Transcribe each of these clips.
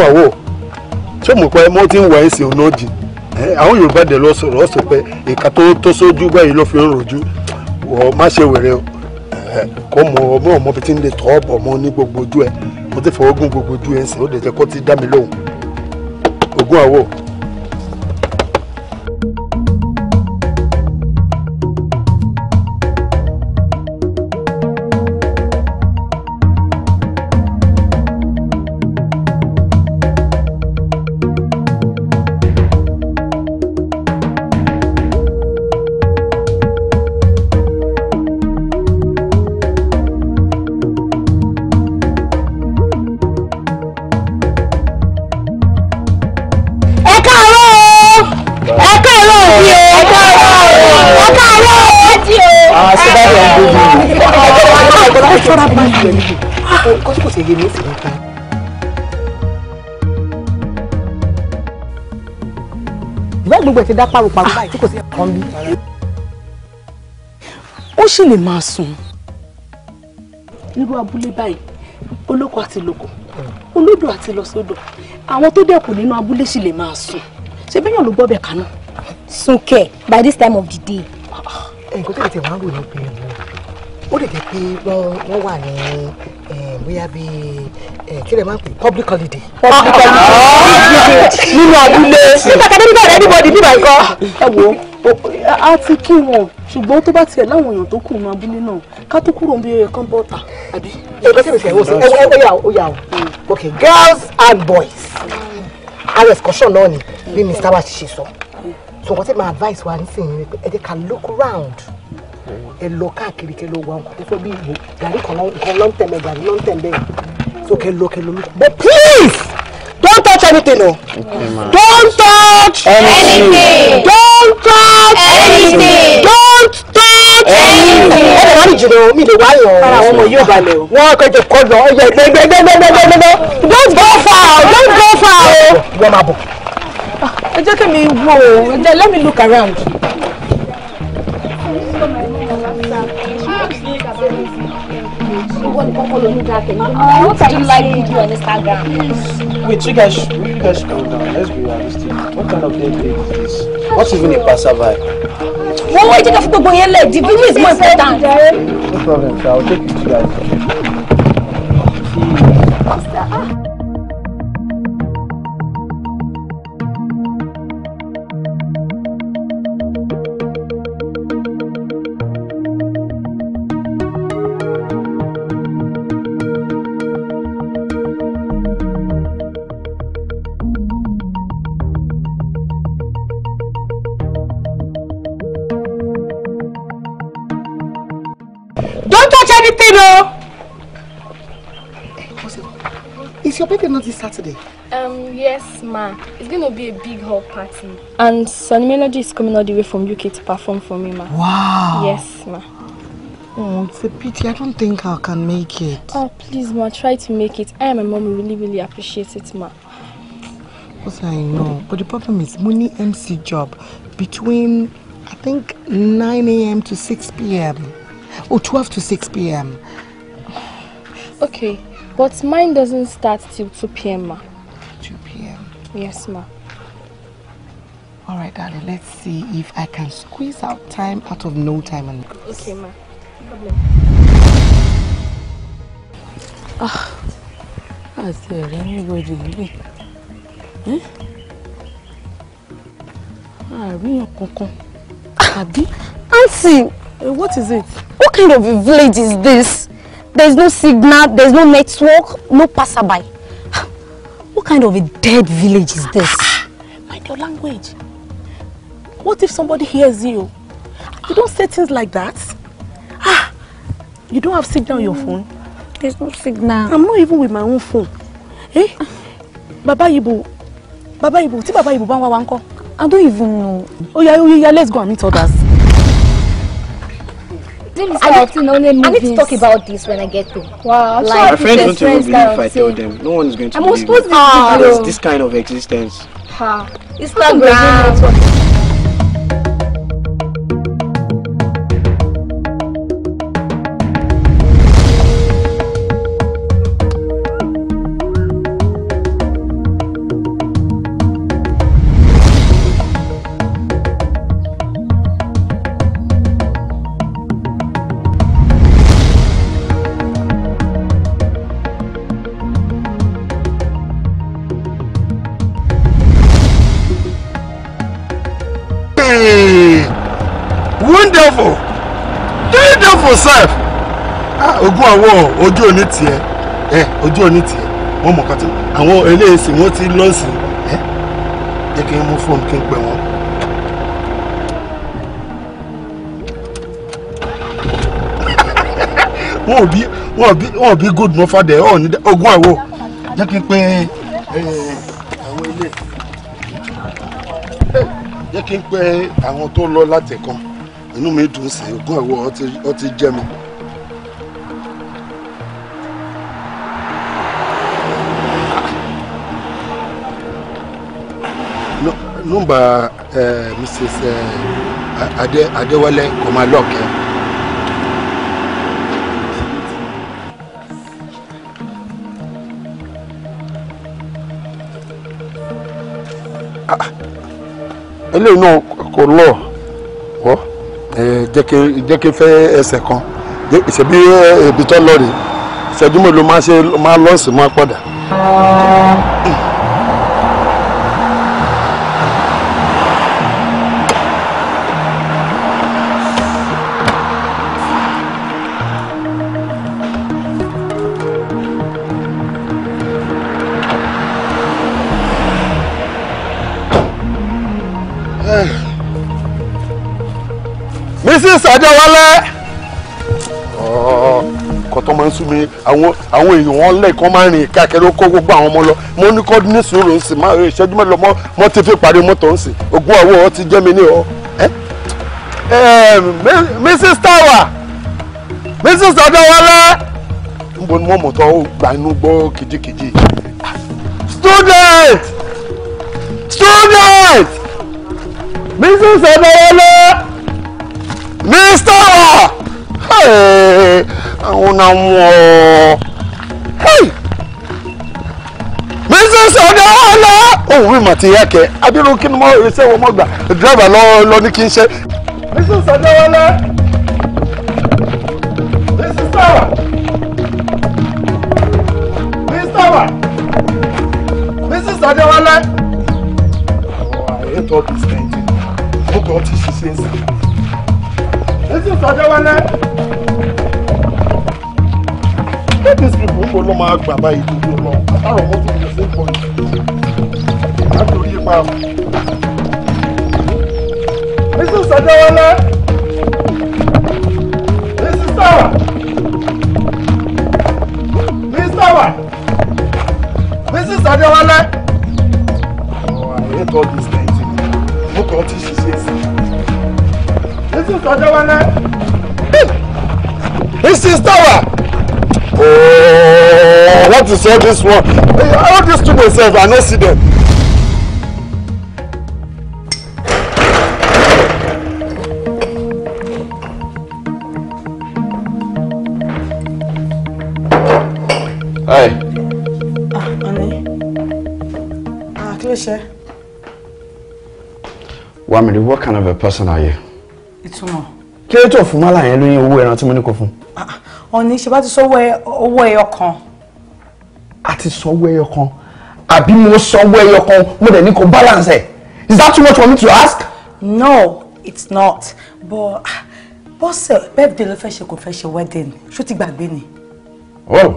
gún àwọ̀ ṣé mo pẹ́ mo ti ń wà ẹ́ sí ọ̀nà jì àwọn Yorùbá dẹ̀ lọ sọ̀rọ̀ ọ̀sọ̀ pé ìka tó tó sójú báyìí ló fi ń rojú wọ́n má ṣe wèrè o kò mọ ọmọ ọmọ bíi ti ń lè tọ́ ọ̀bọ̀ mọ́ ní gbogbo ojú ẹ̀ mo ti fọwọ́ gún gbogbo ojú ẹ̀ ń sìn ó dẹ̀ jẹ́ kó ti dá mi lóhùn ògún àwọ̀. dá paru-paru báyìí tí kò sí ẹ̀kọ́ ń bí. ó sì lè máa sùn. irú abúlé báyìí olóko àti lóko olódò àti lọ́sọdọ̀ àwọn tó dẹ̀kùn nínú abúlé sì lè máa sùn ṣé bẹ́yàn ló gbọ́bẹ̀ kaná. sunkẹ by this time of the day. nǹkan tó yẹ ti wá rò ní pé ó lè jẹ́ pé wọ́n wà ní bóyá bíi kí lè máa pè public holiday nínú abúlé nígbà kan nígbà rẹ anybody nígbà ikọ. ẹ wo a ti kí wọn ṣùgbọ́n tó bá tiẹ̀ láwọn èèyàn tó kù nínú abúlé náà ká tó kúrò ń bí ẹyẹ kan bọ́ta. àbí ok girls and boys ara excursion náà ni bí mr wa ṣe sọ so nǹkan tí my advice wa nísìnyí ni pé ẹ jẹ́ ká look round ẹ lọ káàkiri kẹ lọ wá nǹkan tó fẹ́ bí ìwò gàrí kan lọ́n tẹ̀lé gàrí lọ́n tẹ̀lé so kẹ lọ kẹ lọ lọ but please anything o. don't touch anything. don't touch anything. don't touch anything. ẹ lè wá ní jùlọ mi lè wá yàn. ara àwọn ọmọ yóò balẹ̀ o. wọ́n kẹ́jọ kọ́ lọ ẹ̀yẹ gbẹgbẹgbẹgbẹgbẹ. don't go far o don't go far o. wọ́n máa bọ̀. ẹ jẹ́ kí mi wo ẹ jẹ́ let me look around. Uh-huh. What do you like you on Instagram? Wait, you guys, you guys should calm down. Let's be realistic. What kind of date is this? What's even a passerby? Wọ́n wọ́n ìdíkà fún gbogbo yẹn lẹ̀ di The miss is ṣe dàn. No problem, sir. I'll take you to guys. Ah. your baby not this Saturday? Um, yes, ma. It's going to be a big hall party. And Sunny Melody is coming all the way from UK to perform for me, ma. Wow. Yes, ma. Oh, it's a pity. I don't think I can make it. Oh, please, ma. Try to make it. I and my mom really, really appreciate it, ma. What I know. But the problem is, money MC job between, I think, 9 a.m. to 6 p.m. Or 12 to 6 p.m. Okay. But mine doesn't start till 2 p.m., ma. 2 p.m.? Yes, ma. All right, darling, let's see if I can squeeze out time out of no time. And... Okay, ma. No Problem. Ah, I said anybody really. Eh? Ah, we coco? Abby, Auntie! Uh, what is it? What kind of a village is this? There's no signal, there's no network, no passerby. What kind of a dead village is this? Mind your language. What if somebody hears you? You don't say things like that. Ah, you don't have signal on your hmm. phone. There's no signal. I'm not even with my own phone. Eh? Baba Ibu, Baba Ibo. Ti Baba Ibu? I don't even know. Oh yeah, yeah, oh, yeah, let's go and meet others. Maybe it's I, need, only I need to talk about this when I get home. Wow, like, my friends don't even believe if I tell them. No one is going to I'm believe. I'm supposed to. Ah, this kind of existence. Ha. it's not Instagram. àwọn ojú òní tiẹ̀ ẹ ojú òní tiẹ̀ wọ́n mọ̀ kọ́tù àwọn eléyìí sì wọ́n ti lọ́ọ̀sì ẹ jẹ́ kí n mú fóònù kí n pè wọ́n. wọn ò bí wọn ò bí wọn ò bí good mọ fadẹ ọ ní ogún àwo jẹ́ kí n pè àwọn ilé jẹ́ kí n pè àwọn tó lọ látẹ̀kan inú mi dùn sí ogún àwo ọ ti jẹ́ mi. number uh, eh, Mrs. Uh, eh, Ade Adewale Komaloke. Eh? Ah, eléyìí náà kò lọ ọ jẹ́ kí n fẹ́ ẹsẹ̀ kan ìṣẹ̀bí ibi tó lọ rè ìṣẹ́jú mélòó máa lọ́ọ̀sì máa padà. jẹ́ wálẹ̀. nǹkan tó máa ń sún àwọn èèyàn wọn lẹ́ẹ̀kan máa ń rìn káàkiri ó kó gbogbo àwọn ọmọ lọ mo ní kọ́ ní sùúrù ń sìn máa rè ìṣẹ́jú mẹ́lọ mọ́ mọ́ ti fi parí mọ́tò ń sìn ogún ọwọ́ ọ ti jẹ́ mi ní ọ. Mrs. Tower Mrs. Ọdọwọlá níbo ni wọ́n mọ̀ gbà inú gbọ́ kìjikìji student student Mrs. Ọdọwọlá mista àwọn náà mú ọ mista sọdọ ọlọ òun rí màtí yá kẹ abirun kí ni mo rí sẹwọn mọ gbà dírẹ́bà lọ lọ ní kí n ṣe mista sọdọ ọlọ mista wa mista wa mista sọdọ ọlọ. ètò ọ̀pìsì nàìjíríà gbogbo ọtí ṣiṣẹ́ ń sàkóso. Adéwálé. this people kó ló máa gbà báyìí dúró lọ. Àtàrọ̀ mọ́tò kò sí pọ̀ jù. Látòrí ipa. Mrs. Adéwálé. Mrs. Tawa. Mrs. Tawa. Mrs. Adéwálé. this is tower. Oh, what is all this one? I want to two myself, I no see them. Hi. Ah, honey. Ah, Cliche. Wamiri, what kind of a person are you? ìtumọ̀. kí ló tó fún mọ́là yẹn lóyún owó ẹran tí mo ní kó fún. Ah, ah. ọ̀ní ṣe bá ti sọ owó ẹyọ kan. a ti sọ owó ẹyọ kan àbí mo sọ owó ẹyọ kan mo dẹ̀ ní kó balance ẹ̀ is that too much for me to ask. no it's not but ah, bọ́sẹ̀ birthday ló fẹ́ ṣe kò fẹ́ ṣe wedding ṣó ti gbàgbé ni. oh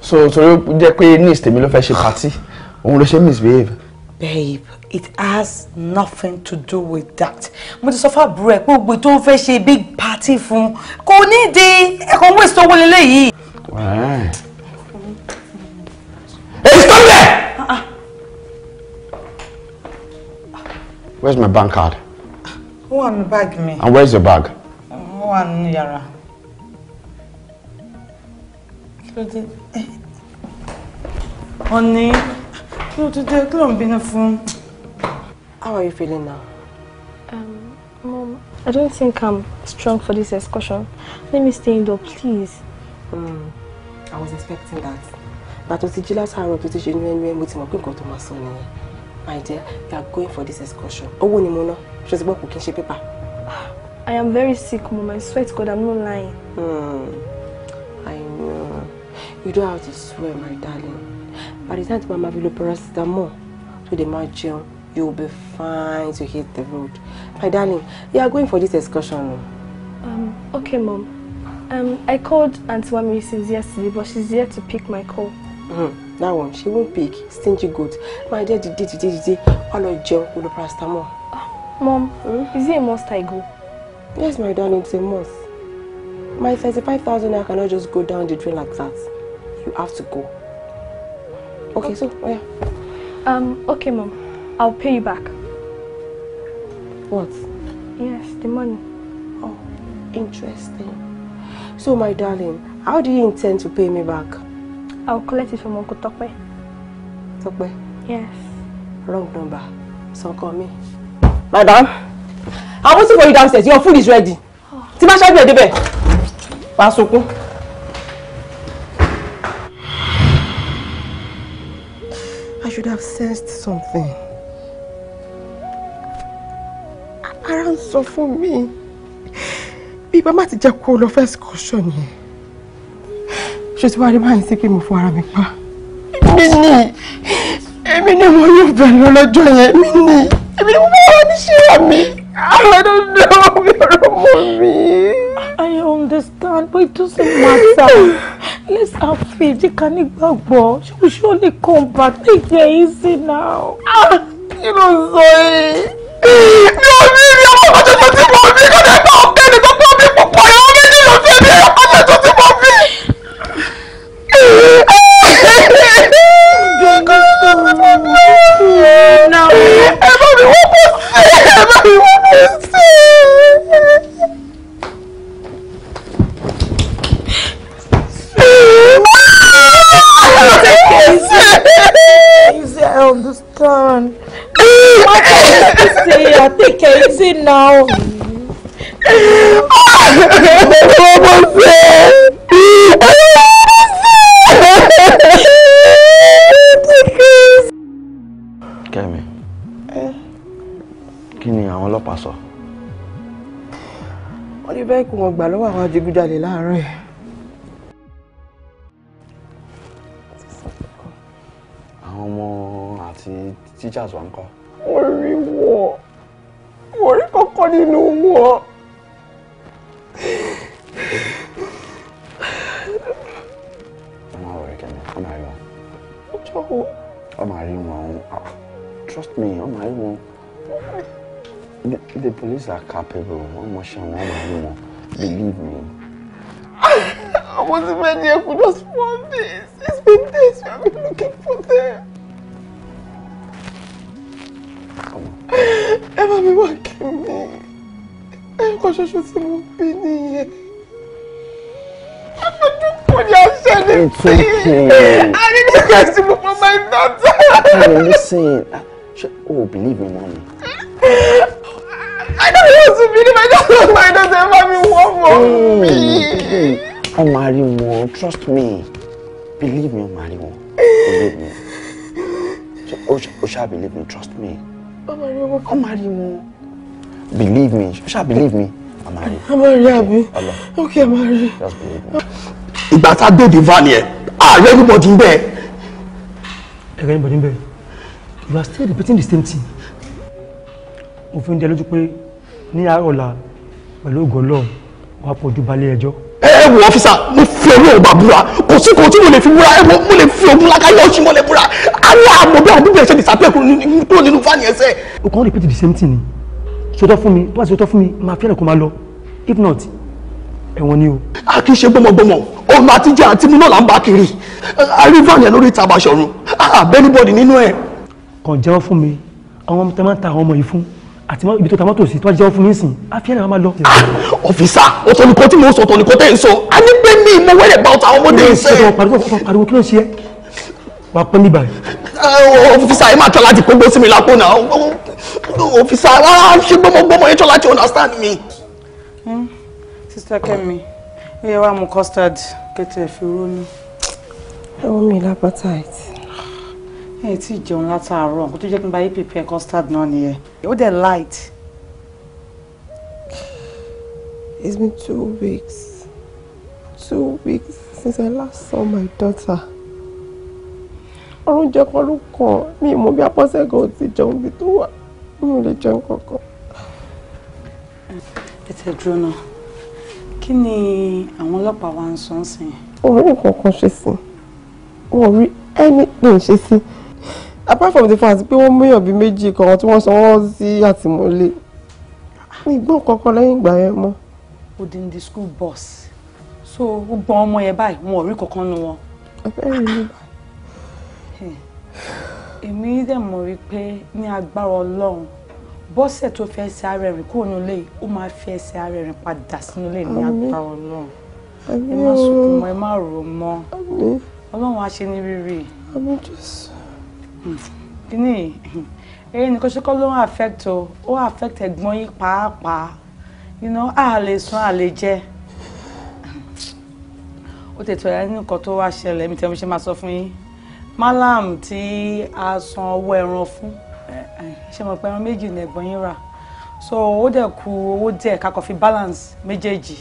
so torí ó jẹ́ pé niece tèmi ló fẹ́ ṣe party òun ló ṣe misbehave babe it has nothing to do with that mo ti sọ fún àbúrò ẹ pé ògbé tó fẹ́ ṣe big party fún kò ní di ẹ̀kọ́ waste owó lélẹ̀ yìí. èyí tó lẹ̀. where's my bank card. ó wà ní báàgì mi. and where's your bag. ó wà nínú yàrá. kí ló Hello, ló dé? Kí ló ń bínú fún? How are you feeling now? Um, Mom, I don't think I'm strong for this excursion. Let me stay indoor, please. Mm, I was expecting that. But to jí látàárọ̀ tó ti ṣe ní ẹnu ẹ, mo ti mọ̀ pé nǹkan tó My dear, you are going for this excursion. Oh, ni mo ná. Ṣé o ti gbọ́ kò I am very sick, Mom. I swear to God, I'm not lying. Mm, I know. You don't have to swear, my darling by the time tí màá máa fi lo paracetamol tó dé máa jẹun you be fine to hit the road my darling you are going for this excursion Um, okay mom um, I called aunty wami since yesterday but she's here to pick my call. Mm, that one she won't pick stingy goat my dear did, did, did. dìde wà lọ jẹun kó lo paracetamol. Ah, mom, mm? is it a must I go? Yes, my darling, it's a must. My 35,000 I cannot just go down the drain like that. You have to go. Okay, so, oh yeah. Um, okay, Mom. I'll pay you back. What? Yes, the money. Oh, interesting. So, my darling, how do you intend to pay me back? I'll collect it from Uncle Tokwe. Tokwe? Yes. Wrong number. So call me. Madam, I'm waiting for you downstairs. Your food is ready. Oh. Tí bá ṣe gbé should have sensed something. Ara ń sọ fún mi bí bá má ti jẹ́ kó lọ fẹ́ excursion yẹn. Ṣé tí wàá rí báyìí sí pé mo fún ara mi pa? Èmi ni èmi ni mo yóò bẹ̀rẹ̀ lọ́jọ́ yẹn. Èmi ni èmi ni mo wá ní ṣé mi. I don't know mi ò rọ̀ mọ́ mi. I understand, but it doesn't matter. Let's have faith. You can't igbagbo. She will surely come back. Take it easy now. Ah, you know, Zoe. No, ò ní I'm not just a tí mo fi kọ́ nípa ọ̀gbẹ́ni tó tó mi púpọ̀ yọ mí ní ìlú tí mi ọmọ tuntun tí mo fi. Ẹ bá mi wọ́pọ̀ sí i, ẹ understand. What can you say? I think I see now. Kẹ́mi, eh? kí ni àwọn ọlọ́pàá sọ? Wọ́n ní bẹ́ẹ̀ kí wọ́n gbà lọ́wọ́ àwọn adigunjalè láàárọ̀ yìí. Charles wà ńkọ́. mo rí wọn mo rí trust me ọmọ rẹ The police are capable wọ́n mọ̀ ṣe àwọn ọmọ rẹ believe me. I wasn't ready for just want this it's been days we been looking for them. mi wá kí mi ẹ̀kọ́ ṣoṣo tí mo bí nìyẹn àfojúkùn ni àṣẹ ní sí i i need you guys to look for my daughter. no listen oh believe me mommy. I don't want to believe I don't want my daughter ever be one more me. ọmọ àrí wọn trust me believe me ọmọ àrí wọn believe me o ṣá believe me trust me bàbá rí owó kọ́ believe me ṣáà believe me I'm married. I'm a máa Okay, àbí ok a máa rí. ìgbà tá a dé the van yẹn ààrẹ anybody ń bẹ. ẹ̀rẹ́ anybody ń bẹ you are still repeating the same thing. mo fi ń dẹ lójú pé ní àárọ̀ la pẹ̀lú ògo Ọlọ́run wàá pọ̀jù balẹ̀ ẹjọ́. ẹ ẹ wo ọfíìsà mo fi ọwọ́ ọba búra kò sí kò tí mo lè fi búra ẹ mo lè fi ògùn lákàyọ̀ ọ̀ṣun mo lè búra ní àmọ́ bí àwọn bíbí ẹ̀ṣẹ̀ disappear kúrò nínú fáànì ẹsẹ̀. o kàn repeat the same thing ni sọtọ fún mi tó bá sọtọ fún mi máa fẹ́rẹ̀ kó máa lọ if not ẹ̀wọ̀n ni o. a kì í ṣe gbọmọgbọmọ ọmọ àtijọ́ àti mímọ́ là ń bá kiri àrí fáànì ẹ̀ lórí ìtaba ṣọ̀run àbẹ́nibọ́dì nínú ẹ̀. kàn jẹ́wọ́ fún mi àwọn ọmọ tẹ́ máa ń ta àwọn ọmọ yìí fún àti ibi tó ta mọ́tò sí tó jẹ́ fún mi sìn àfihàn àwọn máa lọ. ọ̀fíìsà ah, ọ̀tọ̀ nìkan tí mo sọ ọ̀tọ̀ nìkan tẹ́ ń sọ a ní bẹ́ẹ̀ ni mo wẹ́rẹ̀ gba ọ̀tọ̀ àwọn ọmọdé ń sẹ́. pariwo kí ló ń ṣe é wà pẹ́ mi báyìí. ọfíìsà yìí máa tọ́ láti pé gbósìn mi lápò náà ọfíìsà rárá ṣé gbọ́mọgbọ́mọ yẹn tọ́ láti understand me. Hmm? sista Kẹ́mi ó yẹ wá mu custard kẹtẹ fi rónú. ẹwọ́n mi lápátáìtì. ẹ tí ì jẹun látàárọ̀ kó tó jẹ́ kí n bá yí pèpè custard náà nìyẹn ó dẹ̀ light. It's been two weeks. Two weeks since I last saw my daughter oúnjẹ kan ló kàn mí mo bí apọ́sẹ̀gàn ti jẹun bí tó wà mi ò lè jẹun kankan. ètò ìdúró náà kí ni àwọn ọlọ́pàá wa ń sọ ń sìn. wọn ò rí nǹkan kan ṣe sí wọn ò rí anything ṣe sí apart from the fact pé wọ́n múyàn bíi méjì kan tí wọ́n sanwó sí àtìmọ́lé mi gbọ́n kankan lẹ́yìn ìgbà yẹn mọ́. odindi school bus so gbogbo ọmọ yẹn báyìí wọn ò rí kankan nu wọn. ẹ fẹ́ rí mi báyìí èmi dẹ̀ mọ̀ wípé ní agbára ọlọ́run bọ́sẹ̀ tó fẹ́ ṣe ara ẹ̀rìn kúrò nílé ó máa fẹ́ ṣe ara ẹ̀rìn padà sínú ilé ní agbára ọlọ́run ẹ má sunkún mọ́ ẹ má rò mọ́ ọlọ́run á ṣe ní rírì. Hmm. kíní eré nìkan ṣe kọ́ ló ń affect o ó affect ẹ̀gbọ́n yín pàápàá you know a lè sùn a lè jẹ ó tètè ọ̀yà nínú nǹkan tó wá ṣẹlẹ̀ mi tẹ́ mo ṣe máa sọ fún yín malam tí a san owó ẹran fún ṣe mọ̀ pé ẹran méjì ní ẹ̀gbọ́n yín rà so ó dẹ̀ kù owó díẹ̀ kakọ̀ fi balance méjèèjì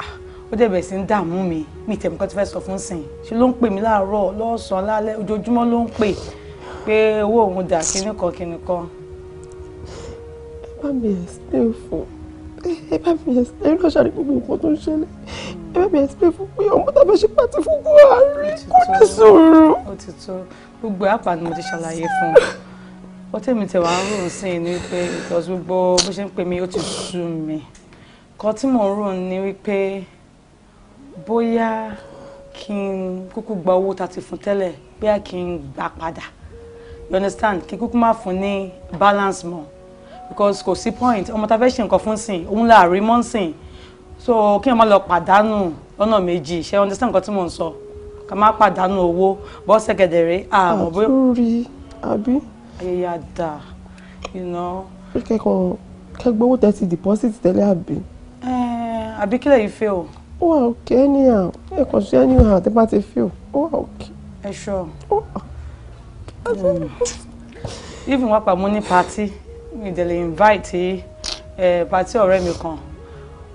ah, ó dẹ̀ bẹ̀rẹ̀ sí ń dààmú mi mi tẹ̀mí kan ti fẹ́ sọ fún sìn ṣe ló ń pè mí láàárọ̀ lọ́sàn-án lálẹ́ ojoojúmọ́ ló ń pè pé owó òun dà kíní kan kíní kan. ẹ bá mi explain fún ẹ bá mi explain lọ́sàn-án ní gbogbo nǹkan tó ń ṣẹlẹ̀ ẹ bá mi explain fún pé ọmọ tá a fẹ́ ṣe pàtì fún Buhari kò ní sùúrù. ó ti tó gbogbo àpá ni mo ti ṣàlàyé fún un ó tèmi tẹ̀wá ń rò sí ni wípé ìtọ́jú gbogbo bó ṣe ń pè mí ó ti sú mi kan tí mò ń rò ni wípé bóyá kí n kúkú gba owó tá a ti fún tẹ́lẹ̀ bóyá kí n gbà padà you understand kí n kúkú má fún ní balance mọ́ because kò sí point ọmọ tá a fẹ́ ṣe nǹkan fún sìn òun là rí mọ́ sìn so kí wọ́n má lọ pàdánù lọ́nà méjì ṣe understand nǹkan tí mò ń sọ ká má pàdánù owó bọ́ sẹ́kẹ̀dẹ̀rẹ́ àmọ́ bóyá. àtúrí àbí. ayẹyẹ àdá iná. kẹ́kọ̀ọ́ kẹgbẹ́ owó tẹ́tí deposit tẹ́lẹ̀ àbí. Eh, àbí kílẹ̀ yìí fẹ́ o. ó wà òkè ẹnìyà ẹ kàn sí ẹnìyà àti bá ti fẹ́ o ó wà òkè. ẹ ṣọ. Hmm. even wàpà mo ní party mi dẹ̀ invite eh, party ọ̀rẹ́ mi kan.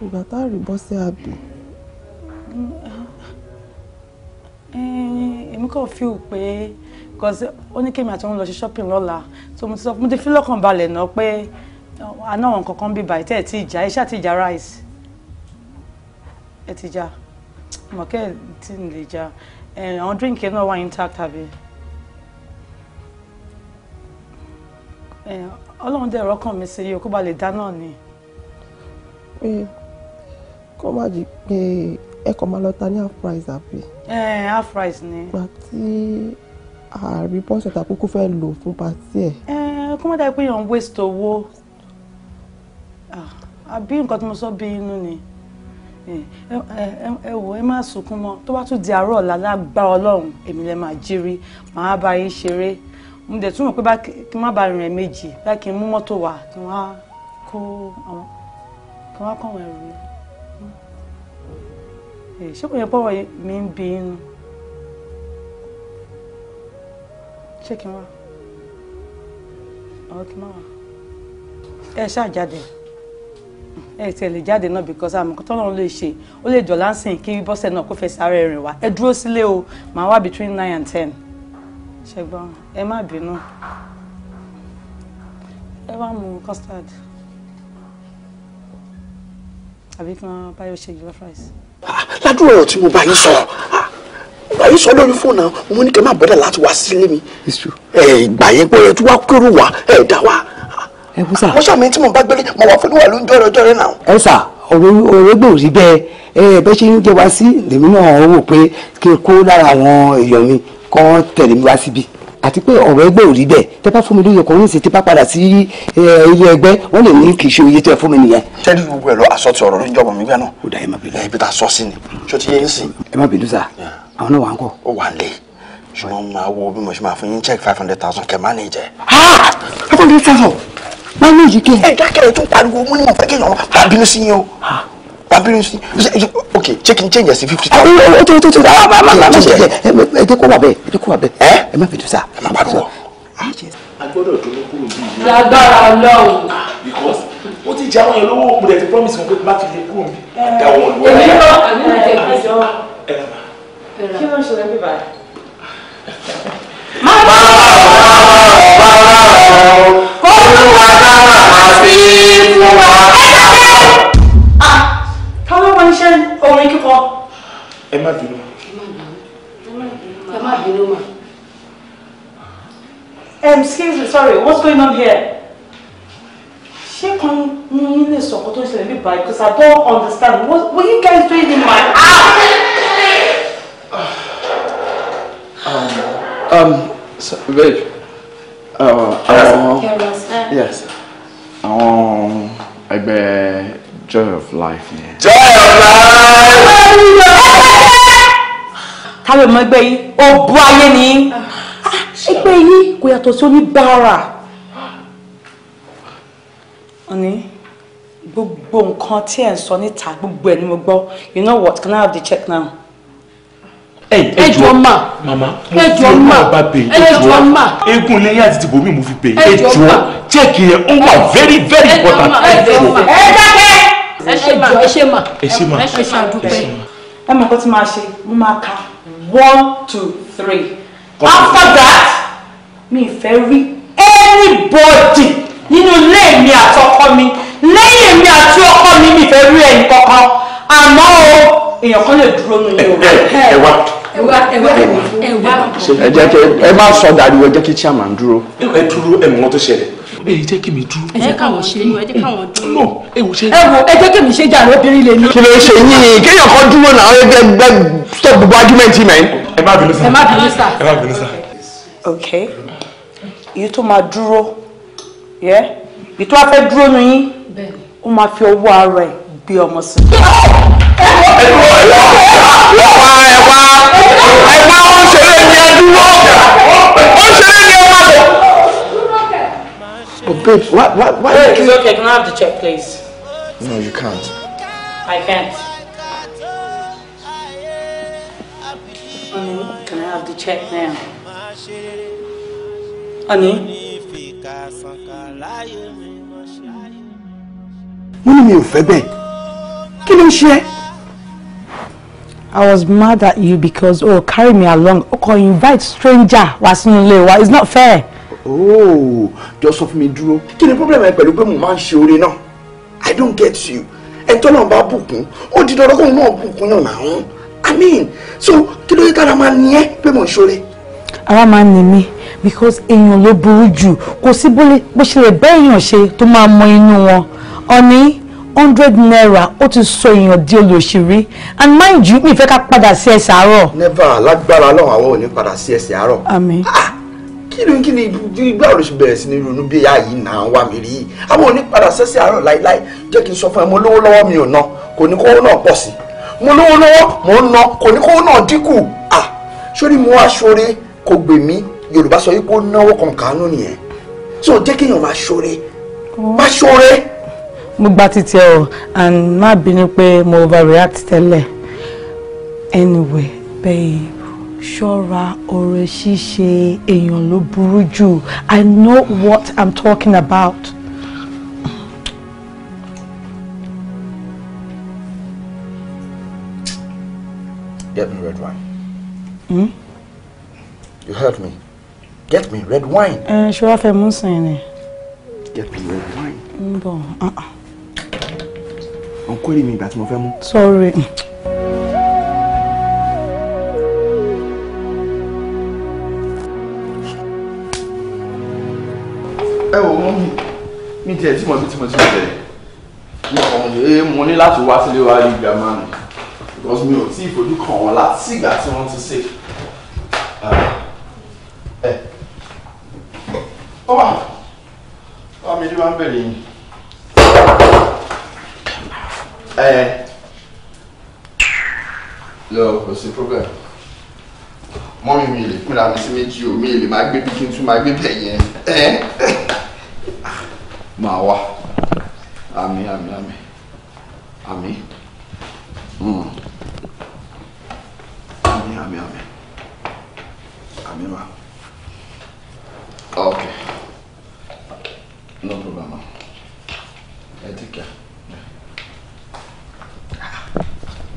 ìgbà tá a rí bọ́sẹ̀ àbí. èmi kàn feel pé cause ó ní kémi àti òun lọ ṣe shopping lọ́la so mo ti sọ mo ti fi lọ́kàn balẹ̀ náà pé àná àwọn kankan bíbá ẹ̀ tẹ́ ẹ̀ ti jà ẹ̀ ṣáà ti rice ẹ̀ ti jà mọ̀kẹ́ ẹ̀ ti lè jà àwọn drink náà wà intact àbí. ọlọ́run dẹ̀ rọ́kàn mi sí i kó ba lè dáná ni kó má di pé ẹ kàn máa lọ ta ní half price àbí. ẹ half price ni. gba tí ààrí bọ́sẹ̀ tàbí kó fẹ́ lò fún pàtí ẹ̀. ẹ kó má dàbí pé èèyàn ń waste owó ah, àbí nǹkan tí mo sọ bí inú ni ẹ wò ẹ má sunkún mọ́ tó bá tún di àárọ̀ ọ̀la lágbára Ọlọ́run èmi lè máa jírí màá bá yín ṣeré mo dẹ̀ tún mọ̀ pé kí n má ba rìn ẹ̀ méjì bá kí n mú mọ́tò wá kí n wá kó àwọn kí n wá kó àwọn ẹrù Eh, ṣé kò yẹ pọ́wọ́ mi ń bí inú ṣé kí n wá ọ̀ kí n má wá ẹ ṣáà jáde ẹ tiẹ̀ lè jáde náà because àmọ́ kó tọ́lọ́run lè ṣe ó lè dọ̀lá ń sìn kí bọ́sẹ̀ náà kó fẹ́ sáré rìn wá ẹ dúró sílé o màá wá between nine and ten ṣẹgbọn ẹ má bínú ẹ wá mú custard àbí kí wọ́n báyọ̀ ṣe jollof fries? Ah, ládùúgbò ọ̀rọ̀ tí mo bá yín sọ ah, bá yín sọ lórí fóònù náà mo ní kẹ́ máa bọ́dà láti wá sílé mi ìgbà yẹn pé ẹ tún wá kérò wá ẹ dá wá wọ́n ah, ṣàmì tí mo bá gbélé mo wà fún ìwà ló ń jọ́rọ̀ jọ́rẹ́ náà. ẹ sà òwe gbòò rí bẹ́ẹ̀ bẹ́ẹ̀ ṣe ń jẹ wá sí lèmi náà wò pé kí n kó lára àwọn èèyàn mi kọ́ tẹ̀lé mi wá síbi àti pé ọ̀rọ̀ ẹgbẹ́ ò rí bẹ́ẹ̀ tẹ bá fún mi lóye ọkùnrin sì ti bá padà sí ilé ẹgbẹ́ wọ́n lè ní kì í ṣe oye tẹ fún mi nìyẹn. tẹ́lẹ̀ gbogbo ẹ̀ lọ aṣọ ti ọ̀rọ̀ ní ìjọba mi gbẹ́ náà. ó dà ẹ má bínú. ẹ ibi tá a sọ sí ni ṣó ti yé yín sí. ẹ má bínú sá àwọn náà wà ń kọ. ó wà lé ṣùgbọ́n máa wo bí mo ṣe máa fún yín check five hundred thousand kẹ́ máa ní ìjẹ. ha five hundred thousand máa ní ìjì abirin sí ok ṣé kí n change sí fifty thousand. abirin o tó tó tó tó ma ma ma ma ṣe ẹ jẹ kó wà bẹ́ẹ̀ ẹ jẹ kó wà bẹ́ẹ̀ ẹ ẹ má fi dùn sá. ẹ má bá dùn wọ. a gbọ́dọ̀ dúró kúrò bí ìlú. lágbára Ọlọ́run. because ó ti jẹ àwọn yẹn lówó mo dẹ̀ ti promise wọn pé bá ti lè kúrò bí. dáwọn olùwọ́ ẹ̀ ẹ̀ ẹ̀ ẹ̀ ẹ̀ kí ló ń ṣe lẹ́bí báyìí. má bá bá bá bá bá kó lù wá dára àbí fún wa. ẹ kọ́ níṣẹ́ orin kíkọ. ẹ má bínú. ẹ má bínú mà. Um, excuse me, sorry, what's going on here? She can mean this or to say by because I don't understand. What what you guys doing in my house? Ah! Um, um, so, babe. Uh, uh, yes. Yes. Um, ẹgbẹ́ joy of life yẹn. joy of life. táwọn ọmọ ẹgbẹ́ yìí ó bú ayé ni ẹgbẹ́ yìí kò yàtọ̀ sí oníbàárà. ọ̀ní gbogbo nǹkan tí ẹ̀ ń sọ níta gbogbo ẹ̀ ni mo gbọ́ you know what can I have the check now. ẹjọ ma mama mo fi ọmọ ọba bẹ ẹjọ ma eégún ilé yàtí ti bòmí mo fi bẹ ẹjọ chẹ́ẹ̀kì yẹn ó wà very very important ẹjọ. ẹ dákẹ́. One, two, three. After that, me me me Me anybody. You know, lay Lay at at your your coming. coming. and you're What? ẹ ṣe mà ẹ ṣe mà ẹ ṣe mà ẹ ṣe mà dúpẹ́. ẹ mọ̀ kó tí máa ṣe mo máa ka one two three after that mi fẹ́ rí anybody nínú ilé mi àtọkọ mi lẹ́yìn mi àti ọkọ mi mi fẹ́ rí ẹnì kankan àmọ́ o èèyàn kan lè dúró nínú ìwé. ẹ wá ẹ wá ẹ wá ẹ wá. ẹ jẹ́ kí ẹ má sọ dàrú ẹ jẹ́ kí chairman dúró. ẹ dúró ẹ mọ̀ tó ṣẹlẹ̀ ẹ jẹ́ kí mi dúró. ẹ jẹ́ káwọn ṣe é ẹ jẹ́ káwọn dúró. no ẹ wò ṣe é. ẹ wò ẹ jẹ́ kí mi ṣe jàre obìnrin lè ní. kí ló ṣe yín kéèyàn kan dúró náà ẹ gbẹ gbẹ stop gbogbo argument mẹ́rin. ẹ má bínú sá ẹ má bínú sá. ẹ má bínú sá. ok èyí tó máa dúró yẹ èyí tó wá fẹ́ dúró nu yín ó máa fi ọwọ́ ara ẹ̀ gbé ọmọ sí. ẹ wá ẹ wá ẹ wá ó ń ṣeré dúró ó ń ṣeré ní ẹ But oh, babe, why, why, why? Look, you... look, I have the check, please. No, you can't. I can't. Honey, can I have the check now? Honey? what ní mi ò fẹ́ bẹ́ẹ̀. I was mad at you because, oh, carry me along. Oh, okay, invite stranger wá sínú ilé It's not fair ooo oh, jọ sọ fún mi dúró kí ni problem ẹ pẹ̀lú pé mo máa ń ṣe oore náà i don't get you ẹni tọ́lọ́run bá bùkún ó di dandan kóun náà bùkún yàn láwọn i mean so kí ló yẹ kára máa ní ẹ pé mo ń ṣoore. ara máa ń ní mi because èèyàn ló burú jù kò sí bó ṣe lè bẹ́ èèyàn ṣe tó máa mọ inú wọn ọ̀ní hundred naira ó ti sọ èèyàn di olóṣèré and mind you mi fẹ́ ká padà sí ẹsẹ̀ àárọ̀. never lágbára lọ́wọ́ àwọn ò ní padà sí ẹsẹ̀ àárọ̀. àmín. ah kí ni kí ni ìgbà òrò ṣe bẹ̀rẹ̀ sí ní ronú bí ìyá yìí náà wà mí rí àwọn onípadà sẹ́sẹ́ àárọ̀ láíláí jẹ́ kí n sọ fún ẹ mo lówó lọ́wọ́ mi ò ná kò ní kówó náà pọ̀ sí mo lówó lọ́wọ́ mo ń ná kò ní kówó náà dínkù à sórí mo wá ṣoore kò gbè mí Yorùbá sọ wípé ó náwó kan kàánú nìyẹn so jẹ́ kéèyàn máa ṣoore máa ṣoore. mo gba títí ẹ o and má bínú pé mo overreact tẹ́lẹ̀ anyway ṣọ́ra ọ̀rẹ́ ṣíṣe èèyàn ló burú jù I know what I'm talking about. Get me red wine. Hmm? You heard me. Get me red wine. Ẹ ṣọ́ra fẹ́ mú sìn ni. Get me red wine. Ń bọ̀. Ọ̀nkọ́rì uh-uh. mi ìgbà tí mo fẹ́ mú. Sorry. ẹ wò mọ́ mi mi tiẹ̀ tí mo bí tí mo ti bẹ̀rẹ̀ mi kàn lè eh, mo ní láti wá sílé wa rí ìgbà máa nù because mi ò tí ì fojú kàn wọ́n láti ìgbà tí wọ́n ti ṣe. ẹ ah, eh. ó wà wà mí ní wàá bẹ̀rẹ̀ yìí. ẹ lọ kò sí problem mọ́mí mi lè pínra mi sí méjì o mi lè máa gbé bí kí n tún máa gbé bẹ̀ yẹn máa wà àmì àmì àmì àmì hmm. àmì àmì àmì àmì wa ok no problem ẹ ti kẹ.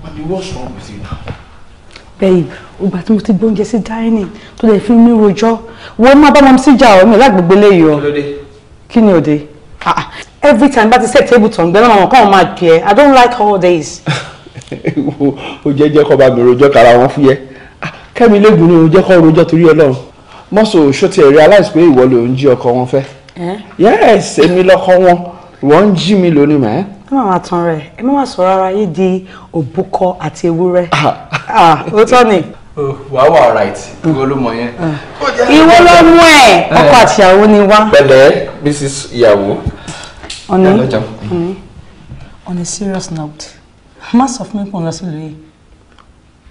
Mami, what's wrong with you now? Babe, ìgbà tí mo ti gbé oúnjẹ sí dining tó lè fi mí rojọ́, wọ́n máa bá wọn síjà ọ̀rọ̀ mi lágbègbè lẹ́yìn ọ. Kí ló dé? Kí ni òde? every time bá ti set table tán gbẹ́nà àwọn kan máa pè é i don't like all days. o jẹ́ jẹ́ kọ́ bá mi rojọ́ kára wọn fún yẹ ah, kẹ́mi lẹ́gùn ni o jẹ́ kọ́ rojọ́ torí ọlọ́run mọ́sọ̀ ṣọ́tì ẹ̀ realize pé ìwọ ló ń jí ọkọ wọn fẹ́ yes èmi lọ́kọ wọn wọ́n ń jí mi lónìí mẹ́. ẹ má máa tan rẹ ẹ má máa sọ rárá yìí di òbúkọ àti ewúrẹ́ ah. ah, ó tọ́ ni. Oh, wàá wà right ìwọ ló mọ yẹn. ìwọ ló mú ẹ eh. ọkọ àtìyàwó ni wá. pẹ̀lẹ́ mrs ìyàwó. Honey, Hello, honey, on a serious note, má of me mi pé òun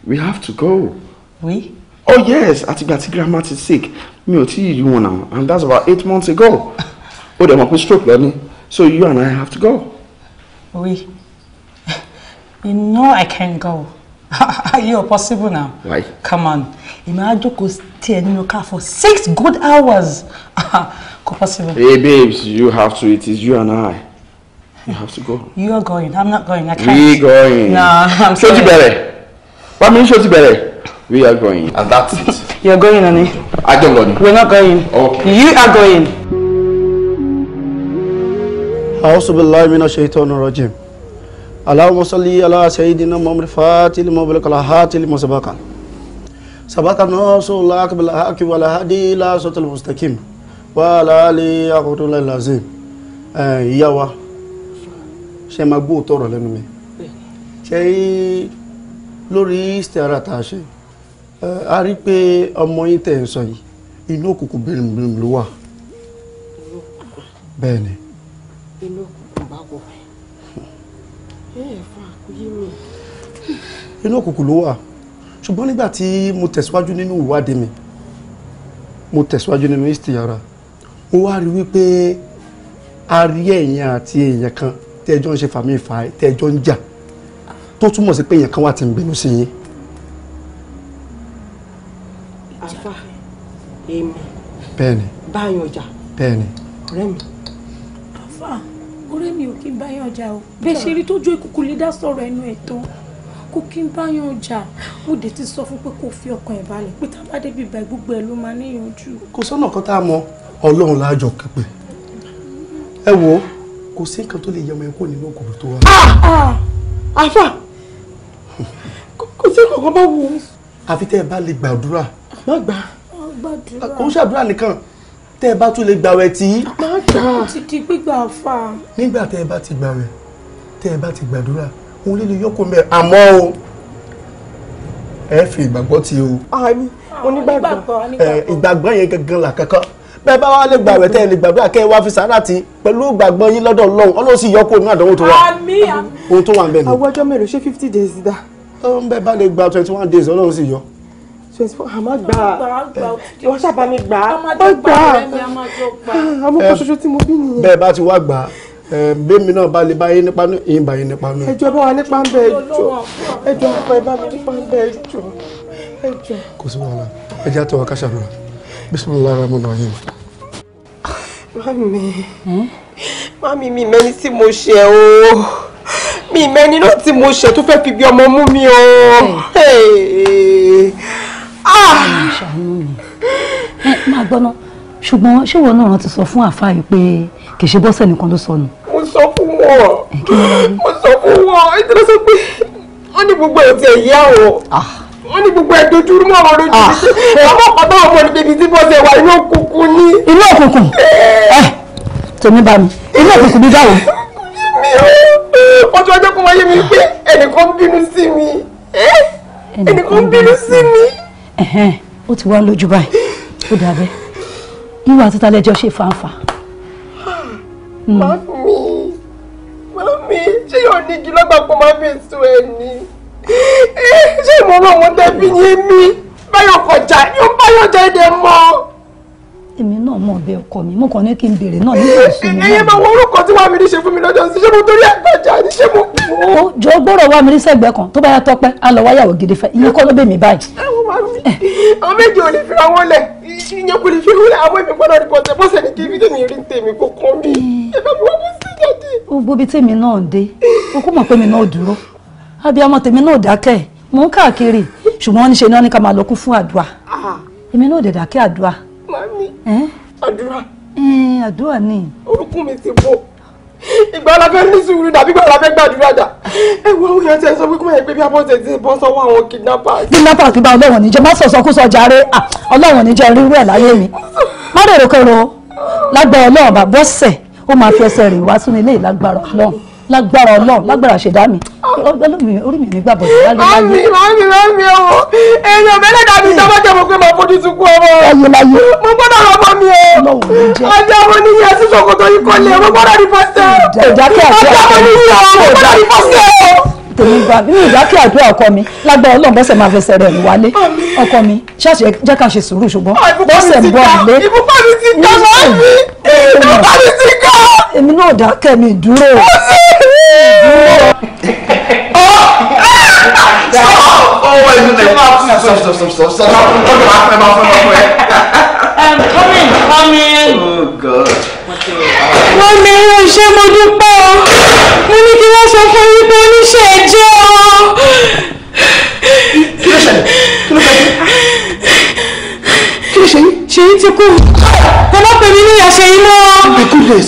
We have to go. We? Oh yes, àtìgbà tí grandma is sick, Me ò tíì rí wọn and that's about eight months ago. Oh, dẹ̀ mọ̀ pé stroke lọ ni, so you and I have to go. Oui. You know I can't go. Are you possible now? Why? Come on. imagine Ìmọ̀ stay in your car for six good hours possible. Hey, babes, you have to. It is you and I. You have to go. You are going. I'm not going. I can't. We going. No, I'm sorry. Shotibere. What means Shotibere? We are going. And that's it. You're going, Annie. I don't go. We're not going. Okay. You are going. أعوذ بالله من الشيطان الرجيم اللهم صل على سيدنا محمد فاتح المبلغ الهات المسبقة سبقنا رسول الله بالحق والهدي إلى صراط المستقيم wàhálà alẹ́ akọ̀tọ́lá ìlàzẹ́ ìyá wa ṣe máa gbọ́ òótọ́ ọ̀rọ̀ lẹ́nu mi ṣe lórí istihara tá a ṣe a rí pé ọmọ yín tẹ̀ ń sọ yìí inú òkùnkùn bìrìmùbìrìmù ló wà bẹ́ẹ̀ ni. inú òkùnkùn bá wọ̀ ẹ̀ ẹ̀ fún àkúyé mi. inú òkùnkùn ló wà ṣùgbọ́n nígbà tí mo tẹ̀síwájú nínú ìwádìí mi mo tẹ̀síwájú nínú istihara ó wá rí wípé a rí ẹ̀yìn àti èèyàn kan tẹ́jọ́ ń ṣe fàmí ìfà tẹ́jọ́ ń jà tó túmọ̀ sí pé èèyàn kan wà tí ń bínú sí yín. àfà èmi bẹ́ẹ̀ni báyọ̀ jà bẹ́ẹ̀ni ọ̀rẹ́ mi. àfà ọ̀rẹ́ mi ò kí ń báyọ̀ jà o bẹ́ẹ̀ ṣe rí tójú ìkùkù lè dá sọ̀rọ̀ ẹnu ẹ̀ tán kó kí n báyọ̀ jà mo dé ti sọ fún pé kó fi ọkàn ẹ̀ balẹ̀ pé tá a bá gbogbo ẹ̀ ló máa níyànjú. kò sọ́nà kan tá a mọ̀ ọlọ́run láàjọ kẹpẹ ẹ wo kò sí nǹkan tó lè yẹ ọmọ ẹ̀kọ́ nínú òkòrò tó wà. Ah, ah, ah. àfà kò sí kankan bá wù ú. àfi tẹ́ ẹ bá lè gbàdúrà. má gbà. kò ń ṣàdúrà nìkan tẹ́ ẹ bá tún lè gbàwẹ̀ tí. má gbà. ó ti di gbígbà àfà. nígbà tẹ́ ẹ bá ti gbàwẹ̀ tẹ́ ẹ bá ti gbàdúrà òun lè lè yọkọ mẹ àmọ́ o ẹ fi ìgbàgbọ́ ti o. àmì onígbàgbọ́. ìgbàgbọ́ yẹn gangan là kankan bẹ́ẹ̀ bá wà lè gbàwẹ̀ tẹ́ ẹ lè gbàdúrà kẹ́ ẹ wá fi sàárà tí pẹ̀lú ìgbàgbọ́ yín lọ́dọ̀ Ọlọ́run Ọlọ́run sì yọkó inú àdánwò tó wà ohun tó wà ń bẹ ni. àwọn ọjọ́ mélòó ṣé fifty days dá. ó ń bẹ bá lè gba twenty one days Ọlọ́run sì yọ. twenty four àmọ́ gbà wọ́n ṣàbá mi gbà á wọ́n gbà á àmọ́ kan ah, ṣoṣo tí mo bí nìyẹn. bẹ́ẹ̀ bá ti wá gbà á bẹ́ẹ̀mi náà bá lè bá yín nípa nù yín bá yín nípa nù. ẹjọ́ bá wa nípa ń bẹ ẹjọ́ ẹjọ́ ọkọ ẹ bá mi nípa ń bẹ ẹjọ́ ẹjọ́. kò sí wàhálà ẹjẹ́ àtọwọ́ káṣàdúrà bisimilahi rahman rahim. mami hmm? mami mi mẹ́ni tí mo ṣe o mi mẹ́ni náà tí mo ṣe tó fẹ́ fi bí ọmọ mú mi o. Ah. má gbọ́ná ṣùgbọ́n ṣé ìwọ náà rántí sọ fún àfáà yìí pé kì í ṣe bọ́sẹ̀ nìkan ló sọnù. mo sọ fún wọn mo sọ fún wọn ìtura sọ pé wọn ní gbogbo ẹ̀ tiẹ̀ yá o. Ah wọ́n ní gbogbo ẹ̀ dojúrú mọ́ ọ̀rọ̀ lójú ah. ọmọ ọ̀dọ́ ọmọ ní bèbí tí bọ́sẹ̀ wà inú òkùnkùn ní. inú òkùnkùn ẹ eh. eh, tèmi bá mi inú òkùnkùn bí báwo. ọjọ́ ọjọ́ kan wáyé mi pé ẹnìkan bínú sí mi eh, ẹnìkan bínú sí mi. ó ti wá lójú báyìí ó dàbẹ́ ìwà àti talẹ́jọ́ ṣe fàáfà. mami hmm. mami ṣé yóò ní igi lọ́gbàpọ̀ máa fi sùn ẹ̀ ni ṣé ìmọ̀ ọlọ́run tẹ́bí ni èmi báyọ̀ kọjá ni ó báyọ̀ jáde mọ́. èmi náà mọ̀ bẹ́ẹ̀ ọkọ mi mo kàn ní kí n béèrè náà nígbà tí mi náà. ẹyẹ máa wọ orúkọ tí wàá mi rí ṣe fún mi lọ́jọ́ sí ṣé mo torí àgbàjà ni ṣé mo. ó jọ gbọ́dọ̀ wá mi rí sẹ́gbẹ̀ẹ́ kan tó bá yá tọpẹ́ á lọ wáyàwó gidi fẹ́ iye kọ́ ló bẹ̀ mí báyìí. àwọn méjì ò lè fi ra wọn lẹ ìyẹn kò lè fi hùlẹ̀ àwọn èmi gbọ́dọ̀ rí bọ́sẹ̀ bọ́sẹ̀ ní kí o kò mọ̀ pé abiyamọ tèmi náà dákẹ́ mò ń káàkiri ṣùgbọ́n níṣe ni wọ́n ní ká máa lọ́kún fún àdúrà èmi náà dẹ̀ dákẹ́ àdúrà. mami àdúrà. àdúrà ni. orúkún mi ti bọ̀ ìgbà la fẹ́ ní sùúrù dàbí ìgbà la fẹ́ gbàdúrà dà ẹ wo àwọn èèyàn ti ẹ sọ pé kí wọ́n yẹ pé bí abọ́ tẹ̀ ti bọ́ sọ́wọ́ àwọn kidnappers. kidnappers bíbá ọlọ́wọ̀n níjẹ́ má sọ̀sọ́ kó sọ jàre ọlọ́wọ̀n níjẹ́ rírú ẹ̀ láyé mi má dèrò kẹrọ lágbára ọlọ́wọ̀n bá bọ́sẹ̀ ó máa fi ẹsẹ̀ rìn wá sínú ilé ìlágbára ọlọ́wọ̀n lágbára Ọlọ́run lágbára ṣẹ̀dá mi ọlọmi orí mi nígbà bọdọ láyé láyé. mami mami mami ọwọ èèyàn mẹlẹ dàbí sábà jẹ mo pé mo fojú sunkún ọmọ. láyé láyé. mo gbọ́dọ̀ ọmọ mi o. ọjọ́ mo ní yẹ sí ṣòkòtò yìí kọ́lé mo gbọ́dọ̀ ní fọ́sẹ̀. ìdákẹ́ àti ọjọ́ mo ní yẹ mo gbọ́dọ̀ ní fọ́sẹ̀ tèmi bá mi ní ìdákẹ́ àdúrà ọkọ mi lágbára Ọlọ́run bọ́sẹ̀ máa fẹsẹ̀ rẹ̀ wálé ọkọ mi ṣáàṣì jẹ́ ká ṣe sùúrù ṣùgbọ́n bọ́sẹ̀ ń bọ̀ nílé. ìbùkún mi ti ká ìbùkún mi ti ká. èmi náà dákẹ́ mi dúró. ó sì Stop, stop, stop, stop, stop. I'm coming, coming. Oh, God. Wọ́n mi ń ṣe mo dúpẹ́ o. Mo ní kí wọ́n sọ fún yín pé oníṣẹ́ ẹjẹ́ o. Kí ló ṣẹlẹ̀? Kí ló ṣẹlẹ̀? Kí ló ṣe yín? Ṣe yín ti kú. Ẹ má pè mí níyà ṣe yín mọ́. Ìgbẹ́kúlẹ̀.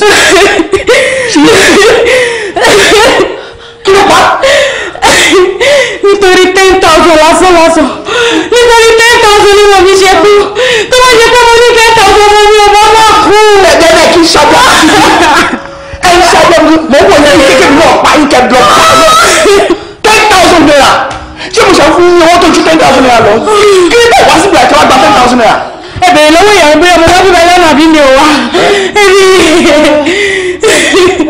Ṣe yín ti kú kí ló pa. nítorí ten thousand lásán lásán nítorí ten thousand ni mo fi ṣe kú tó bá ṣe pé mo ní ten thousand mo ní ọmọ náà kú. ẹgbẹ́ náà kì í ṣọdọ̀ ẹ ń ṣọdọ̀ mo wò ní kékeré náà pa ike block ten thousand naira ṣé mo ṣe fún owó tó ju ten thousand naira lọ kí ló wá síbi àti wá gba ten thousand naira. ẹ bèrè lọ́wọ́ ìyàwó bí ọmọ sábẹ́ bá yọ̀nà bí mi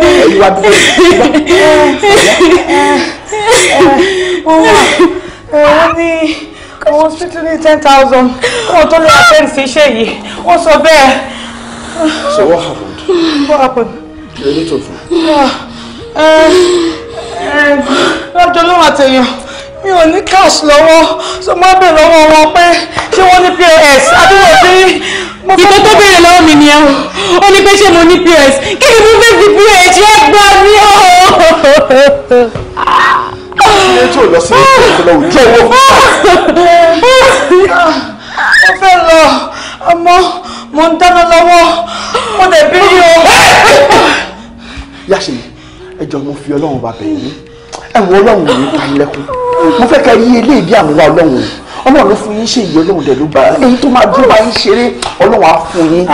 ẹ̀yìn wa dúró òun ní òun títí ní ten thousand kóun tó lè attend sí iṣẹ́ yìí wọ́n sọ bẹ́ẹ̀. So what happened? What happened? kí ló dé tó fún un. Ah, lọ́jọ́ ló wà tẹ̀yàn mi ò ní cash lọ́wọ́ so má bẹ̀ lọ́wọ́ wọn pé ṣé wọ́n ní pos àdúgbò tí. ìtọ́ tó béèrè lọ́wọ́ mi ni ó ní pé ṣé mo ní pos kí ni mo fẹ́ fi pos yẹ gbọ́ mi o. ilé tí ò lọ sí ilé ìfẹ́ lọ́wọ́ jẹ́ owó fún mo fẹ́ lọ àmọ́ mo ń dáná lọ́wọ́ mo dẹ̀ bí rí yá ṣe ẹjọ́ mo fi ọlọ́run bá bẹ̀ ẹ̀wọ̀n ọlọ́run ò ní pa mo fẹ́ kẹ́ rí ilé ìbí àmúwá ọlọ́run ọlọ́run fún yín ṣe ìyẹn ọlọ́run dẹ̀ ló gbà èyí tó máa dúró báyìí ṣeré ọlọ́run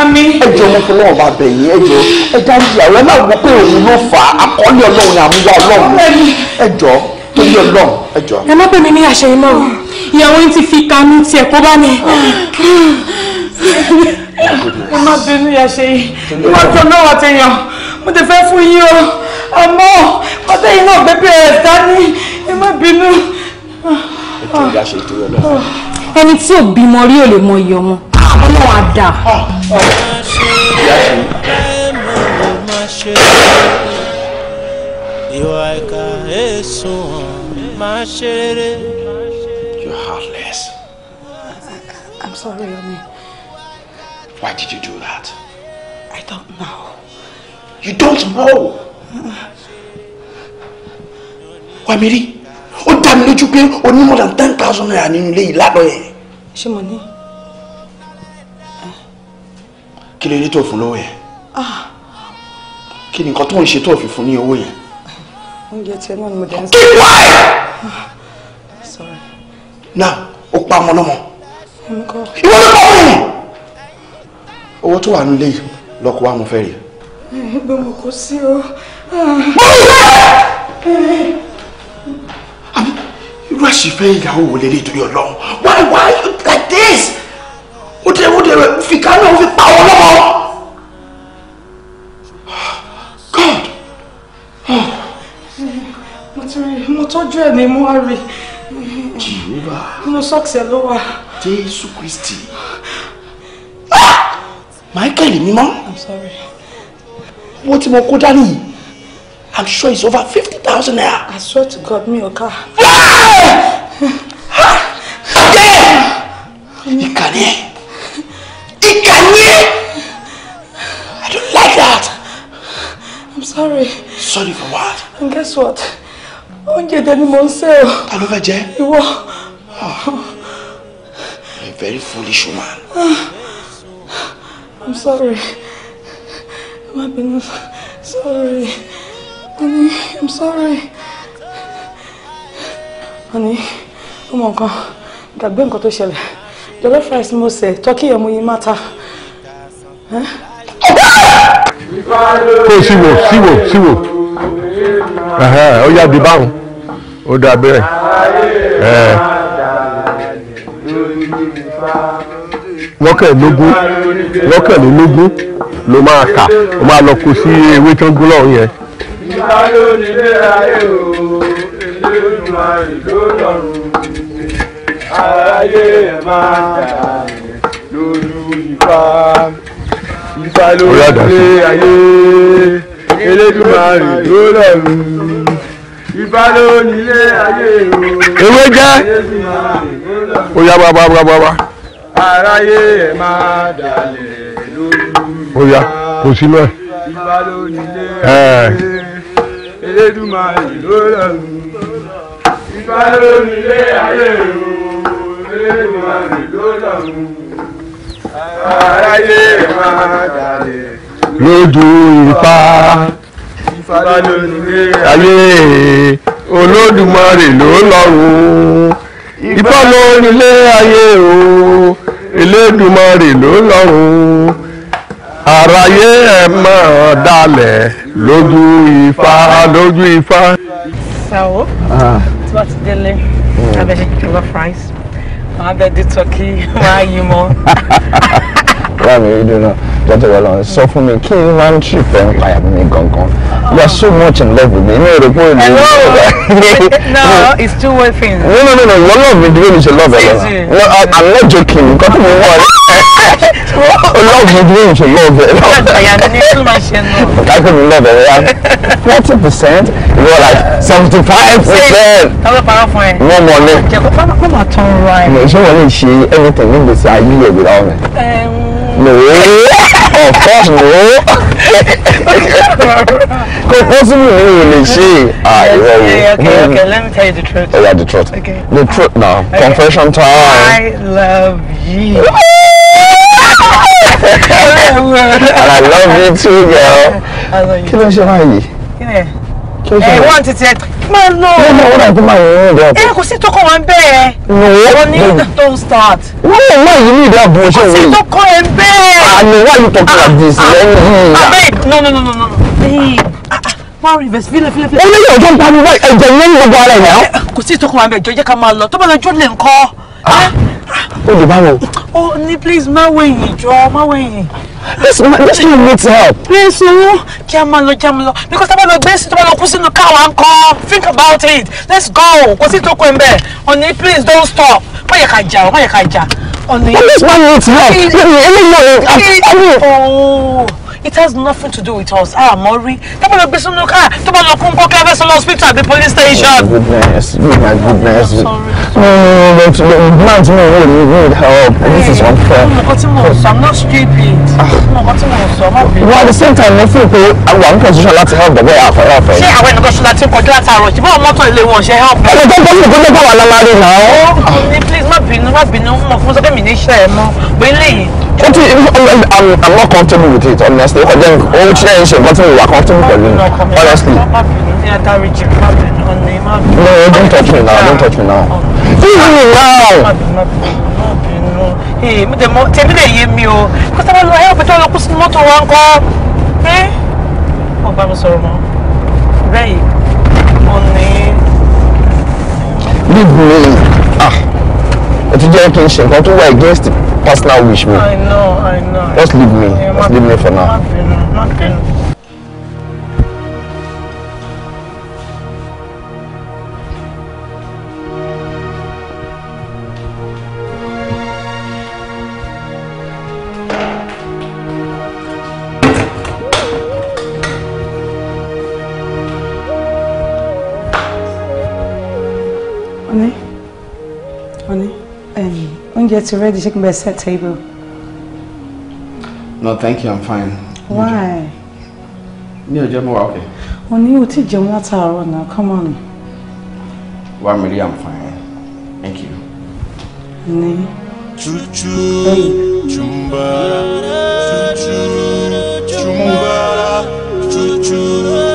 á yín ẹjọ́ mo fún ọlọ́run bá bẹ̀ yín ẹjọ́ ẹja ń yàrá ẹ má wọ pé òun ló fà á akọ́lé ọlọ́run ni àmúwá ọlọ́run ẹjọ́ torí ọlọ́run ẹjọ́. ẹ má pè ní àṣẹ iná o ìyàwó yín ti fi kanú tiẹ̀ kó bá mi. ẹ má bínú yà ṣe yìí ìwọ́n tó náà wà tẹ̀yàn mo ti fẹ́ fún yín o. Amo, ọ̀sẹ̀ yìí náà gbé pẹ̀lẹ́ dání ẹ má bínú. ètò ìyá ṣe ìtòwé ọlọ́run. ẹni tí ò bímọ rí ò lè mọ iye ọmọ ọlọ́run á dà. ìyá ṣe you are heartless. I'm sorry, Omi. Why did you do that? I don't know. You don't know? wàmírí ó dá mi lójú pé o ní more than ten thousand naira nínú ilé yìí lánàá yẹn. ṣé mo ní. kí ló dé tó fún lówó yẹn. Ah. kí ni nǹkan tó ń ṣe tó fi fún ní owó yẹn. oúnjẹ tiẹ̀ náà ni mo dẹ́ ń sọ. kí wáyé. náà ó pa ọmọ lọ́mọ. ìwọ ló pa ọmọ yẹn. owó tó wà nílé yìí wa mo fẹ́ rí. ẹ gbọ́n mo kò sí o mo rí bẹ́ẹ̀. àbí irú àṣìfẹ́ ìyàwó wo lélẹ́yìí torí ọlọ́run why why like this ó dé ó dé fi kánú ó fi pa ọ lọ́wọ́. God. mo ti rí mo tọ́jú ẹ̀ ní muhari. jehova. inú sọ́ọ̀sì ẹ̀ ló wà. jésù kristi. Ah! michael mímọ́. I'm sorry. owó tí mo kó dání yìí I'm sure it's over 50,000 naira. I swear to God, me ò car. Ìkà ni ẹ́. I don't like that. I'm sorry. Sorry for what? And guess what? Oúnjẹ dẹni mo ń ṣe o. Ta ló fẹ́ You're a very foolish woman. I'm sorry. Má bínú. Sorry. Honey, I'm sorry. Honey, come come. on, Get back your ó mọ nǹkan, gbàgbé nǹkan tó ṣẹlẹ̀. Jollof rice mo sè, turkey yẹn mo yí mata. Kó o síwò síwò síwò. Ó yá di báwọn, ó dá abẹ́rẹ́. Lọ́kẹ̀lélógún ló máa kà, ó máa lọ kó sí ewé tó ń gún lọ́rùn yẹn ìgbà ló nílé ayé o èlé ìgbà ìlú lọ́rùn máa dà lójú ìfà ìfà ló nílé ayé elédùnmarè ló lọ́rùn ìfà ló nílé ayé o ewé jẹ́ ó yá bàbá bàbá bàbá. aráyé ẹ̀ máa dà lójú ìfà ó kò sí náà. ìfà ló nílé ayé. Elédùmarè ló rọrùn. Ifá ló ní ayé o, Elédùmarè ló rọrùn. Aráyé máa dàlẹ̀ lójú Ifá. Ifá ló ní ayé Olódùmarè ló lọ́rùn. Ifá ló ní ayé o, Elédùmarè ló lọ́rùn àráyé ẹ̀ mọ̀ dalẹ̀ lójú ifá lójú ifá. ṣàwọ́ ah. tí wọ́n ti délé abẹ́lé jollof rice wọ́n abẹ́ dé turkey wọ́n á yí mọ́. grab me you know jọjọ wọ lọ sọ fún mi kí n máa ń tì fẹ́ ń payà mi gangan you are so much in love with me inú èrò pé òní. no it's two way things. no no no no your love me the way love your love no i'm not joking nǹkan tí mo wọ o love me the your love. àyà ni kí ló máa ṣe nù. ọ̀gá kò ní love ẹ̀ ẹ̀ forty percent you are like seventy five percent. tọ́lọ́ parọ́ fún ẹ. wọ́n mọ̀ ní. jẹ́ kó pàápàá máa ra ẹ̀. ṣé wọ́n lè ṣe anything nígbèsè ayé ẹ̀ without me. Um, no of course no kò possible mi ò lè ṣe àìwọ̀ ah, wò. okay hmm. okay let me tell you the truth. oh, yeah, the truth okay. the truth now okay. confession time. I love you. and I love you too girl. kí ló ń ṣe báyìí ẹ wọn ti tiẹ máa nọ. ní ọmọ wọn àti máa yẹn ní ìdí àbò. ẹ kò sí tọkọ wọn bẹ́ẹ̀. wọn ní don't start. wọn ò náà yìí ní ìdí àbò ṣé wọn. kò sí tọkọ ẹ bẹ́ẹ̀. àmì wà yìí tọkọ àbí ìsìlẹ̀ yìí. abeg no no no no no. máa rí ìbẹ̀sí fílẹ̀ fílẹ̀ fílẹ̀. ó ní ìyọ̀jọ́ ń parí wá ẹ̀jẹ̀ ní gbogbo ara ẹ̀ náà. Eh, kò sí tọkọ wọn bẹ́ẹ̀ jọ jẹ́ ká máa lọ tó bá lọ jó lè ń kọ́. Ah, ah, ó lè bá wọn. ó oh, ní please má wẹ̀yìn jọ má wẹ̀yìn. This woman, this woman needs help. Yes, no. Jamalo, jamalo. Because I'm not best. I'm not pushing the car. I'm calm. Think about it. Let's go. Because it's too cold. Honey, please don't stop. Why you kaja? Why you kaja? Honey. This man needs help. Let me, let Oh it has nothing to do with us ah mọ́rí tábà lọ gbé sínú káà tó bá lọ kún kọ́ kẹ́fẹ́ sọ lọ hospital àbí police station. Oh, oh, my goodness my goodness no no no the man tí mo wò need help and this is unfair. ọmọ tí mo sọ i'm not stupid. ọmọ ah. tí mo sọ má bí. well at the same time mo feel pé àwọn àwọn position láti help bẹ̀bẹ̀ àfẹ́ àfẹ́. ṣé àwọn ẹnìkan ṣọlá ti kọjú látàárọ̀ ṣùgbọ́n ọmọ tó ilé wọn ṣe help. ẹnì tó gbọ́dọ̀ gbọ́dọ̀ bá wà lálẹ́ náà. please má bínú má bínú mo sọ pé mi ní iṣẹ́ ẹ mọ́ pé lẹ́yìn Oti I'm I'm not comfortable with it honestly. Ọjọ́ ohun tí ẹ̀yin ṣe nǹkan tí mo wà comfortable pẹ̀lú ni honestly. No don't touch me now don't touch me now. Leave me now. Tèmi lè yé mi o, kó sábà lọ help ìtọ́ ọlọ́kùn sínú mọ́tò wa ńkọ́. Ọba mi sọ̀rọ̀ mọ́, bẹ́ẹ̀ mo ní. Leave me, ah, ẹ ti jẹ́ kí n ṣe nǹkan tó wà against it personal wish me. I know, I know. Just leave me. Yeah, Just leave me for now. Nothing, nothing. Get you ready ṣé kí n bẹ set table. no thank you i'm fine. why. ní ọjọ́ mo wà okay. o ní o ti jẹun látàárọ̀ náà come on. wà mí rí i'm fine thank you. ní. chuchu chumbara chuchu chumbara chuchu.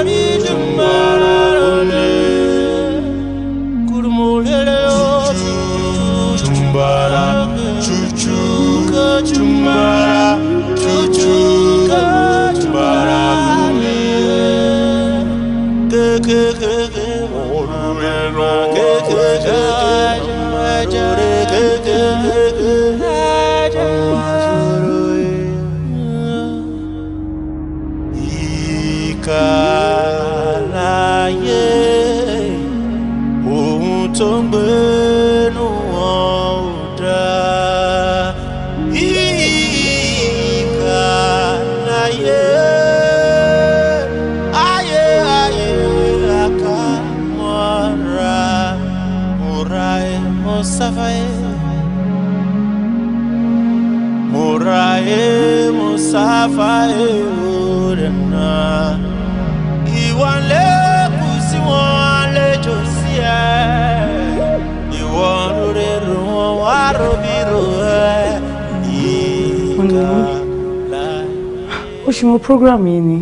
ṣe mo program yìí ni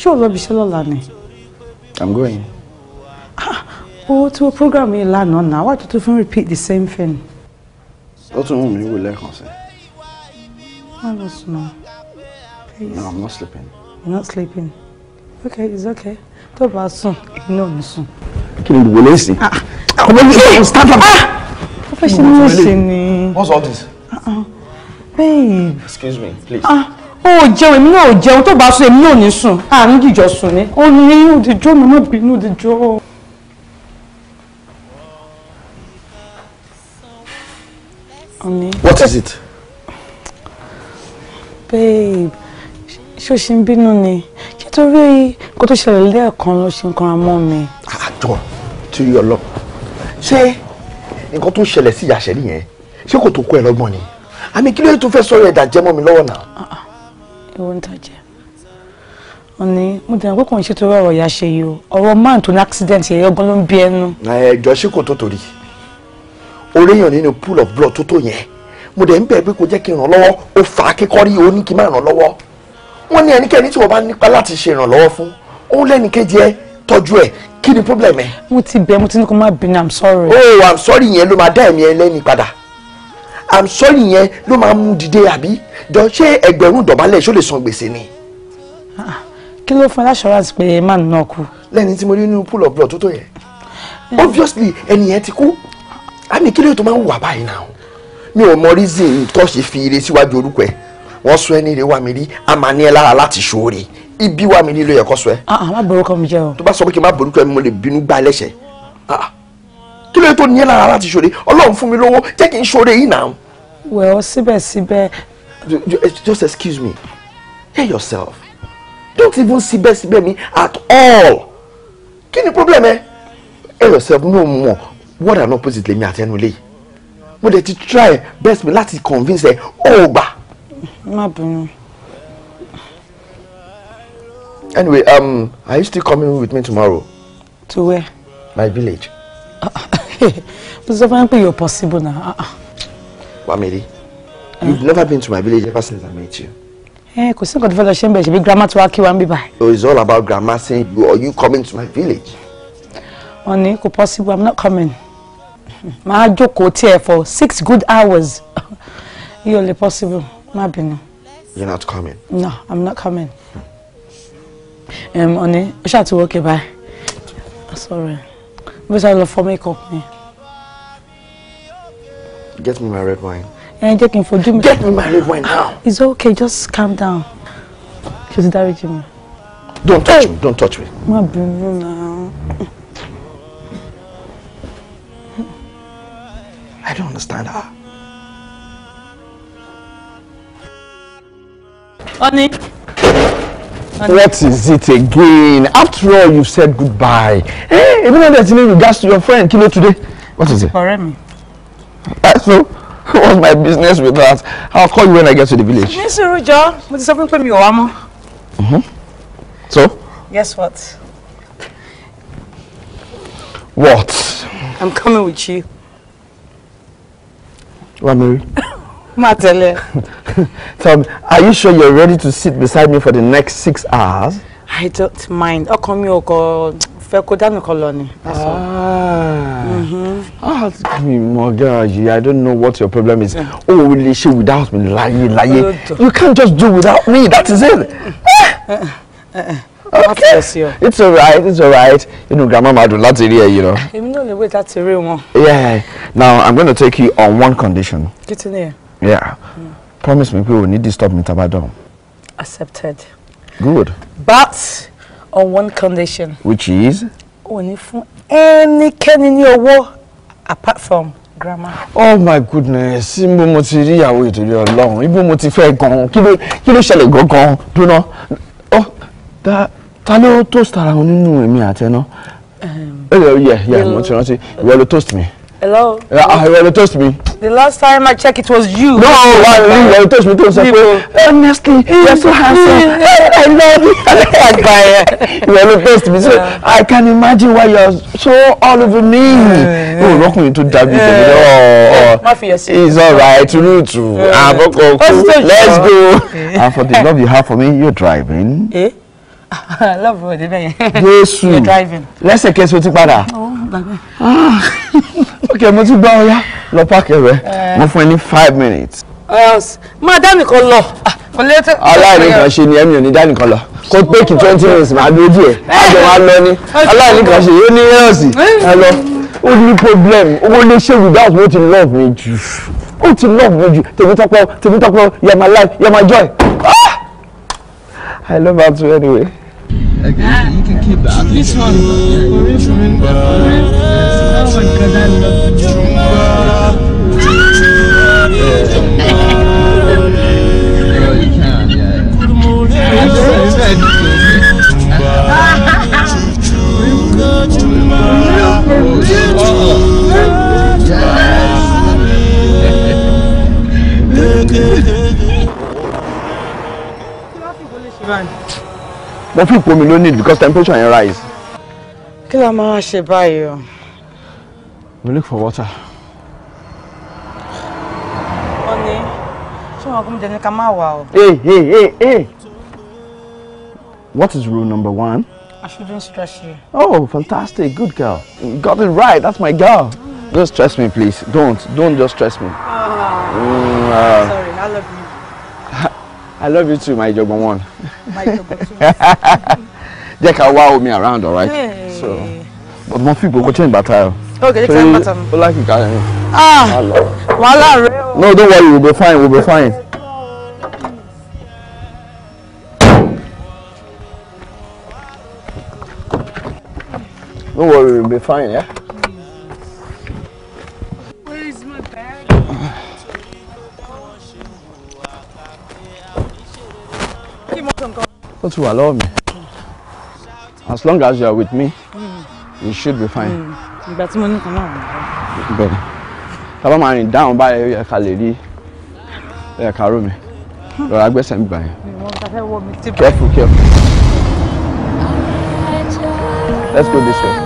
ṣé ò lọ́bi iṣẹ́ lọ́la ni. i'm going. Ah, owó tí o program yìí lánàá náà wà tó tún fún repeat the same thing. ó tún mú mi wò lẹ́ẹ̀kan sí. má lọ sùn no i'm not sleeping. you're not sleeping. okay it's okay tó bá sùn No, náà ò ní sùn. kí ni Ah, lè ah, sìn. Ah, ọmọ mi ṣe ń stand up. ó fẹ́ ni. what's all this. Uh -uh. babe. excuse me please. Uh -uh ó jẹun èmi náà ò jẹun tó bá sùn èmi náà ní sùn àárín gìjọ sùn ni ó ní òdìjọ́ mi bínú òdìjọ́. What is it? Babe, ṣó ṣe ń bínú ni? Ṣé torí kó tó ṣẹlẹ̀ lẹ́ẹ̀kan ló ṣe ń kanra mọ́ mi? Àjọ ah, ah, tí yọ lọ. Ṣé nǹkan tó ṣẹlẹ̀ sí ìyá ṣẹ̀lí yẹn? Ṣé kò tó kó ẹ lọ́gbọ́n ni? Àmì kí ló yẹ tó fẹ́ sọ̀rọ̀ ẹ̀dà jẹ́mọ́ mi lọ́wọ́ náà? Ah, lówó wọn ni mo dẹ̀ pé ṣe torí ọ̀rọ̀ ìyá ṣe yìí o ọ̀rọ̀ man tó ní accident yẹn ọgbọ́n ló ń bí ẹnu. ẹjọ ṣé kò tó torí orí nínú pool of blood tó tó yẹn mo dẹ̀ ń bẹ̀ pé kò jẹ́ kí n ràn lọ́wọ́ ó fà á kíkọ́rí o ní kí n má ràn lọ́wọ́ wọ́n ní ẹnikẹ́ni tí wọ́n bá nípa láti ṣe ìrànlọ́wọ́ fún òun lẹ́nìkejì ẹ tọ́jú ẹ kí ni problem ẹ. mo ti bẹ̀ mo ti ní kó má bínú i'm sorry. oh i'm sorry yẹn ló máa dá ẹ̀mí ẹ lẹ́ni padà i'm sorry yẹn ló máa mú dìde àbí jọ ṣé ẹgbẹ̀rún dọ̀bálẹ̀ ṣó lè san gbèsè ni. Ah, kí ló fún assurance pé man náà kú. lẹ́ni tí mo rí nínú pool of blood tó tó yẹ obviously ẹni yẹn ti kú àmì kí ló tó máa ń wà báyìí náà mi ò mọ reason tó ṣe fi ire síwájú orúkọ ẹ wọ́n sọ ẹni rẹ̀ wà mí rí a máa ní ẹ lára láti ṣoore ibi wà mí ní ló yẹ sọ ẹ. Ah, ah má borúkọ mi jẹ o. tó bá sọ pé kí n má borúkọ ẹ mo lè bínú ah, ah kí ló tó ní ẹ lára láti ṣoore ọlọ́run fún mi lówó jẹ́ Well, síbẹ̀síbẹ̀. Eh, just excuse me. Hear yourself. Don't even síbẹ̀síbẹ̀ me at all. Kí ni problem ẹ? Eh? Hear yourself no more. What an opposite lèmi àtẹnu lé. Mo dẹ̀ ti try best mi láti convince ẹ ó gbà. Má Anyway, um, are you still coming with me tomorrow? To where? My village. Mo sọ fún yín pé you're possible now. Uh -uh. Wamedi, uh. you've never been to my village ever since I met you. Eh, kò sí nǹkan tó fẹ́ lọ ṣe ń bẹ̀ ṣe bí grandma tí wàá kí wa ń bí báyìí. So it's all about grandma saying you are you coming to my village. Wọ́n ní possible I'm not coming. Màá jókòó tiẹ̀ for six good hours. Yóò only possible, má no. You're not coming? No, I'm not coming. Um, Ọ̀ní, ó to work báyìí. Sorry, bí I love for fọ makeup mi. Get me my red wine. And jẹ́ kí n fojú Get me my red wine now. It's okay, just calm down. She's o ti dáríjì Don't touch hey. me, don't touch me. My baby, now. I don't understand her. Honey. What is it again? After all, you said goodbye. Hey, eh, even though there's you regards to your friend, Kilo today. What is it? For mi. so what's my business with that I'll call you when I get to the village. ní sùúrù jọ mo ti sọ pé mi ò wá mọ́. Mm-hmm. so. guess what. what. I'm coming with you. What, Mary. Má tẹ̀lé. Tell me, are you sure you're ready to sit beside me for the next six hours? I don't mind. I'll mi ò kọ fẹ́ kó dánù kan lọ ni. mi mọ girl i don't know what your problem is o ò lè ṣe without me láyé láyé you can't just do without me that is it. Uh-uh. okay it's alright it's alright know, grandma Madu, dùn láti rí You know. lọ. èmi náà lè wait láti rí wọn. yeah now i'm going to take you on one condition. kìtì ni ẹ. yeah mm. promise me pé o ní disturb me tabadọ. accepted. good. but on one condition. which is. o any fún in your war, apart from grandma. oh my goodness ibo mo ti rí ìyàwó ìtòlẹ́ ọlọ́run ibo mo ti fẹ́ gan-an kí ló kí ló ṣẹlẹ̀ oh da ta ló toast ara wọn nínú èmi àtẹ náà. ẹ um, oh, Yeah, yẹ yẹ mo ti rántí ìwọ ló toast me? Hello? Yeah, I will touch me. The last time I checked, it was you. No, why? You will touch me. Don't say, honestly, you're so handsome. I love you. I will touch me. So yeah. I can imagine why you're so all over me. No, rock me to David. Oh, oh. oh. It's all right. Root to Aboko. Ah, Let's go. And ah, for the love you have for me, you're driving. Eh? love road, Jésù. You're driving. Let's Lẹ́sẹ̀kẹsẹ̀ o ti padà. Oh, ok mo ti gbọ́ ọyá lọ páàkì rẹ eh. mo fún ẹ ní five minutes. máa dá nìkan lọ ah, kò lè tẹ. aláìní kan ṣe ni ẹ̀mí ò ní dá nìkan lọ kó pé kí twenty minutes máa bí ojú ẹ̀ àjọ máa lọ ní eh. aláìní kan ṣe yóò ní ẹ̀rọ̀sì ẹ lọ ó ní problem owó lè ṣe without mo ti love me jù ó ti love me jù Tèmítọ́pẹ́ Tèmítọ́pẹ́ you're my life you're my joy ah! I love her too anyway. Okay, you can keep that. This one. Uh, uh, mo fi ìpomi lónìí because temperature yẹn rise. kí la máa ṣe báyìí o. We look for water. Honey, someone come to come out. Hey, hey, hey, hey! What is rule number one? I shouldn't stress you. Oh, fantastic. Good girl. got it right. That's my girl. Mm. Don't stress me, please. Don't. Don't just stress me. Oh, mm, uh, sorry. I love you. I love you too, my Jogba one. My Jogba too. Jẹ́ ká wá omi around, all right? Hey. So but most people go change bàtà o. okay change bàtà mi. ó láì kíkà eh? ah wàhálà rẹ o. no don't worry we be fine we be fine. don't worry We'll be fine. Yeah? Where is my ó Don't you allow me? as long as you are with me mm you should be fine. ìgbà tí mo ní kan náà wà nípa. bẹ́ẹ̀ni tábà máa rìn dáhùn báyìí ó yẹ ká lè rí ẹ ká rómi lọ́ra gbẹ́sẹ̀ mi báyìí. careful careful. let's go this way.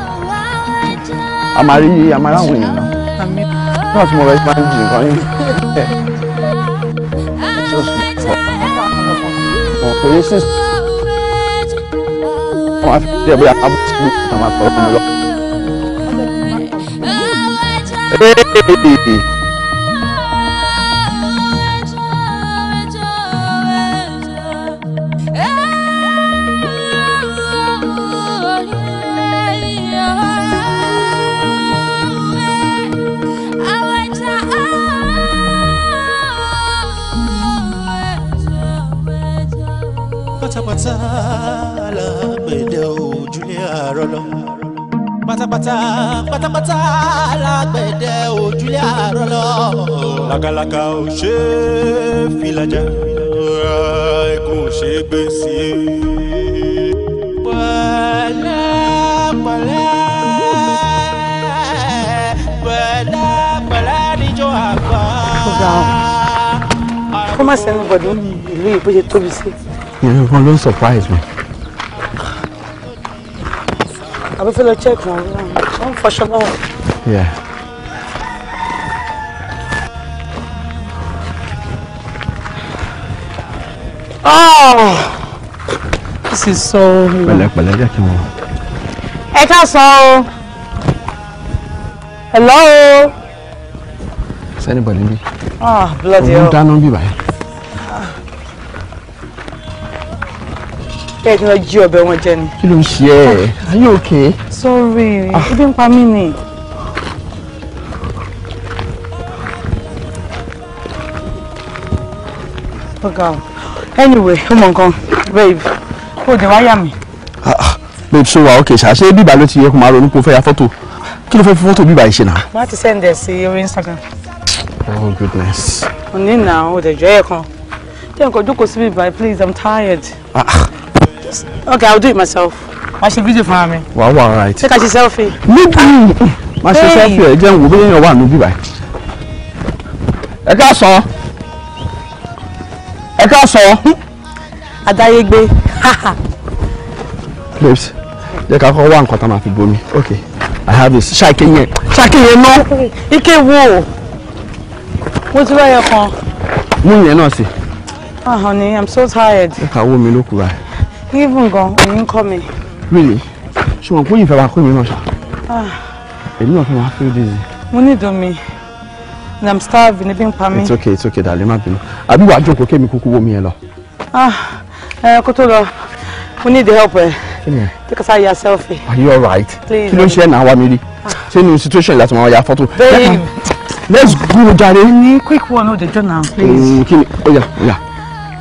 a máa rí a máa ráhùn èèyàn náà. náà tí mo rẹ máa ń jìn kan yín. Just for, for instance. Oh á fi kí pátápátá pátápátá alágbẹ̀dẹ ojúlé àárọ̀ lọ. làkàlàkà ò ṣe é filajà ikùn ò ṣe é gbé sí i. pẹ̀lẹ́ níjọ àgbà. kọ́mọ̀sì ẹnu bọ̀dọ̀ ìlú yìí bó ṣe tóbi sí. ìrìn kan ló ń surprise mi àbí fẹ́ lọ check wọn wọn Yeah. Oh, this is so. pẹ̀lẹ́pẹ̀lẹ́ jẹ́ kí wọn. ẹ ká hello. sẹ́ni bọ̀dé bí. ah bloody hell. òun dáná bí báyìí. ẹ ti lọ jí ọbẹ̀ wọn jẹ ni. kí ló ń ṣe ẹ ah, are you okay. sorry ah. ebi ń pa mí ni. ọ̀gá o anyway ó nǹkan babe kò dé wáyà mi. Ah, babe so wa okay ṣá ṣé bíbá ló ti yẹ kó máa ronú kó fẹ́ ya fọ́tò kí ló fẹ́ fi fọ́tò bíbá yìí ṣe náà. wọ́n ti send ẹ̀ sí orí instagram. oh goodness. òní náà ó dẹ̀ jọ́ ẹ̀ kan tí ẹ̀ kò jókòó síbí báyìí please i'm tired. Ah. Okay, I'll do it myself. Má ṣe video for me. Wà wà right. Ṣé ká ṣe selfie? Níbi má ṣe selfie ẹ̀ jẹ́ wo bí èèyàn wà níbí báyìí. Ẹ ká sọ. Ẹ ká sọ. Ha Babes, jẹ́ ká kọ́ one nǹkan tá a Okay, I have this. Ṣáàkì yẹn. Ṣáàkì yẹn No. Ike wo? What's wrong, wá ẹyọ kan. Mú yẹn náà Ah honey, I'm so tired. Ẹ ká wo mi lókùrà ẹ̀ even gan òun kọ́ mi. really ṣé wọn kóyìn fẹ́ wá kó mi náà ṣá. Ah. èmi náà fẹ́ wá feel dizzy. mo ní ìdùn mi and i'm starving ebi ń pa mí. it's okay it's okay darling má bínú àbí wàá jókòó kémi kúkú wó mi yẹn lọ. Ah, ẹ kó tó lọ mo need the help ẹ. Eh? kí ni ẹ. take a side selfie. are you alright. please kí ló ń eh? ṣe ẹ̀ náà wá mi rí. Ah. ṣé inú situation láti máa ya fọ́tò. babe let's go jàre. ní quick one o dey journal please. Mm, kí ni oya oya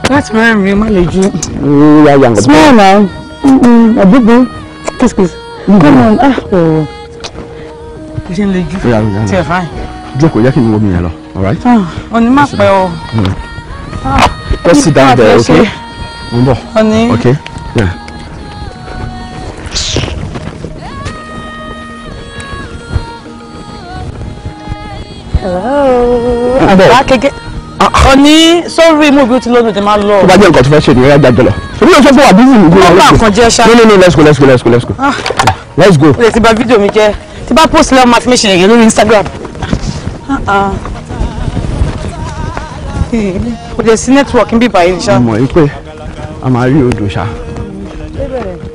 láti rẹ́rìn mi má lè ju. smile now àbúgbò kiss kiss come on after. Ah. kò ṣe ń le ju tiẹ̀ fine. jókòó jẹ́ kí n wo mi yẹn lọ alright. òní ah, má pẹ́ o. Mm. Ah. just sit down there okay. mo ń bọ̀ okay. Yeah. Hello. I'm back òní sórí mú ibi ó ti lọ́dún tẹ máa lọ. tó bá jẹ́ nǹkan tó fẹ́ ṣe nìyẹn yá jájọ lọ. èmi yóò ṣe fún wa bísí nìgbó wa lọ́sùn. ọkàn jẹ ṣá. no no no let's go let's go let's go let's go. Ah. let's go. o lè ti bà fídíò mi jẹ́ tí bá post lẹ́wọ̀n máa fi mí ṣe yẹ̀yẹ́ lórí Instagram. Ah, ah. kò dẹ̀ sí network ń bí báyìí ní ṣá. mo mọ̀ pé a máa rí odò ṣá.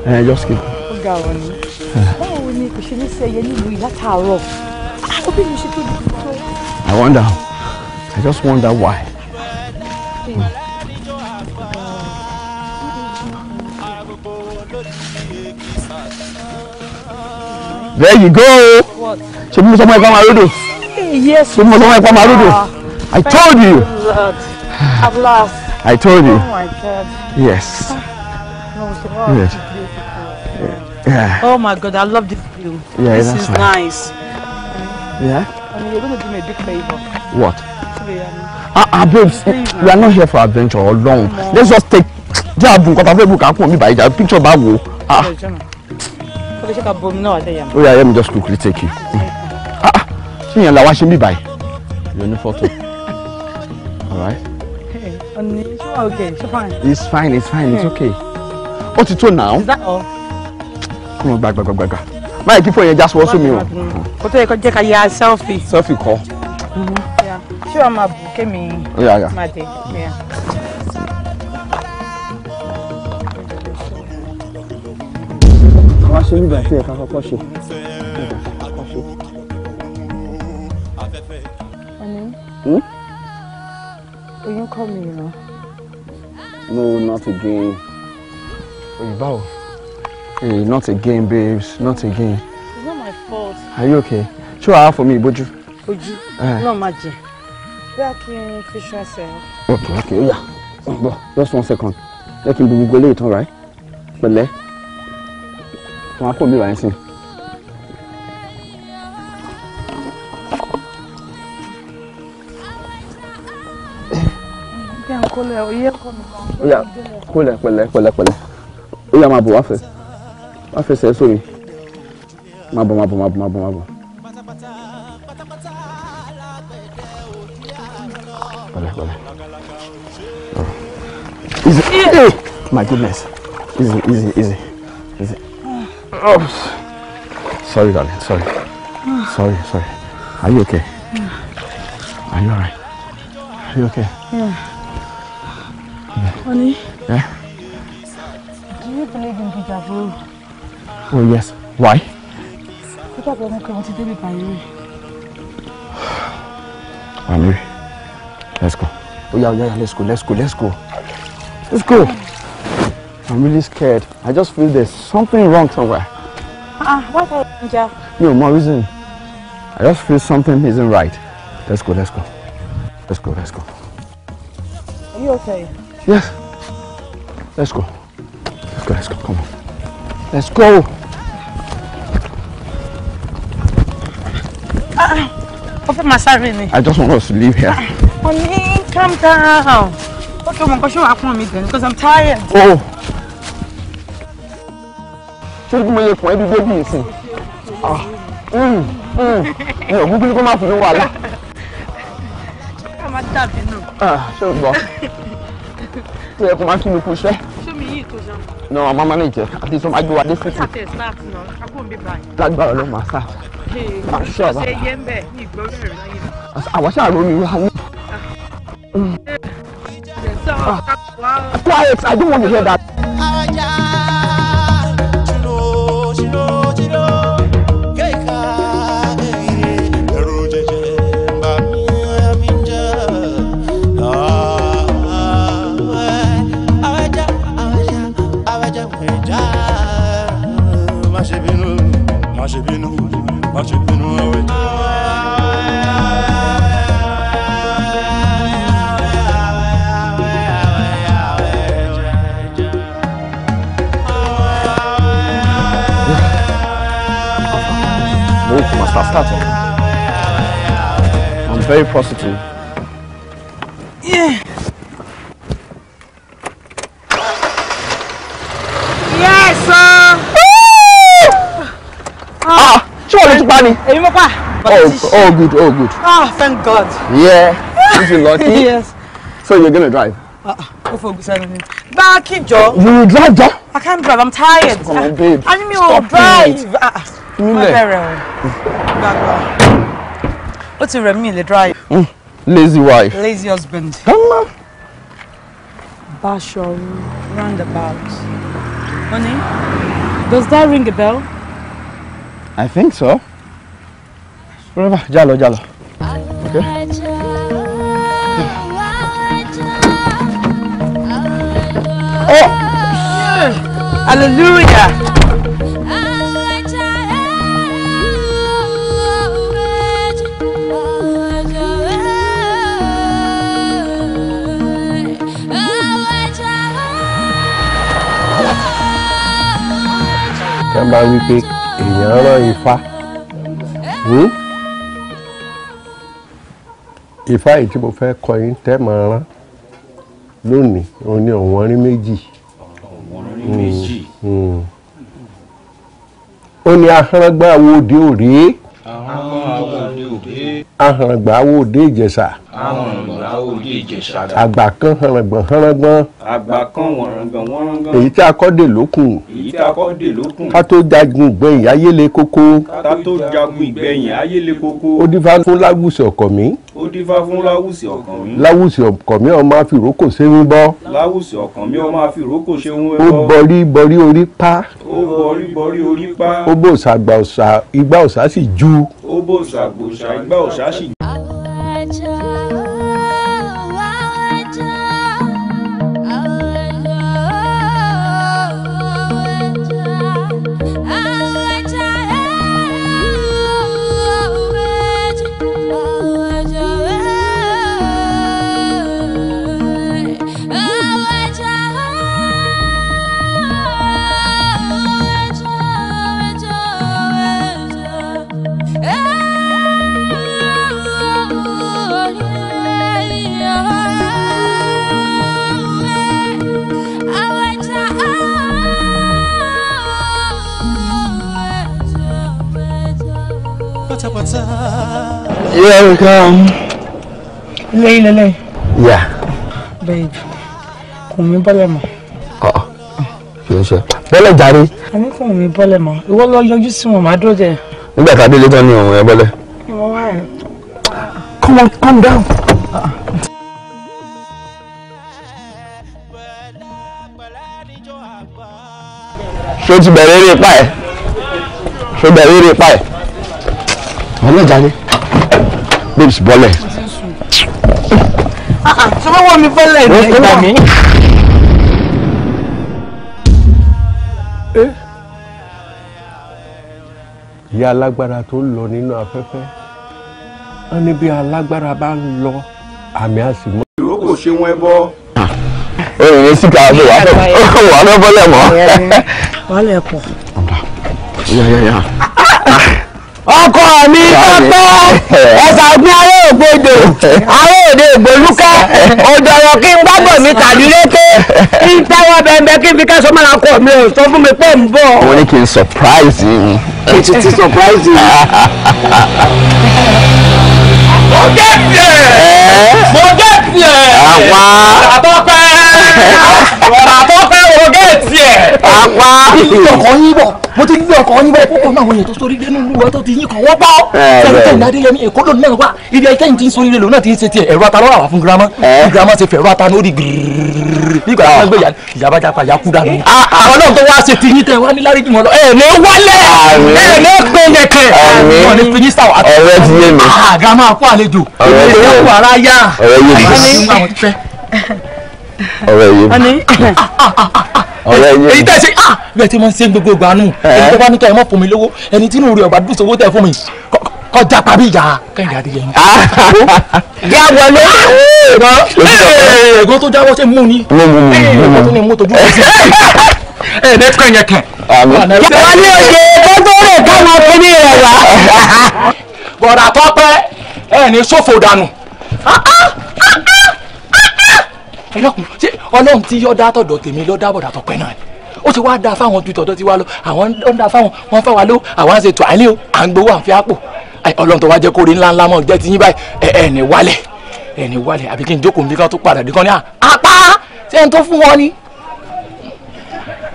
ẹ eh, just keep. ó ga ọ̀ ni eh. báwo ni kò ṣe ní sẹ́yẹ nílùú yìí látàárọ̀ I wonder. I just wonder why. There you go. What? So mo sọ mo ipa Yes. So mo sọ mo I told you. At last. I told you. Oh my God. Yes. No, yes. Yeah. Oh my God, I love this blue. Yeah, this is nice. nice. Yeah. mean, you're gonna do me a big favor. What? ah ah babes we are not here for adventure long. let's just take jẹ́ àbùn kọ́ta fẹ́ẹ́ bù ká kún mi báyìí jà picture bá wò ah. ó yá let me just quickly take you ah, ah ṣé yẹn làwa ṣe mí báyìí you ní photo alright. it's fine it's fine it's fine. It's okay ó ti tó now. is that all. Come kúrò gbàgbàgbàgbà máyì kí fóònù My people sọ just sómi o. kó tó yẹ kó jẹ́ ká ya selfie. selfie kọ́. Mm -hmm ṣé bouquet, máa bù kémi máa dé. wá ṣe nígbà tí ẹ̀ka kọ́kọ́ ṣe. Will you call me, you know? No, not again. Hey, Oyinbawo. Hey, not again, babes. Not again. It's not my fault. Are you okay? Ṣé wàá fọ mi ìbójú? Ojú. Eh. Náà má jẹ. Where can you fish yourself? Okay, okay, ó yá. Bọ̀, just one second. Jẹ́ kí n bu gbogbo eléyìí tán ráì. Pẹ̀lẹ́. Wọ́n á kò bí ráì sí i. Ó yá, kólẹ̀ pẹ̀lẹ́ pẹ̀lẹ́ pẹ̀lẹ́. Ó yá máa bọ̀ wá fẹ́. Wá fẹ́ sẹ́ẹ́ sómi. Máa bọ̀ máa bọ̀ máa bọ̀ máa bọ̀ máa bọ̀. Come on, oh. Easy. Yeah. My goodness. Easy, easy, easy. Easy. Oh. Sorry, darling. Sorry. Sorry, sorry. Are you okay? Yeah. Are you alright? Are you okay? Yeah. Honey? Yeah? Do you believe in deja vu? Oh, yes. Why? Because I'm going to be by you. Amiri. Let's go. Oh yeah, yeah, yeah, let's go, let's go, let's go. Let's go. I'm really scared. I just feel there's something wrong somewhere. Ah, uh, what happened, Jeff? No, my reason. I just feel something isn't right. Let's go, let's go. Let's go, let's go. Are you okay? Yes. Let's go. Let's go, let's go, come on. Let's go. Uh -uh. ó fẹ́ ni. I just want us to leave here. Ah, honey calm down okay mo nǹkan ṣé wàá pọ́n mi gan because I'm tired. oh ṣé ibi mo yẹ pọ̀ ẹbí bébí yìí sìn mi ò gúgúrú kó má fún mi wàhálà. ká má dàbí náà. Ah, ṣé o gbọ́ ṣé ẹ kò má kí mi kú iṣẹ́. No, yìí tó jẹun. náà a máa manage àti sọ máa gbé wa dé sí. ó ṣàtẹ̀ start náà I was báyìí. lágbára quiet I don't want to hear that. things are starting. I'm very positive. Yeah. Yes, sir. Woo! Ah, ah, ṣé wọ́n lè tún pa ni? Èmi mo pa. Oh, oh good, oh good. Ah, oh, thank God. Yeah, you feel lucky. yes. So you're gonna drive? Uh, go for good seven minutes. Back it, You will drive, job. I can't drive. I'm tired. Come on, babe. I need me to drive. Ah, my barrel. What's your ti rẹ̀ mí dry. Hmm, lazy wife. lazy husband. Come on. Basho roundabout. Honey, does that ring a bell? I think so. Whatever, jalo, jalo. Okay. Oh! Hallelujah! wọ́n bá wí pé èèyàn rán ifá ifá yìí tí mo fẹ́ kọ yín tẹ́ máa rán lónìí òun ni ọ̀wọ́n rí méjì. ọ̀wọ́n rí méjì. Hmm, hmm. ó ní ahọ́nrán wo òde òde. ahọ́nrán wo òde òde àgbà kan hànàgbọ̀n hànàgbọ̀n. àgbà kan wọ̀rọ̀ngàn wọ̀rọ̀ngàn. èyí tí a kọ́ dè lókun. èyí tí a kọ́ dè lókun. ká tó jagun ìgbẹ̀yìn ayéle kókó. ká tó jagun ìgbẹ̀yìn ayéle kókó. ó dífá fún láwùsì ọkọ mi. ó dífá fún láwùsì ọkàn mi. láwùsì ọkàn mi ọmọ àfìrókò ṣéwín bọ́. láwùsì ọkàn mi ọmọ àfìrókò ṣéwín bọ́. ó bọrí bọrí orí pa. ó bọrí bọrí orí pa. ó bò ṣàgbà igbá ọ̀ṣà sì ju. Here we come. Lay, lay, lay. Yeah. Babe, come in, bọ́lẹ̀ Oh. Ọ̀ọ́ kì í ṣe. Bọ́lẹ̀ jàre. Àní come in, bọ́lẹ̀ You want lọ yọjú sí wọn, màá dúró jẹ. Nígbà tá a little, tán ni ọ̀run yẹn Come on, calm down. Ṣé o ti bẹ̀rẹ̀ eré ipá ẹ̀? Ṣé o bẹ̀rẹ̀ eré babes bọ́lẹ̀. Ah, ah, sọ́wọ́ wọ́n mi bọ́lẹ̀ ní ìgbà mi. Eh? ìyá alágbára tó ń lọ nínú afẹ́fẹ́ wọ́n ní bí alágbára bá ń lọ àmì àsìmọ́. ìró kò ṣe wọn ẹ bọ́ ah, eh, èyí sì ká bọ̀ wà lọ́bọ̀lẹ̀ mọ́. wàhálà ẹ̀ pọ̀ ọkọ mi tọ́pẹ́ ẹ̀sà ògbìn aré ògbodò aré òde ògbólúkẹ́ òdòrò kí n gbàgbọ́ mi tàbí lékè kí n tẹ́wọ́ bẹ́ẹ̀ kí n fi kẹ́sọ́ máa kọ́ mi ò sọ fún mi pé ń bọ̀. wọ́n ní kí n surprise yín. kí n ti surprise yín. mo jẹ́ tiẹ̀ mo jẹ́ tiẹ̀ àwa àtọ́pẹ́ àtọ́pẹ́. sọ̀rọ̀ gẹ́ẹ̀tì ẹ̀. àpá ọkọ̀ yín bọ̀ mo ti gbé ọkọ̀ yín bọ̀ kókó náà àwọn èèyàn tó sórí dénú olúwa tó ti yín kàn wọ́pọ̀. sẹ́yìn adéyẹmí èkó lónìí náà wà ibi akẹ́yìn tí ń sórí lélòó náà ti ń ṣe tiẹ̀ ẹ̀rọ ata lọ́wọ́ àwọn fún girama girama ti fẹ̀ ẹ̀rọ ata lórí gírírí nígbà tí wọ́n gbé ìyàbá japa yaku dànù. àwọn náà tó wá ṣe ti yín tẹ wá ní lárí jùmọ̀ lọ ẹ̀ ní wálẹ̀ ẹ̀ ní pẹ̀lẹ̀kẹ̀ wọn ní pinni sáwà. ọ̀rẹ́ ti yé mi. girama kó àlejò ìdílé yàgò ara yá. ọ̀rẹ́ yé mi ọ̀rẹ́ yìí ọ̀rẹ́ yìí ọ̀rẹ́ yìí èyí tẹ́ ṣe ah bẹ́ẹ̀ tí mo ń ṣe gbogbo ìgbà nù èyí tó bá ní kẹ́ ẹ mọ̀ fún mi lówó ẹni tí inú rẹ̀ ọ̀bà dùn sówó tẹ̀ fún mi kọjá pàbí ìjà kẹ́hìndé àti yẹn. bí a wọ lé ìrọ. ègò tó jáwọ́ ṣe mú ni. mú mú mú mú mú. ègò tó ní mú tójú ọ̀sẹ̀. ẹ ẹ nẹ́tíkọ̀ yẹn kàn. yàrá ní òye tó tó rè káwọn kíní rẹ wá. bọ̀dà tọ́pẹ́ ẹ̀ ní ṣòfò dànù. Ah, ah, ah, ẹlọ́kùn ṣé ọlọ́run tí yọ́ dátọ̀ dọ̀ tèmi ló dábọ̀ dàtọ̀ pẹ́ náà ni ó ti wá da fáwọn ju tọ̀dọ̀ tiwa lọ àwọn ń da fáwọn wọn fá wa ló àwọn ṣe tù àìlè o à ń gbowó à ń fi àpò ọlọ́run tó wá jẹ́ kórè ńlá ńlá mọ́ jẹ́ ti yín báyìí ẹ ẹ ní wálẹ̀ ẹ ní wálẹ̀ àbí kí n jókòó nbí kan tó padà dé kan ní à apá ṣé n tó fún wọn ni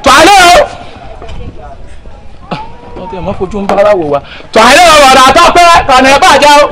tọ́ àlẹ́ o wọ́n ti ẹ̀ mọ́ fojú ń bára wò wá tọ́ àlẹ́ o ọ̀rọ̀ àtọ́pẹ́ ọ̀nà ẹ̀ bàjẹ́ o.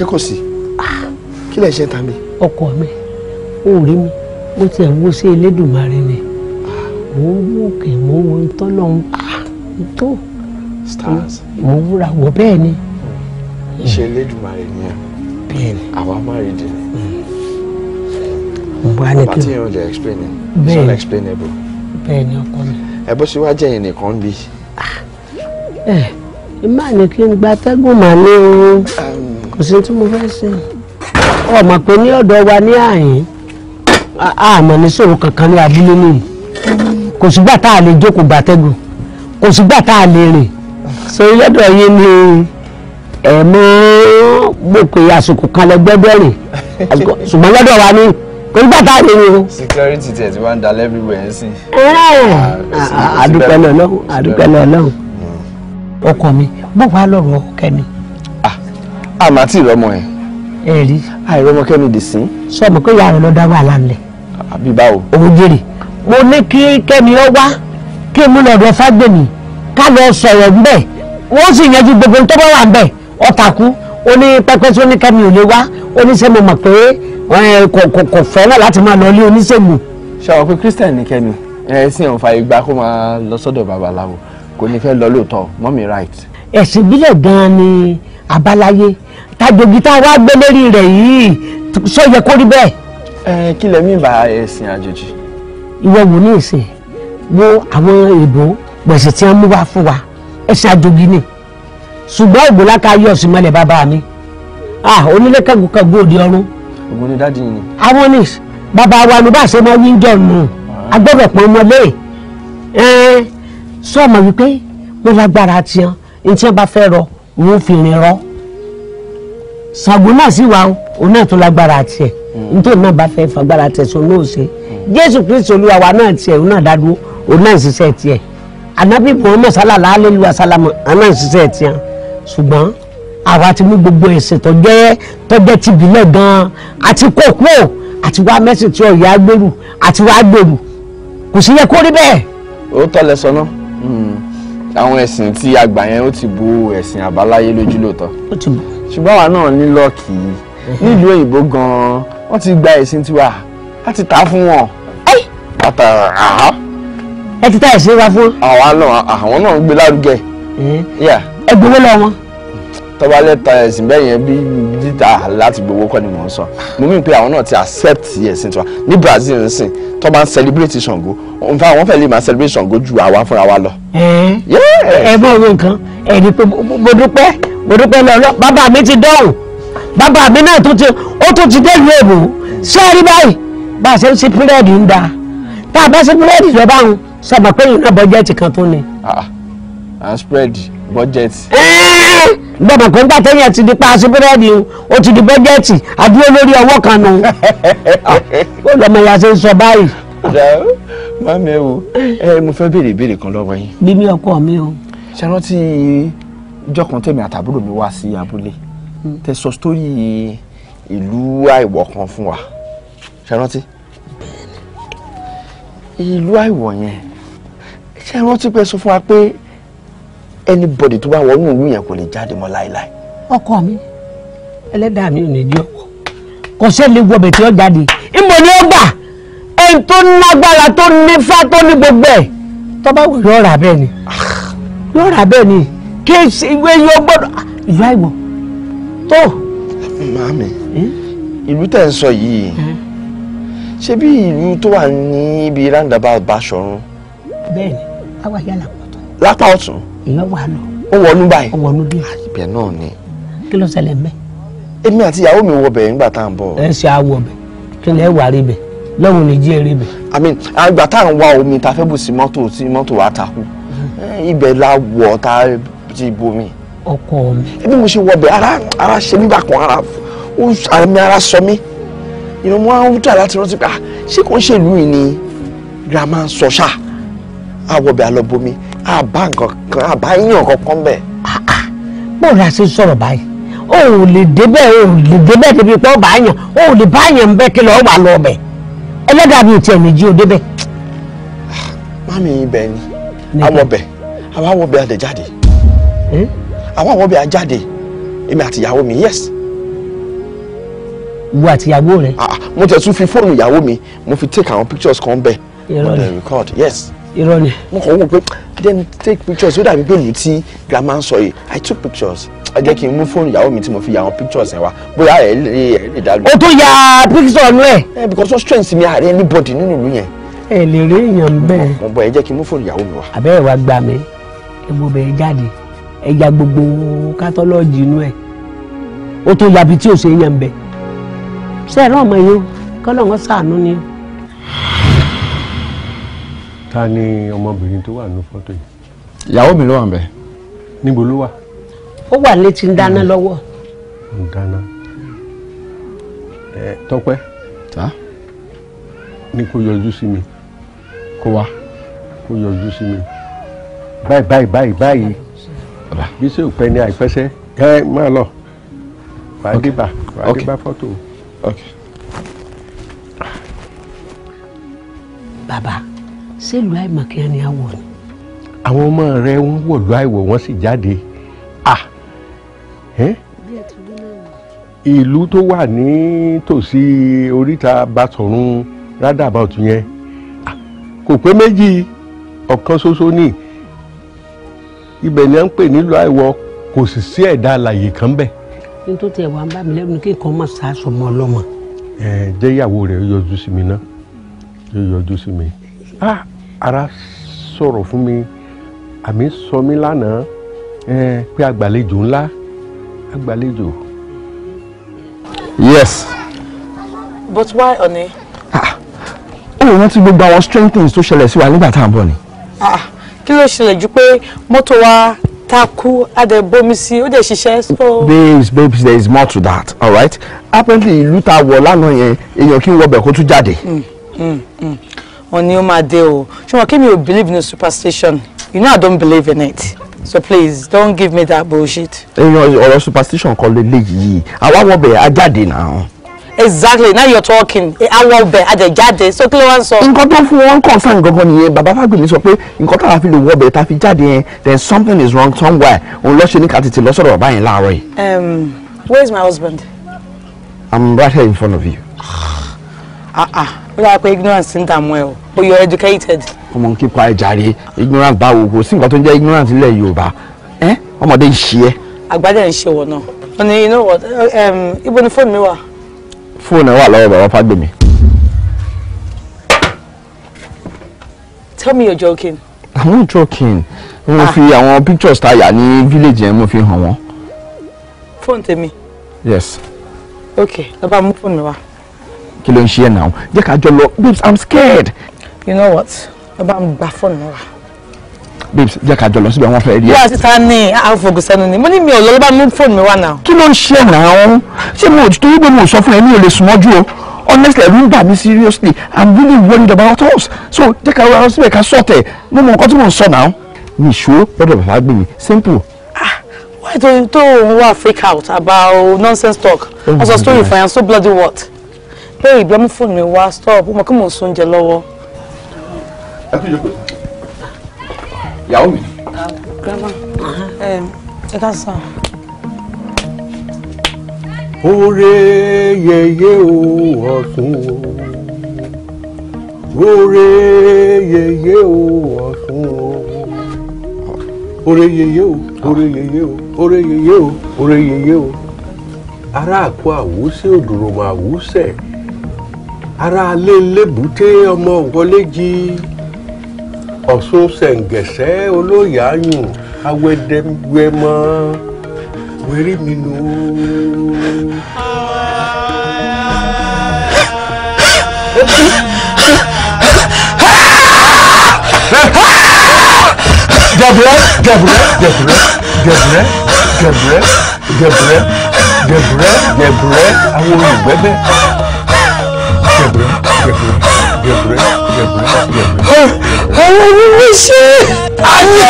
ṣé kò sí kí lè ṣe tàbí. ọkọ mi ò rí mi mo tiẹ̀ wo sí Elédùmarè ni mo ń wò kè mo wo ń tọ́lọ̀ ń tó mo wúra wọ bẹ́ẹ̀ ni. iṣẹ́ Elédùmarè ni ẹ bẹ́ẹ̀ni àwa má rí di ni. bàbá tí yẹn ò lè explain it it's all explainable. bẹ́ẹ̀ni ọkọ mi. ẹ bó ṣe wá jẹ́ yẹn nìkan bí. Ah. Eh, ẹ má ní kí n gba tẹ́gùn màá ní o. Ah, kò sí tí mo fẹ́ ṣe ọmọ pé ní ọ̀dọ̀ wa ní àyín àmọ́ ní sòrò kankan ní abúlé nìyí kò sígbà tá a lè jókòó gbàtẹ́gùn kò sígbà tá a lè rìn sórí lọ́dọ̀ yín ni ẹ̀ mọ́ mo pè àsìkò kan lẹ́gbẹ́dẹ́ rìn ṣùgbọ́n lọ́dọ̀ wa ní kò sígbà tá a lè rìn o. security tẹ̀ tí wọ́n ń dalẹ́ everywhere ẹ̀ sìn. àdúpẹ́ lọ́lọ́run àdúpẹ́ lọ́lọ́run mm. ọkọ mi bó wàá lọ́rọ̀ ọkọ kẹ́ni àmà ah, tí ìrọmọ ẹ. ẹ rí. àìrọmọ kẹ́mi dì sí. sọ ma pé ìyá rẹ lọ dá wàhálà ńlẹ. àbí báwo. òun jèrè mo ní kí kẹ́mi ọ wá kí èmi lọ́dọ̀ fágbèmí ká lọ sọ̀rọ̀ ńbẹ̀ wọ́n sì yanjú gbogbo tó bá wà ńbẹ̀ ọ̀tàkù ó ní pẹ́pẹ́ tó ní kẹ́mi ò lè wá ó ní sẹ́mi mọ̀ pé kò fẹ́ràn láti máa lọ ilé oníṣègùn. ṣàwọn pé Christian ní kẹ́mi ẹ̀sìn ò fààyè gbà kó máa lọ sọ́dọ̀ babaláwo kò ní fẹ́ lọ lóòótọ́ mọ́mí right. ẹ̀sìn ìbílẹ̀ gan-an ni àbáláyé àjòjì tá a wá gbé lérí rẹ̀ yìí sọ yẹ kó rí bẹ́ẹ̀. ẹ kí lẹ mí bá ẹ̀sìn àjòjì. ìwọ wò ní ìsìn wo àwọn èèbó pẹ̀sì tí wọ́n mú wá fún wa ẹ̀sìn àjòjì ni ṣùgbọ́n ògbó láka yọ ọ̀sìn mọ́lẹ̀ bàbá mi ah onílé kẹ́gùnkẹ́gù òde ọ̀run. ògbó ni dáàdi yìí ni. àwọn ní bàbá wa ni bá a ṣe mọ yíjọ nù agbọ́dọ̀ pọ̀ mọ́lé ẹ̀ sọ́ọ̀mọ̀ wípé mo lágbára tiẹ̀ ní tí wọ́n bá fẹ́ rọ òun fi rìn rọ́ ṣàgùn náà sì wà òun náà tó lágbára tiẹ̀ hmm. nítorí náà bá fẹ́ fagbára tiẹ̀ sọ náà ṣe hmm. jésù kristu olúwa wa náà tiẹ̀ òun náà dádúró òun náà ṣiṣẹ́ tiẹ̀ anabi muhammed sallallahu alayhi wa sallam àná ṣiṣẹ́ tiẹ̀ ṣùgbọ́n àwa ti mú gbogbo ẹ̀sìn tó jẹ́ tó jẹ́ ti ìbílẹ̀ gan-an àti kókó àti wá mẹ́sìn tí ọ̀yà gbèrú àti wá gbèrú kò sí yẹ kó rí bẹ́ẹ̀. ó tọ́lẹ̀ sọ hmm. àwọn ẹ̀sìn tí àgbà yẹn ó ti bu ẹ̀sìn àbáláyé lójú lóòótọ́. ó ti bu ṣùgbọ́n àwa náà ní lọ́ọ̀kì mhm. nílùú òyìnbó gan-an wọ́n ti gba ẹ̀sìn tiwa láti ta fún wọn. ẹ ti ta ẹ̀sìn wa fún. àwa náà àwọn náà ń gbé lárugẹ. Mhm. ẹ gbowó lọ wọn. tọ́ba lẹ́ta ẹ̀sìn bẹ́ẹ̀ yẹn bí dídá láti gbowó kọ́ ni mò ń sọ mo mí pé àwọn náà ti accept ẹ̀sìn tiwa ní Brazil ń sìn tó bá ń celebrate Ṣàngó in fact wọ́n fẹ́ lè máa celebrate Ṣàngó ju àwa fúnra wa lọ. ẹ bá wo nǹkan ẹ̀rí pé mo dúpẹ́ mo dúpẹ́ lọ́lọ́ bàbá mi ti dọ́hùn bàbá mi náà tó ti ó tó ti dé ìlú èbò ṣé ẹ rí báyìí bá a ṣe ń ṣe pírẹ́ẹ̀dì ń da tá a bá ṣe pírẹ́ẹ̀dì rẹ báwọn sábà pé ìrìnà bọ́jẹ́ẹ̀tì kan tó ni. and ah, spread budget. gbọ́dọ̀ kó ń gbà tẹ́yìn àti di paasi búrẹ́dì o ti di bọ́jẹ́ẹ̀tì àdúró lórí ọwọ́ kan nù. Ah, ó lọ́mọ ìyá ṣe ń sọ báyìí. mami ẹ wo ẹ mo fẹ́ béèrè ìbéèrè kan lọ́wọ́ yín. bí mi ọkọ mi ìjọ kan tèmi àtàbúrò mi wá sí abúlé hmm. tẹ sọ sítórì ìlú àìwọ̀ kan fún wa ṣe rántí ìlú àìwọ̀ yẹn ṣe rántí pé sọ fún wa pé anybody tó bá wọnú ìlú yẹn kò lè jáde mọ́ láéláé. ọkọ mi ẹlẹ́dàá mi ò ní jẹ́ ọkọ kò sẹ́ni wọbẹ̀ tí ó jáde ìmọ̀ ni ó gbà ẹni tó lágbára tó nífá tó ní gbogbo ẹ̀ tó bá wù rà bẹ́ẹ̀ ni yóò rà bẹ́ẹ̀ ni. Ah kí ìwé yìí ó gbọ́dọ̀ ìlú àìwọ tó. màámi ìlú tẹ̀ ń sọ yìí ṣé bí ìlú tó wà ní ibi roundabout Báṣọ̀run. bẹ́ẹ̀ni àwa yà lápá ọ̀tún. lápá ọ̀tún. ìyẹn wà lọ. ó wọnú báyìí. ó wọnú bí. Ah, ibẹ̀ náà ni. kí ló ṣẹlẹ̀ mẹ́. èmi àti ìyàwó mi wọ bẹ̀ nígbà tá à ń bọ̀. ẹ ṣe àwọ̀ bẹ̀ kí lẹ́ wà rí bẹ̀ lọ́hùn ní jí eré bẹ̀. àmì àgbà tá à ń wá omi ta fẹ́ bù sí mọ́tò tí mọ́tò wa takú mm-hmm. ibẹ̀ la wọ̀ ta ti ibo mi. ọkọ mi. ẹbí mo ṣe wọbẹ ara ara ṣe mí bákan ara àmì ara sọ mí ìnà mo máa ń tà láti rántí pé ah, ṣé kò ń ṣèlú yìí ni grandma ń sọ ṣá àwọbẹ àlọbomi àbá nǹkan kan àbá yíyan kankan bẹ́ẹ̀. Ah, ah. báwo la ṣe sọ̀rọ̀ báyìí o ò lè débẹ̀ o ò lè débẹ̀ débi pé ó bá yàn o ò lè bá yàn ń bẹ́ kí lọ́ọ́ wà lọ́ọ́ bẹ̀ ẹlẹ́dàá mi ò tiẹ̀ méjì ó débẹ̀. mami ibẹ̀ ni àwọbẹ̀ àwa wọbẹ̀ Hmm? àwọn àwọn ọbẹ̀ àjáde èmi àtìyàwó mi yes. wo àtìyàwó rẹ. Ah, ah, mo tẹ̀ tún fi fóònù ìyàwó mi mo fi take àwọn pictures kan bẹ̀ mo dẹ̀ record yes. irọ́ ni. mo kàn wò pé i take pictures ó dàbí pé ìlú tí grandma ń sọ yìí i took pictures ẹ jẹ́ kí n mú fóònù ìyàwó mi tí mo fi yà àwọn pictures yẹn wá bóyá ẹ lè ẹ lè dá lórí. o tó ya picture nù ẹ. ẹ eh, because of strength mi àárẹ̀ anybody nínú ìlú yẹn. ẹ lè rí èèyàn bẹ́ẹ̀. mo bọ ẹ jẹ́ kí n mú fóònù ìyàwó mi wá. àbẹ́rẹ́ wa gbà mí ẹ mú bẹ́ẹ̀ jáde. ẹ̀yà gbogbo kátọlọjì inú ẹ o tó yabi tí ò ṣe yẹn bẹ̀ ṣe ẹ̀rọ ọmọ yìí kọ́lọ́wọ́n ṣàánú ni. ta ni ọmọbìnrin tó wà ní fọ́tò yìí. ìyàwó mi ló wà níbo ló wà. ó wà létí ń dáná ẹ tọpẹ. ta. ní kò yọjú sí mi. kó wa. kò yọjú sí mi. báyìí báyìí báyìí báyìí. bí ṣe ò pẹ́ ní àìpẹ́sẹ́ ẹ máa lọ wàá débà wàá débà fọ́tò. bàbá sílùú àìmọ̀kẹ́ ni a wọ̀ ni. àwọn ọmọ rẹ wọn wọ̀lú àìwọ̀ wọn sì jáde ah ẹ́ ìlú tó wà ní tòsí oríta Bàtọ̀run rádàbàtù yẹn kò pé méjì ọ̀kan ṣoṣo ni ibẹ̀ ni à ń pè nílùú àìwọ kò sì sí ẹ̀dá alàyè kan bẹ̀. kí n tó tẹ wàá bá mi lẹ́nu kí nǹkan má sàásọ mọ́ ọlọ́mọ. ẹ jẹ́ ìyàwó rẹ̀ yọjú sí mi náà yóò yọjú sí mi ara sọ̀rọ̀ fún mi àmì sọ mí lánàá pé agbàlejò ńlá agbàlejò. yes. but why Ọ̀ni. ó ah, rántí gbogbo àwọn strength things tó ṣẹlẹ̀ sí wa nígbà tá à ń bọ̀ ni. Ah kí ló ṣẹlẹ̀ ju pé mọ́tò wa taku adebomi sí ó dẹ̀ ṣiṣẹ́ babes babes there is more to that all right apparently ìlú ta wọ̀ lánàá yẹn èèyàn kí n wọbẹ̀ kó tún jáde. Hmm, hmm, hmm. wọ́n ní ó máa dé o ṣùgbọ́n kí mi ò believe in superstition you know i don't believe in it so please don't give me that bullshit. èèyàn ọ̀rọ̀ superstition kan lè léyìí àwa wọbẹ̀ á jáde náà exactly now you're talking àwọn ọbẹ̀ àjẹjáde so kí ló wá ń sọ. nǹkan tó fún wọn concern gangan nìyẹn bàbá Fágbèmí sọ pé nǹkan tó àfi lè wọ ọbẹ̀ tá a fi jáde yẹn then something is wrong somewhere òun lọ́ọ́ ṣe ní kàtìtì lọ́sọ̀rọ̀ bàbá yẹn láàárọ̀ yìí. Um, where is my husband. i'm right here in front of you. ah ah ó dára pé ignorance ń dààmú ẹ o but you're educated. ọmọ n kíkọ àìjàre ignorance báwo kò sí nǹkan tó ń jẹ́ ignorance ilẹ̀ Yorùbá ọmọdé ń ṣe é. àgbàdàn ń ṣe wọ̀ náà wọ́n ní you know what um, ibo ni fóònù mi wà fóònù ẹ wà lọ́wọ́ bàbá Fágbèmí. tell me you're joking. i'm not joking. mo ah. fi àwọn pictures tá a yà ní village yẹn mo fi hàn wọ́n. fóònù tèmi. yes. okay lọ bá mú fóònù mi wá. kí ló ń ṣe ẹ náà jẹ́ ká jọ lọ babes i'm scared. you know what lọ bá ń gba fóònù mi wá babes jẹ́ ká jọ lọ síbi àwọn fẹ́ rí ẹ. yóò sísá ni àfọ̀gùsẹ́nu ni mo ní mi ò lọ ló bá mú fóònù mi wá náà. kí ló ń ṣe náà ṣé mo torí pé mo sọ fún ẹ mi ò lè sùn mọ́jú o honestly ẹ̀rù ń bà mí seriously i'm really worried about us so jẹ́ ká rọra síbẹ̀ ká sọ̀tẹ̀ mo mọ nǹkan tí mo ń sọ náà. mi lọ́dọ̀ bàbá gbé mi simple. ah why do tó òun wá freak out about nonsense talk oh ọsọ story for yan so bloody what pé ìbí ọmú fóònù mi wá stop mo kí mo sún oúnjẹ lọ́wọ́. ẹ kú ìjọba ìyàwó mi. grandma ẹ ká sàn. oore yeye o ọ̀tún o oore yeye o ọ̀tún o oore yeye o oore yeye o oore yeye o oore yeye o ará àkó àwòsẹ́ òdòròmọ̀ àwòsẹ́ ara alé lébùté ọmọ wọlé jí ọ̀ṣun ṣẹ̀ǹgẹ̀sẹ̀ olóyàáyùn awẹ́dẹ́wẹ́mọ́ wẹ́rí mi nù. Dẹ̀bùrẹ́ Dẹ̀bùrẹ́ Dẹ̀bùrẹ́ Dẹ̀bùrẹ́ Dẹ̀bùrẹ́ Dẹ̀bùrẹ́ Dẹ̀bùrẹ́ Dẹ̀bùrẹ́ àwọn olùgbẹ́bẹ̀ Dẹ̀bùrẹ́ Dẹ̀bùrẹ́. Ara mi mo ṣe. Ara mi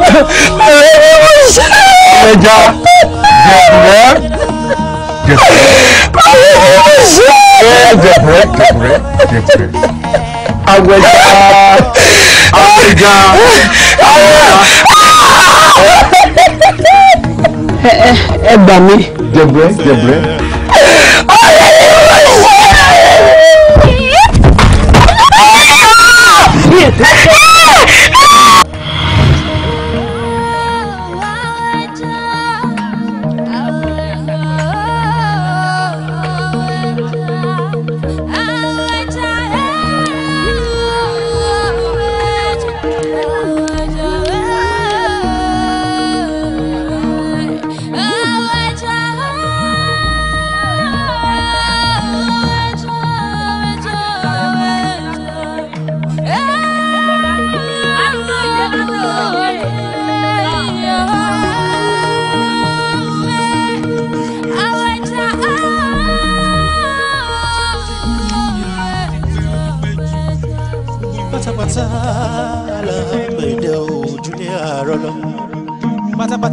mo ṣe. Ẹja jẹ̀bùrẹ́. Jẹ̀bùrẹ́. mi mo ṣe. Jẹ̀bùrẹ́ jẹ̀bùrẹ́ jẹ̀bùrẹ́. Awẹja. Awẹja. Awẹja. Ẹ gbà mí. Jẹ̀bùrẹ́ jẹ̀bùrẹ́. Yeah.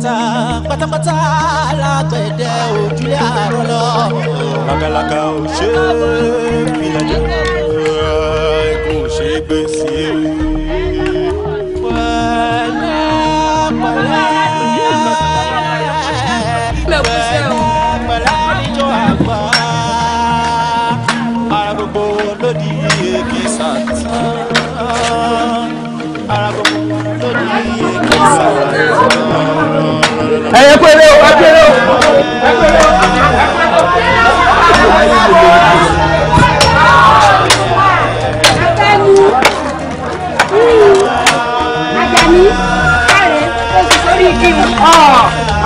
pátápátá pátápátá alágbẹ̀dẹ òjúlé àárọ̀ lọ. làkàlàkà ò ṣe é fìlà jẹ ẹkún ò ṣe é gbé. ẹ̀yẹ péré o ẹ péré o ẹ péré o.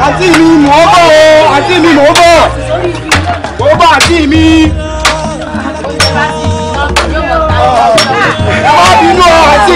àti mi mò ń bọ̀ o àti mi mò ń bọ̀ mò ń bọ̀ àti mi. ẹ má bínú ọ àti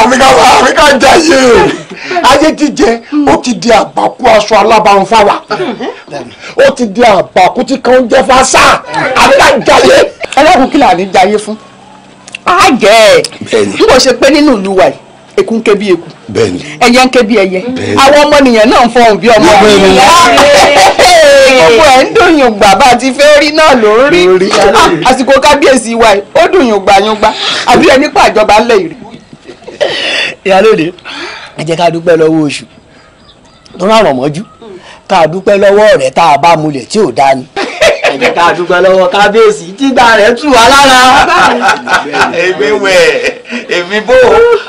àfikà àfikà jayé ayé jíjẹ ó ti di àbákú aṣọ alábàáfáwà ó ti di àbákú tí kan jẹ fásá àfikà jayé. ẹlẹ́kùn kí làní jayé fún àjẹ́ ẹ̀ bí wọ́n ṣe pé nínú ìlú wa yìí eku ń ké eku ẹyẹ ń ké bí ẹyẹ àwọn náà ń fọhùn bí ọmọ ìyá ọmọ ẹ̀ ń dùnyùn gbà bá ti fẹ́ rí náà ló ń rí ah, àsìkò kábíyèsí wa ó dùnyùn gbà yùn gbà àbí ẹni pàjọba lẹ́yìn rí ìyálòde ẹ jẹ́ ká dúpẹ́ lọ́wọ́ oṣù tó má rọ̀ mọ́jú ká dúpẹ́ lọ́wọ́ ọ̀rẹ́ tá a bá mulẹ̀ tí ò dá ni ẹ jẹ́ ká dúpẹ́ lọ́wọ́ kábíyèsí tígbà rẹ̀ tù wá lára. èmi wẹ̀ èmi bò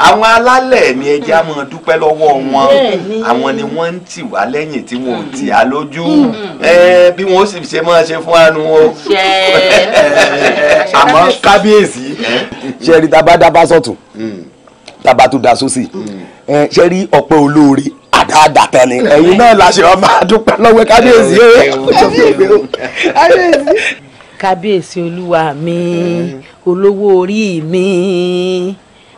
àwọn alálẹ̀ ni ẹ jẹ́ á dúpẹ́ lọ́wọ́ wọn àwọn ni wọ́n ń tì wá lẹ́yìn tí wọn ò tì lójú hmm. bí wọ́n sì ṣe máa ṣe fún anu o àmọ́ kábíyèsí. ṣe é rí tá bá sọ̀tún. Hmm tába tó da sósì ṣe rí ọ̀pẹ olóore àdáàdà tán ni ẹ̀yin náà la ọmọ àdúpẹ́ lọ́wọ́ kábíyèsí kábíyèsí olúwa mi olówó orí mi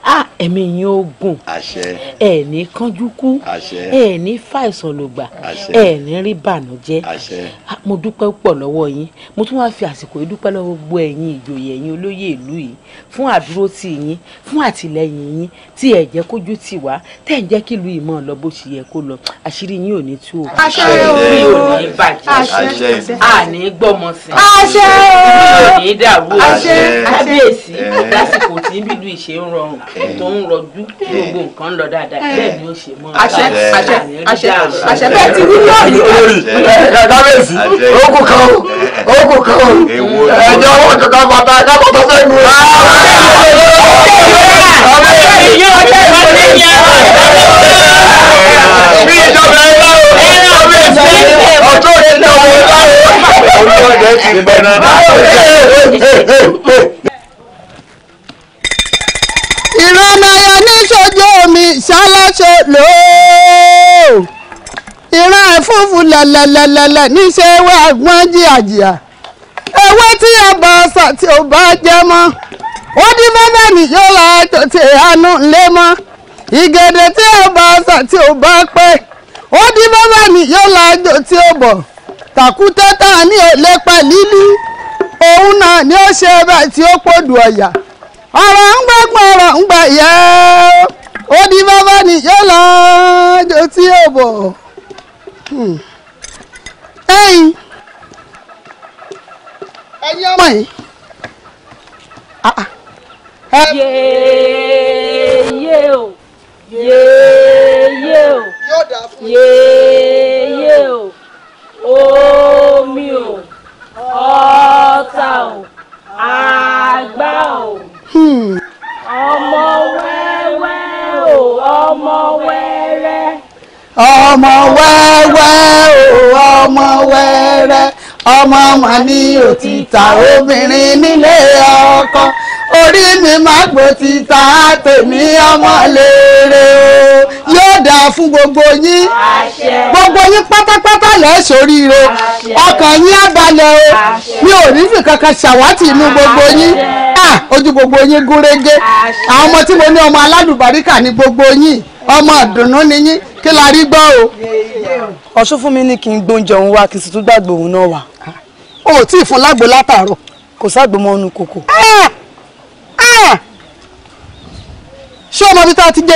a ẹ̀mí yín ó gùn ẹ̀ ní kánjú kú ẹ̀ ní fàìsàn lògbà ẹ̀ ní rí bànújẹ́ mo dúpẹ́ pọ̀ lọ́wọ́ yín mo tún wáá fi àsìkò yìí dúpẹ́ lọ́wọ́ gbogbo ẹ̀yin ìjòyè ẹ̀yin olóyè ìlú yìí fún àdúró tì yín fún àtìlẹ́yìn yín tí ẹ̀ jẹ́ kójú tì wá tẹ̀ ń jẹ́ kí ìlú yìí máa lọ bó ṣe yẹ kó lọ àṣírí yín ò ní tú o. àṣẹ orí ò ní bàjẹ́ àní gbọ́mọ sí i orí ò ní dàrú àṣẹ kábíyèsí lásìkò tí bílù ìṣe ń rọrùn tó ń rọjú gbogbo nǹkan lọ dáadáa bẹ́ẹ̀ ni ó ṣe mọ́ àṣẹ àṣẹ àṣẹ àṣẹ bẹ́ẹ̀ ti wúlò yìí olórí kábíyèsí oògùn kan o oògùn kan o ẹjọ́ wọn kankan bàtà kábàtà sẹ́nu rẹ̀. bí ìjọba ẹ bá wọ kábíyèsí ọjọ́ ìjọba ẹ bá wọ. ọjọ́ ìjọba ti gbẹ náà ìrànàyà ní sójú omi ṣáláṣọ lòó ìran ẹ̀fúnfún lẹ̀lẹ̀lẹ̀lẹ̀ níṣẹ́ wá gbọ́n jìàjìà ewé tí a bọ̀ ọ̀sà tí ò bá jẹ mọ́ ó dín mọ́mọ́ nìyó la ti àánú lé mọ́ ìgèdè tí a bọ̀ ọ̀sà tí ò bá pé ó dín mọ́mọ́ nìyó la jò tí ó bọ̀ tàkútẹ́tà ní èlépa lílí òun náà ni ó ṣe bẹ́ẹ̀ tí ó pòdù ọ̀yà ọ̀rọ̀ ń gbẹ́ pọ̀ ọ̀rọ̀ ń gbẹ́ yẹ ó di bàbá nìyó lọ jò tí ò bọ̀ hmm. ẹ̀yin ẹ̀yin ọmọ yìí yéyé ah, ah. o yéyé o yéyé o omi o ọta o àgbá o ọmọ wẹ́wẹ́ o ọmọ wẹ́rẹ́. ọmọ wẹ́wẹ́ o ọmọ wẹ́rẹ́ ọmọ mà ní òtítà obìnrin nílé ọkọ orí mi máa gbò títà tèmi ọmọ lèrè o yóò dáa fún gbogbo yín gbogbo yín pátápátá lẹ́ẹ̀ ṣoríire ọkàn yín á o mi ò ní fi kankan ṣàwátì inú gbogbo yín. Ah, ojú gbogbo yín gúrégé àwọn ọmọ tí mo ní ọmọ alálùbáríkà ní gbogbo yín ọmọ ìdùnnú ni yín kí la rí gbọ́ o. fún ní kí n gbóúnjẹ òun wá kí n sì náà wá. o tí ì fún lágbo ah! Ah! a ti jẹ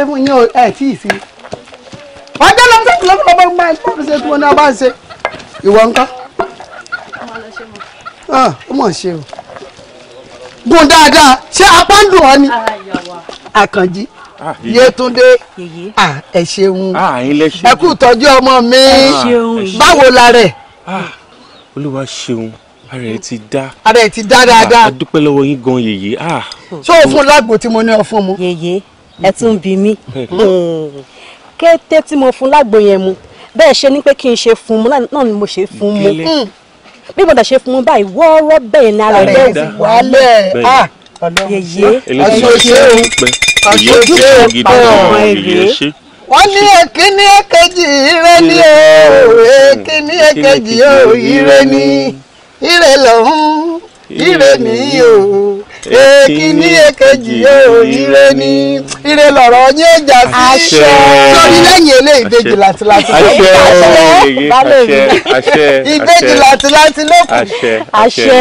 o ọjọ́ lọ sí ìlú ọmọ ọmọ ẹgbẹ́ mi ṣe tí wọ́n ní abá ń ṣe ìwọ ńkọ́. Ah, ó mọ̀ ṣe o gùn dáadáa ṣé apá ń dùn ọ́ ni àkànjí ah, yétúndé ah, ẹ ṣeun ẹ kú tọ́jú ọmọ mi báwo la rẹ̀. olúwa ṣeun ara ẹ ti da. ara ẹ ti da. dáadáa. a dúpẹ́ lọ́wọ́ yín gan yèyé. ṣé o fún lágbo tí mo ní ọ fún mu. yèyé ẹ tún bí mi. Hmm kété tí mo fún lágbo yẹn mu bẹ́ẹ̀ ṣe ni pé kí n ṣe fún mu náà ni mo ṣe fún mu hmm. bí mo dà ṣe fún mu báyìí wọ́ọ́rọ́ bẹ́ẹ̀ ni ara rẹ̀ bẹ́ẹ̀ wálẹ̀ ah! yèyé wọ́n ní èkíní èkejì ire ni o èkíní èkejì o ire ni ire lòun ire nìyí o èkíní èkejì ire ni ire lọ̀rọ̀ yín ẹ̀jà sí lórí lẹ́yìn eléyìí ìbejì làtìlàtì ló kù àṣẹ àṣẹ ìbejì làtìlàtì ló kù àṣẹ àṣẹ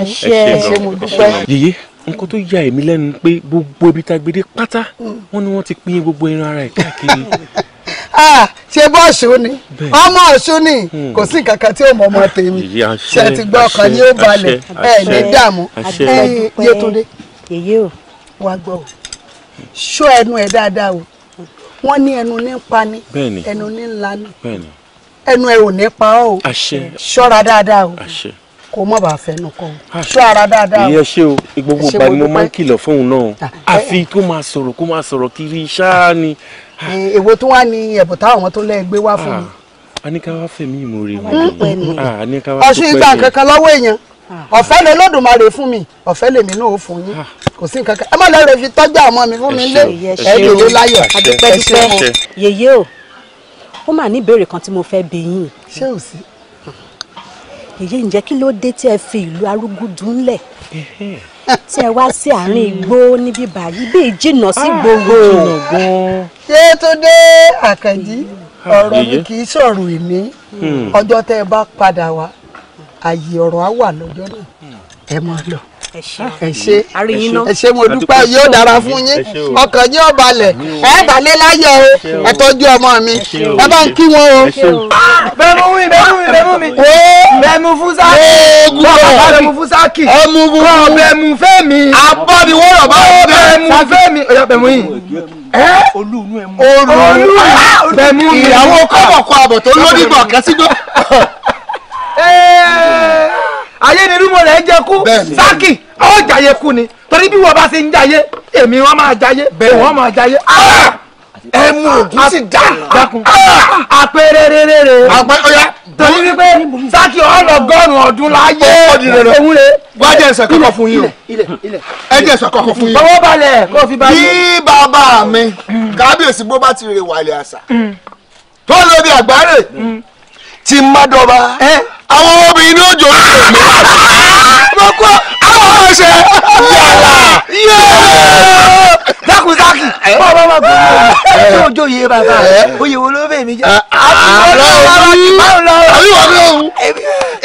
àṣẹ mo dúpẹ́. yìí nǹkan tó ya èmi lẹ́nu pé gbogbo ibi tá a gbé dé pátá mm. wọ́n ní wọ́n ti pín gbogbo ẹran ara ẹ̀ káàkiri Ah, ṣe bọ́ọ̀ṣù ni ọmọ ọ̀ṣun ni hmm. kò sí nǹkan kan tí ó mọ ọmọ tèmi ṣe ti gbọ́ ọkàn ni ó balẹ̀ ẹ ní dààmú Yétúndé wàá gbọ́ o ṣó ẹnu ẹ dáadáa o wọ́n ní ẹnu ní pa ni ẹnu ní ńlá ni ẹnu ẹ ò ní pa ọ́ o ṣọ́ra dáadáa o kò mọ̀ bá fẹ́ nu kọ́ o ṣọ́ ara dáadáa o. ìyẹn ṣé o gbogbo ìgbà ni mo máa ń kìlọ̀ fóun náà ah, àfi kó máa sọ̀rọ̀ kó máa sọ̀rọ̀ kiri ṣáá ni èwo tó wá ní ẹ̀bùn táwọn ọmọ tó lẹ́ gbé wá fún mi. Ah, a ní ká wá fẹ̀mí ìmoore mi. ọ̀sùn ìgbà kankan lọ́wọ́ èèyàn ah. ọ̀fẹ́ lè lódùmarè fún mi ọ̀fẹ́ lèmi náà ó fún yín ah. kò sí nǹkan kan ẹ má lọ́ọ́ lè fi tọ́jú àmọ́ mi fún mi lé ẹ̀ẹ́dòdó láyọ̀ adúpẹ́dúpẹ́ yèyé o ó mà ní ìbéèrè kan tí mo fẹ́ bi yín. ṣé ò sí. yèyé ǹjẹ́ kí ló dé tí ẹ fi ìlú arúgúdù ńlẹ̀ tí ẹ wá sí àárín igbó níbí báyìí bí ìjìnà sí ah, gbogbo ah. ṣé tó dé àkànjí ah, ọ̀rọ̀ mi kì í sọ̀rọ̀ èmi hmm. ọjọ́ tẹ́ ẹ bá padà wá àyè ọ̀rọ̀ á wà lọ́jọ́ náà hmm. ẹ máa lọ. ẹ ṣe ah, ẹ ṣe mo dúpẹ́ yóò dára fún yín ọkàn yín ó balẹ̀ ẹ balẹ̀ láyọ̀ o ẹ tọ́jú ọmọ mi ẹ bá ń kí wọn o. Ah! bẹ́ẹ̀mú mi bẹ́ẹ̀mú mi bẹ́ẹ̀mú mi bẹ́ẹ̀mú fún sáàkì bẹ́ẹ̀mú fún sáàkì ẹ̀mú fún mi bẹ́ẹ̀mú fẹ́ mi abọ́ mi wọ́n rọ̀ bá bẹ́ẹ̀mú fẹ́ mi ọ̀yà bẹ́ẹ̀mú yìí. olúùnú ẹ̀mú ah, bẹ́ẹ̀mú mi ìyàwó kọ́bọ̀kọ́ àbọ̀ tó lódìgbọ̀ kẹ́sígbó. ayé ni rúmọ rẹ jẹ kú sákì ó jàyè kú ni torí bí wọn bá ṣe ń jàyè èmi wọn máa jàyè èwọn máa jàyè. Ah! ẹ mú ògùn sí dákun ah! rere torí wípé sákì ọlọgọrùn ọdún láyé òun rè. wá jẹ́ fún yín o ẹ jẹ́ ẹsẹ̀ fún yín. owó balẹ̀ kó fi balẹ̀. bí bàbá mi mm. kábíyèsí bó bá ti rè wàlẹ̀ àṣà mm. tó lóde àgbáre mm. má àwọn obìnrin ní òjò ní èmi mo kọ́ àwọn ọ̀ṣẹ́ yàrá yéé dákun sáàkì bọ́ọ̀ bá máa gbóná omi tí òjò yé bàbá oyè wo ló bẹ̀ mí jẹ́ àbí wọ́n lọ́wọ́ àbí wọ́n lọ́wọ́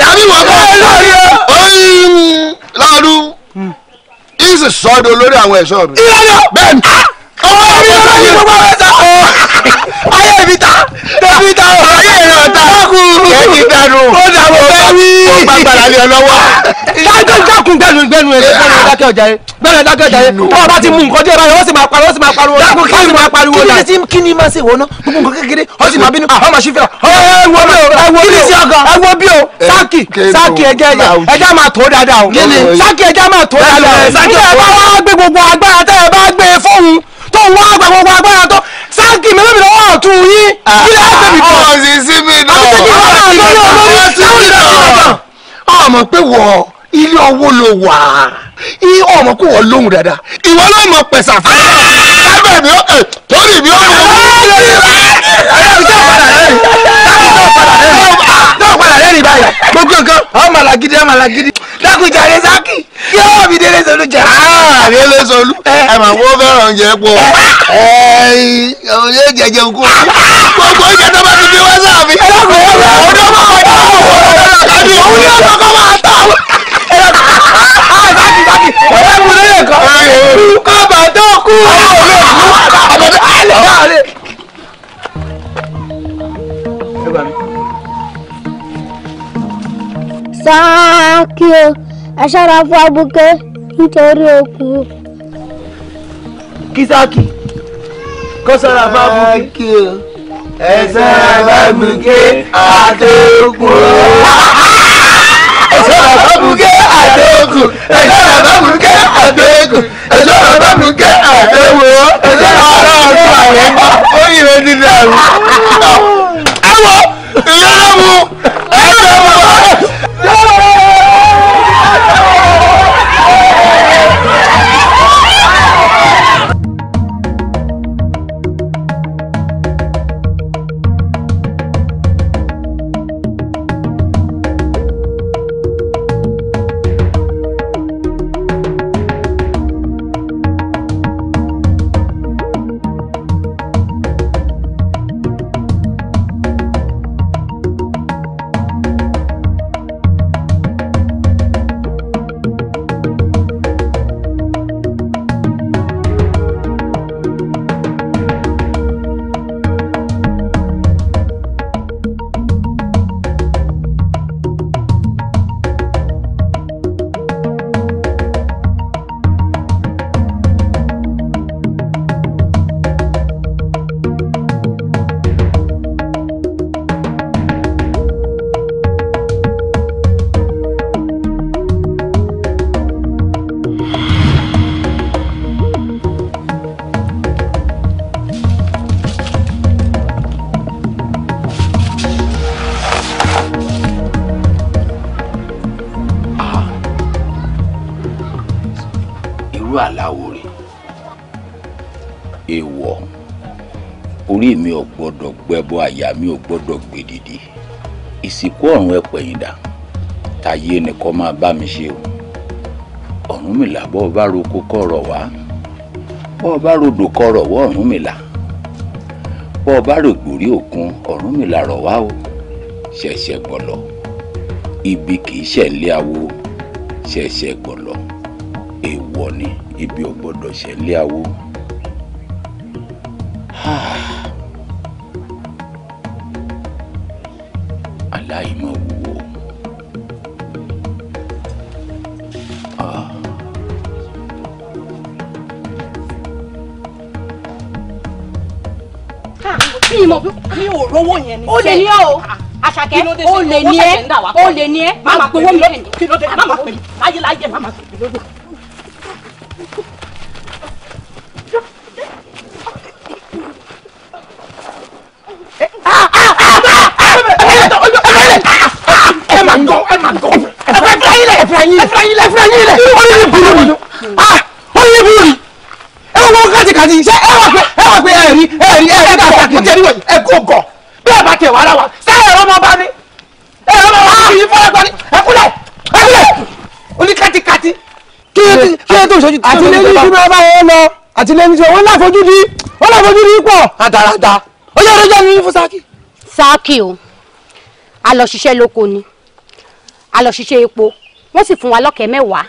àbí wọ́n lọ́wọ́ oyin láàdún ìsì hmm. sọ́dọ̀ lórí àwọn ẹ̀ṣọ́ mi. ìyá yọ bẹ́ẹ̀ ni. Ah! ọwọ́ mi ló ní gbogbo ẹ̀ ta ayé mi ta tẹ̀mí ta o ayé rẹ̀ ta kẹ́kì gbẹnu ó dà bọ̀ bẹ́ẹ̀ni ó gbà gbàrà lé ọlọ́wọ́. dákun dákun gbẹnu gbẹnu ẹ gbẹnu dákẹ́ ọjà yẹ gbẹnu dákẹ́ ọjà yẹ tọ́wọ́ bá ti mú nǹkan díẹ̀ báyìí ó sì máa pariwo ó sì máa pariwo dákun kí ni máa pariwo la kí ni kí ni máa ṣe wọ́n náà gbogbo nǹkan kékeré ó sì máa bínú àwọn ah, eh, eh, máa eh, ṣe fẹ́ ẹ wo bí o ẹ wo bí o ẹ wo bí o sáàkì sáàkì ẹjẹ ẹjẹ máa tó dáadáa o sáàkì ẹjẹ máa tó dáadáa o tó ń wá àgbà gbogbo agbára tó sáàkì mélòó mi lọ́wọ́ ọ̀tún yín ah, kí lè ṣe mi kọ́. ọ̀sì sí mi náà àti kí lè máa lórí olórí táwọn ọmọ ah, pé wọ ilé ọwọ́ ló wà ọmọ kò wọ lóhùn dáadáa ìwọ ló mọ pẹ̀sà fún mi lábẹ́ mi ó eh, torí mi ó mọ. táwọn padà rẹ́rìn báyìí gbogbo nǹkan àwọn màlàgídí àwọn màlàgídí dákúnjàre Saki kí ọwọ́ mi délé sọlú jẹ. àbí ẹ lè sọlú ẹ mà wọ́n fẹ́ràn oúnjẹ pọ̀ ẹ yóò jẹjẹ kú gbogbo oúnjẹ tó bá ti fi wá sáàfin. ẹ lọ́kùn ẹ lọ́kùn ọ̀hún ló máa wọlé ọ̀hún ọ̀hún ló máa kọ́ máa tọ̀ ẹ lọ́kùn Saki Saki ọ̀rẹ́ mi lè kọ́ kọ́ bàtọ́ kú ọ̀hún ló máa kọ́ sáàkì o ẹ ṣọ́ra fún abuké nítorí okùn o. kísáàkì kó ṣọ́ra fún abuké o ẹ ṣọ́ra fún abuké àti okùn o. ẹ ṣọ́ra fún abuké àti okùn ẹ ṣọ́ra fún abuké àti okùn ẹ ṣọ́ra ó yẹ ní dàrú. ẹ ìyá náà mú ọlọ́run ẹ pẹ̀yìn dà tàyé nìkan máa bá mi ṣe o Ọ̀rúnmìlà bọ́ ọ bá roko kọ̀rọ̀ wá bọ́ ọ bá rodò kọ̀rọ̀ wọ́ Ọ̀rúnmìlà bọ́ ọ bá rògbòrí òkun Ọ̀rúnmìlà rọ̀ wá o ṣẹ̀ṣẹ̀ gbọ̀lọ̀ ibi kì í ṣẹ̀lé awo ṣẹ̀ṣẹ̀ gbọ̀lọ̀ èèwọ̀ ni ibi ò gbọ́dọ̀ ṣẹ̀lé awo. gbowó yẹn ni. o lè ní ẹ o ah, àṣàkẹ́ o lè ní ẹ o lè ní ẹ máa gbowó mi lónìí máa gbowó mi láyé láyé máa gbowó mi lónìí. àtìlẹ́yìn tí wọ́n láfojúdi wọ́n láfojúdi pọ̀ àtàràtà ó yẹ ọdọ jáde fún sáàkì. sáàkì o a lọ ṣiṣẹ́ ni a lọ ṣiṣẹ́ epo wọ́n sì fún wa lọ́kẹ́ mẹ́wàá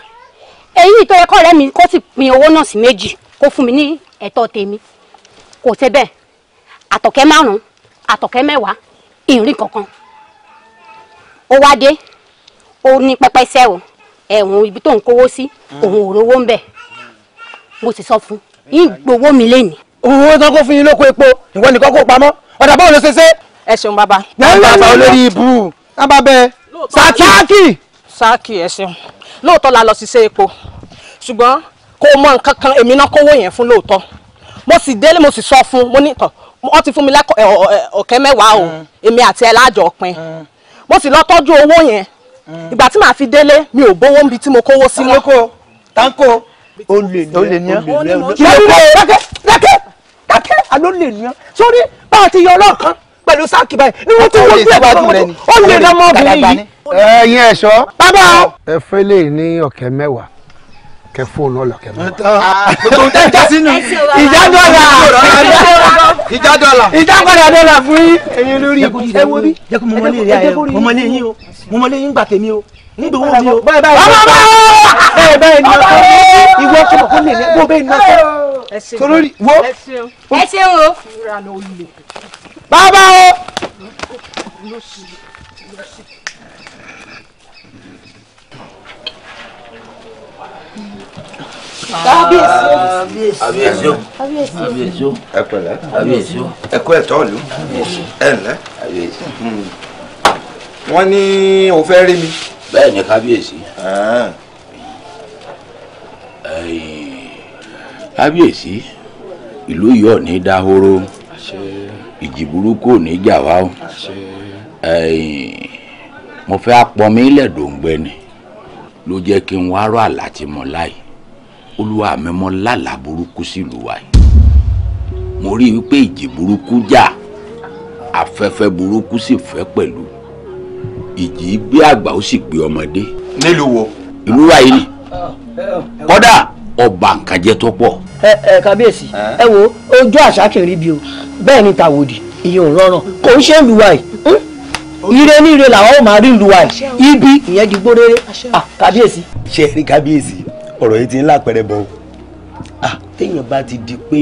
èyí tó yẹ kọ́ ọ̀rẹ́ mi kó sì pín owó náà sí méjì kó fún mi ní ẹ̀tọ́ tèmi kò tẹ́ bẹ́ẹ̀ àtọ̀kẹ́ márùn-ún àtọ̀kẹ́ mẹ́wàá ìrìn kankan ó wá dé ó ní pẹpẹ sẹ́ o ẹ̀wọ̀n ibi tó ń kówó sí òun ò rówó ń bẹ̀ mo sì sọ fún ìgbowó mi lé ní. owó tán kó fún yín lóko epo ìwọ nìkan kó pamọ́ ọ̀dà báwo ló ṣe ṣe. ẹ ṣeun bàbá. bàbá olórí ibu bàbá bẹ sákì. sákì ẹ ṣeun lóòótọ́ la lọ ṣiṣẹ́ epo ṣùgbọ́n kó o mọ nǹkan kan èmi náà kówó yẹn fún lóòótọ́ mo sì délé mo sì sọ fún mo ní tán wọ́n ti fún mi lẹ́kọ̀ọ́ ọ̀kẹ́ mẹ́wàá o mm. èmi àti ẹ lájọ pin mm. mo sì lọ tọ́jú owó yẹn mm. ìgbà tí màá fi délé mi ò bówó níbi tí mo kówó sí mọ́. tanko tanko o lè ní o lè ní o lè ní. dákẹ́ dákẹ́ dákẹ́ àló lè ní ọ sórí bá a ti yọ ọlọ́ọ̀kan pẹ̀lú sáàkì báyìí ni wọ́n tún wọ́n tún ẹ̀ka ọmọdé ó lè ní ọmọbìnrin yìí. ẹ̀yin ẹ̀ṣọ́. bàbá. ẹ fẹ́ lè ní ọ̀kẹ́ mẹ́wàá kẹ fóònù ọlọkẹ mọ. tòun tẹ jẹ sínú ìjà dọ́là ìjà dọ́là ìjà padà dọ́là fún yín. ẹ̀yin lórí ẹ wo bí ẹ jẹ́ kó mọmọlé yín o mọmọlé yín gbà tèmi o ń gbowó mi o báyìí báyìí báyìí báyìí ni ọkọ ìwọ ọkọ kò lè ní bó bẹ́ẹ̀ ni ọkọ torí wo. ẹ ṣe o. bàbá o. kábíyèsí o kábíyèsí o ẹ pẹ̀lẹ́ kábíyèsí o ẹ kú ẹ̀tọ́ ìlú ẹ ǹlẹ́ kábíyèsí. Hmm. wọ́n ní o fẹ́ rí mi. bẹ́ẹ̀ ni kábíyèsí. Ah. kábíyèsí ìlú yìí ò ní dahoro ìjì burúkú ò ní jà wá o mo fẹ́ apọnmi ilẹ̀ dòǹgbẹ́ ni ló jẹ́ kí n wá rọ àlá tí mo láì olúwa mi mo lálà burúkú sílùú wa yìí mo rí i wípé ìjì burúkú jà afẹ́fẹ́ burúkú sì fẹ́ pẹ̀lú ìjì gbé àgbà ó sì gbé ọmọdé. nílùú wo. ìlú wa yìí ni kódà ọba tó pọ̀. ẹ ẹ kábíyèsí ẹ wo ojú àṣà o bẹ́ẹ̀ ni tàwòdì ìyẹn ò rọrùn kò ń ṣe ìlú wa yìí hm? ire ní ire làwọn ò máa rí ìlú wa yìí ibi ìyẹn di gbóréré kábíyèsí. ṣe eri kábíyèsí ọ̀rọ̀ yìí ti ń lápẹ̀rẹ̀ bọ̀ téèyàn bá ti di pé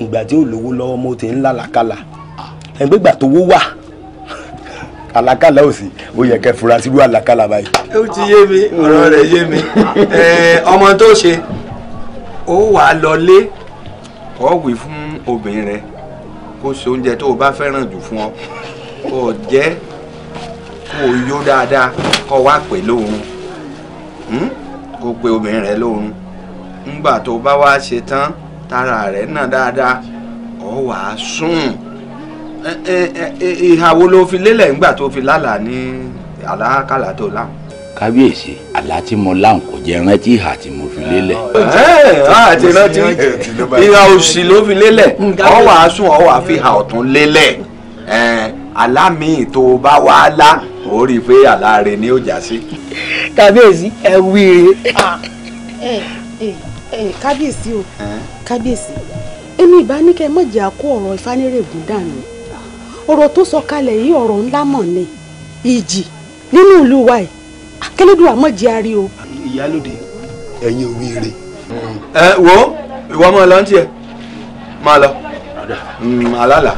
ìgbà tí ò lówó lọ́wọ́ mo ti ń tó wó wà àlàkàlà òsì ó yẹ kẹ́ fura sí irú àlàkàlà báyìí. ó ti yé mi ọ̀rọ̀ rẹ̀ yé mi ọmọ tó ṣe ó wàá lọlé ó wí fún obìnrin rẹ kó ṣe oúnjẹ tó o bá fẹ́ràn jù fún ọ kó o jẹ kó o yó dáadáa kó o wá pè lóorun hmm? kó o pe obìnrin rẹ lóorun ńgbà tó o bá wá ṣe tán tára rẹ náà dáadáa ọ wàá sùn. ìhàwó ló fi lélẹ̀ ńgbà tó fi lálà ní àlákàlà tó láwọn. kábíyèsí àlá tí mo láwọn kò jẹ rántí ìhà tí mo fi lélẹ̀. àti rántí ìhà òsì ló fi lélẹ̀ ọ á sùn ọ á fi ọ̀tún lélẹ̀ àlá tó bá lá ó rí ni ó sí. kábíyèsí ẹ ah, eh, eh, eh, kábíyèsí o kábíyèsí mọ̀jẹ̀ àkó ọ̀rọ̀ ọ̀rọ̀ tó sọ kalẹ̀ yìí ọ̀rọ̀ ńlá mọ̀ ni ìjì nínú ìlú wa yìí akérèdọ́lù àmọ́jì ari o. ìyálòde ẹ̀yin òwe rè. Hmm. ẹ wo ìwọ máa lọ ntí ẹ máa lọ alala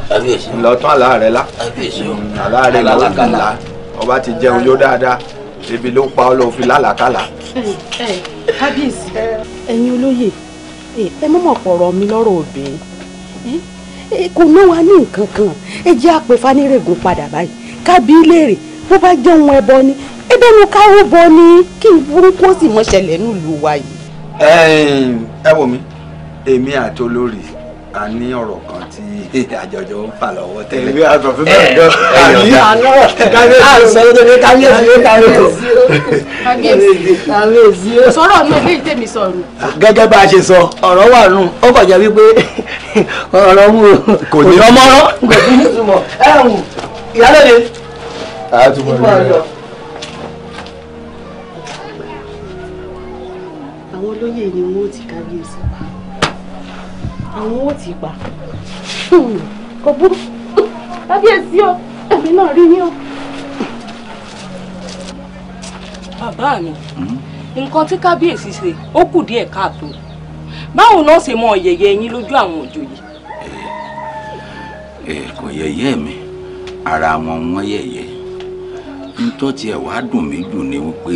ńlọ hmm, tán àlá rẹ la hmm, àlá rẹ lọ kà la ọba ti jẹun yó dáadáa ebi ló pa ọ lọ fi lálàkàlà. kábíyèsí ẹ̀yin olóyè ẹ mọ̀mọ́ pọ̀rọ̀ mi lọ́rọ̀ òbí kò ná wa ní nǹkan kan ẹ jẹ́ àpè fanírègùn padà báyìí kábí léèrè bó bá jẹ́ ohun ẹbọ ni ẹbẹ̀ mo káwọ́ bọ ni kí n burúkú sì mọ́ ṣẹlẹ̀ nílùú wa yìí. ẹ wò mí èmi àti olórí a ní ọ̀rọ̀ kan tí àjọjọ ń fà lọ́wọ́ tẹ́lẹ̀. ìwé àtọ̀ fún bẹ́ẹ̀ jọ àbí àná kábíyèsí ó ah, tẹ̀lé kábíyèsí ó kábíyèsí ó kábíyèsí sọ̀rọ̀ mi ò ní ìtẹ̀mí sọ̀rọ̀. Ah, gẹ́gẹ́ bá a ṣe sọ ọ̀rọ̀ wà nù ó kọjá wípé ọ̀rọ̀ mu kò ní ọmọrán kò ní ìtumọ̀ ẹ̀hún ìyálóde. àtúmọ̀ rẹ̀ àwọn olóyè ni wọ́n ti kábíyèsí àwọn ò tí pa hmm, kò burú kábíyèsí o èmi náà rí yín o. bàbá mi nǹkan tí kábíyèsí ṣe ó kù díẹ̀ káàtó báwo náà ṣe mọ yẹ̀yẹ́ yín lójú àwọn òjòyè. ẹ eh, ẹ eh, kò yẹ̀yẹ́ mi ara wọn wọn yẹ̀yẹ́ ntọ́ tiẹ̀ wàá dùn mí jù ni wípé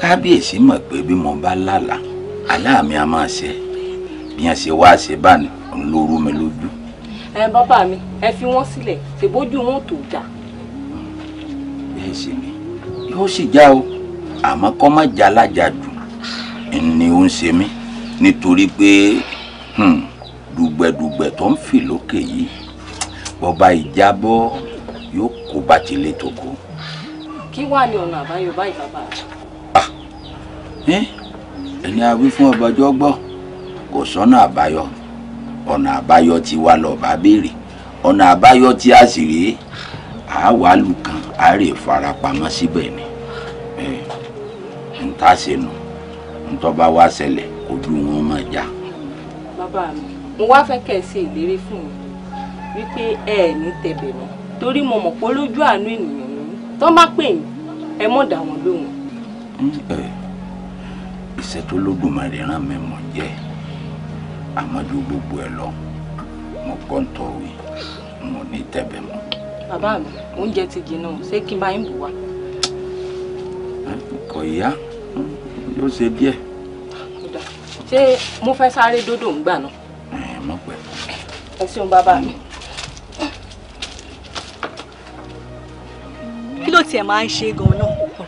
kábíyèsí mọ̀ pé bí mo bá lálàá àlá mi a máa ṣe bí wọ́n ṣe wá ṣe bá ní òun ló rú mi lójú. ẹ bàbá mi ẹ fi wọn sílẹ̀ ṣèbójú wọn ò tó jà. bẹ́ẹ̀ ṣe ni yóò sì já o àmọ́ kọ́ má já lájà jù ni ó ń ṣe mí nítorí pé dùgbẹ̀dùgbẹ̀ tó ń fì lókè yìí bọba ìjábọ̀ yóò kó bá ti lè tó kó. kí wàá ní ọ̀nà àbáyọ báyìí bàbá rẹ. Ah, ẹni a wí fún ọbàjọ́ gbọ́ kò sọ́nà àbáyọ ọ̀nà àbáyọ ti wá lọ́ọ̀bá béèrè ọ̀nà àbáyọ a sì rí kan á rè farapamọ́ síbẹ̀ ni n ta ṣe nù n tó bá wá ṣẹlẹ̀ ojú wọn máa já. bàbá mi mo wá fẹ́ kẹ́ ẹ ṣe ìlérí fún mi wípé ẹ torí mo àmọ́ ju gbogbo ẹ̀ lọ mo gbọ́ ń tọ̀wé mo ní tẹ̀bẹ̀ mọ́. bàbá mi oúnjẹ ti jìnnà ṣé kí n bá yín bù wá. kò yá yóò ṣe díẹ̀. ṣé mo fẹ́ sáré dódò ń gbà náà. ẹ mọ̀ pẹ́. ẹ ṣeun bàbá mi. kí ló tiẹ̀ máa ń ṣe gan-an náà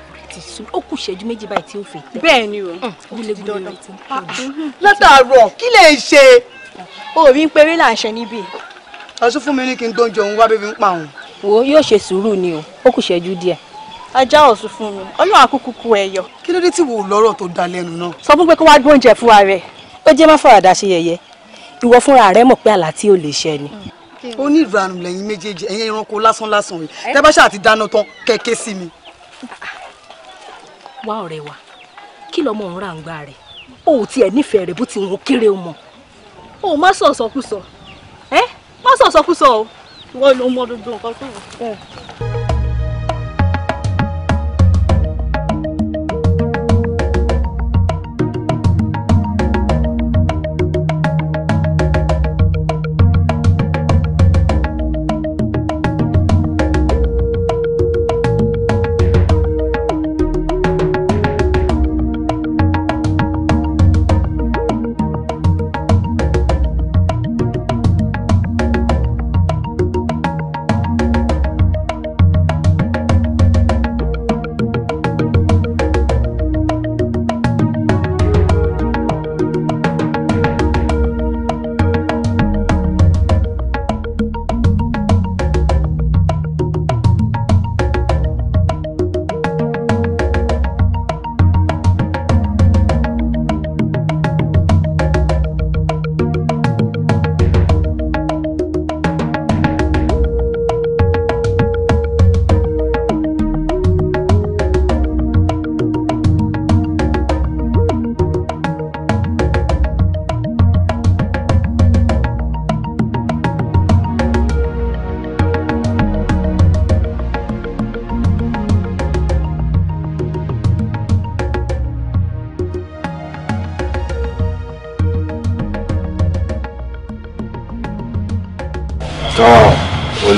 sùn ó kù ìṣẹ́jú méjì báyìí tí ó fẹ́ tẹ́. bẹ́ẹ̀ ni o mm, gúlegúle rẹ ti ń ah, pa. Mm. Mhm. látàárọ̀ kí lè ṣe. òbí ń péré làṣẹ níbí. ọsùn fún mi ní kí n tó ń jẹun wá bébí ń pa òun. wo yóò ṣe sùúrù ni o ó kù ìṣẹ́jú díẹ̀ ajá ọ̀sùn fún mi ọlọ́run àkókò ku ẹ̀yọ. kí ló dé tí wò ó lọ́rọ̀ tó da lẹ́nu náà. sọ fún pé kó wá gbóúnjẹ fún wa rẹ̀ ó jẹ́ má fàràdà ṣe yẹ̀yẹ́ ìwọ fúnra rẹ mọ̀ pé àlá tí ò lè ṣẹ ni. ó ní ìranù lẹ́yìn méjèèjì ẹ̀yin ẹranko lásán lásán yìí tẹ́ bá ṣáà ti dáná tán kẹ́kẹ́ sí mi wá ọ̀rẹ́ wa kí lọ́mọ òun rà ń gbá rẹ̀ o ò tiẹ̀ nífẹ̀ẹ́ rẹ̀ bó ti wọn kéré mọ̀ o má sọ sọkúsọ ẹ má sọ sọkúsọ o ìwọ ló mọ dodo nǹkan fún mi.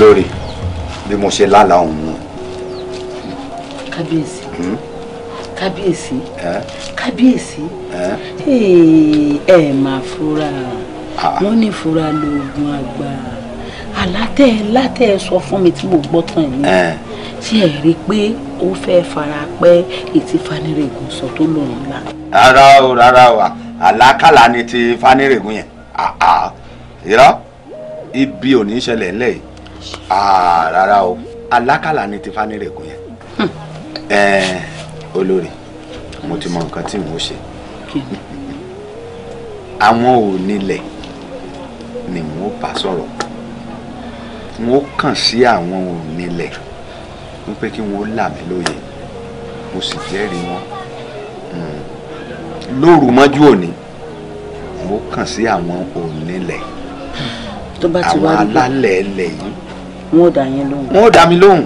lórí bí mo ṣe lálàá òun. kábíyèsí hmm? kábíyèsí kábíyèsí ẹ máa fura wọn ní fura lóògùn àgbà àlátẹ látẹ sọ fún mi tí mo gbọ́ tán yìí tí ẹ rí i pé ó fẹ́ fara pẹ́ ètí fanirègùn sọ tó lòun la. rárá o rárá o àlákàlà ni ti fanirègùn yẹn irọ́ ibi ò ní í ṣẹlẹ̀ yìí Ah, rárá o alákàlà ni Tifanirèkún yẹn hmm. eh, olórí mo ti mọ nǹkan tí mo ṣe àwọn ò nílẹ̀ ni mo bá sọ̀rọ̀ mo kàn sí àwọn ò nílẹ̀ wípé kí wọ́n là mí lóye mo sì jẹ́rìí wọn hmm. lóru mọ́jú òní mo kàn sí àwọn ò nílẹ̀ hmm. àwọn alálẹ̀ ẹlẹ̀ yìí wọn ò dá yẹn lóhùn. wọn ò dá mi lóhùn.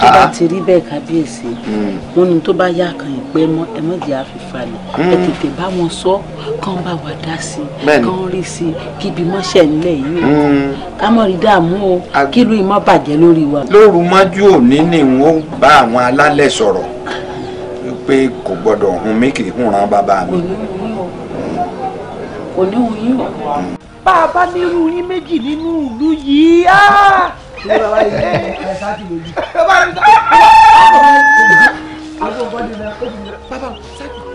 tó bá ah. ti rí bẹ́ẹ̀ kábíyèsí hmm. wọn ni tó bá yá kan ìpẹ́ mọ́ ẹ mọ́ di àfìfàlẹ̀ ẹ hmm. tètè bá wọn sọ kán bá wà dá sí i kán rí sí kí ibi mọ́ṣẹ́ ńlẹ̀ yìí o hmm. ká mọ̀ rí dààmú o kí ìlú ìmọ̀ bàjẹ́ lórí wa. lóru mọ́jú òní ni wọ́n bá àwọn alálẹ̀ sọ̀rọ̀ pé kò gbọ́dọ̀ hun mí kì í hùnran bàbá mi. òní òyìn o. bá a bá nírú yín méjì nínú ìlú yìí. Ah! ìwé wa yìí ẹ sáàtì lójú.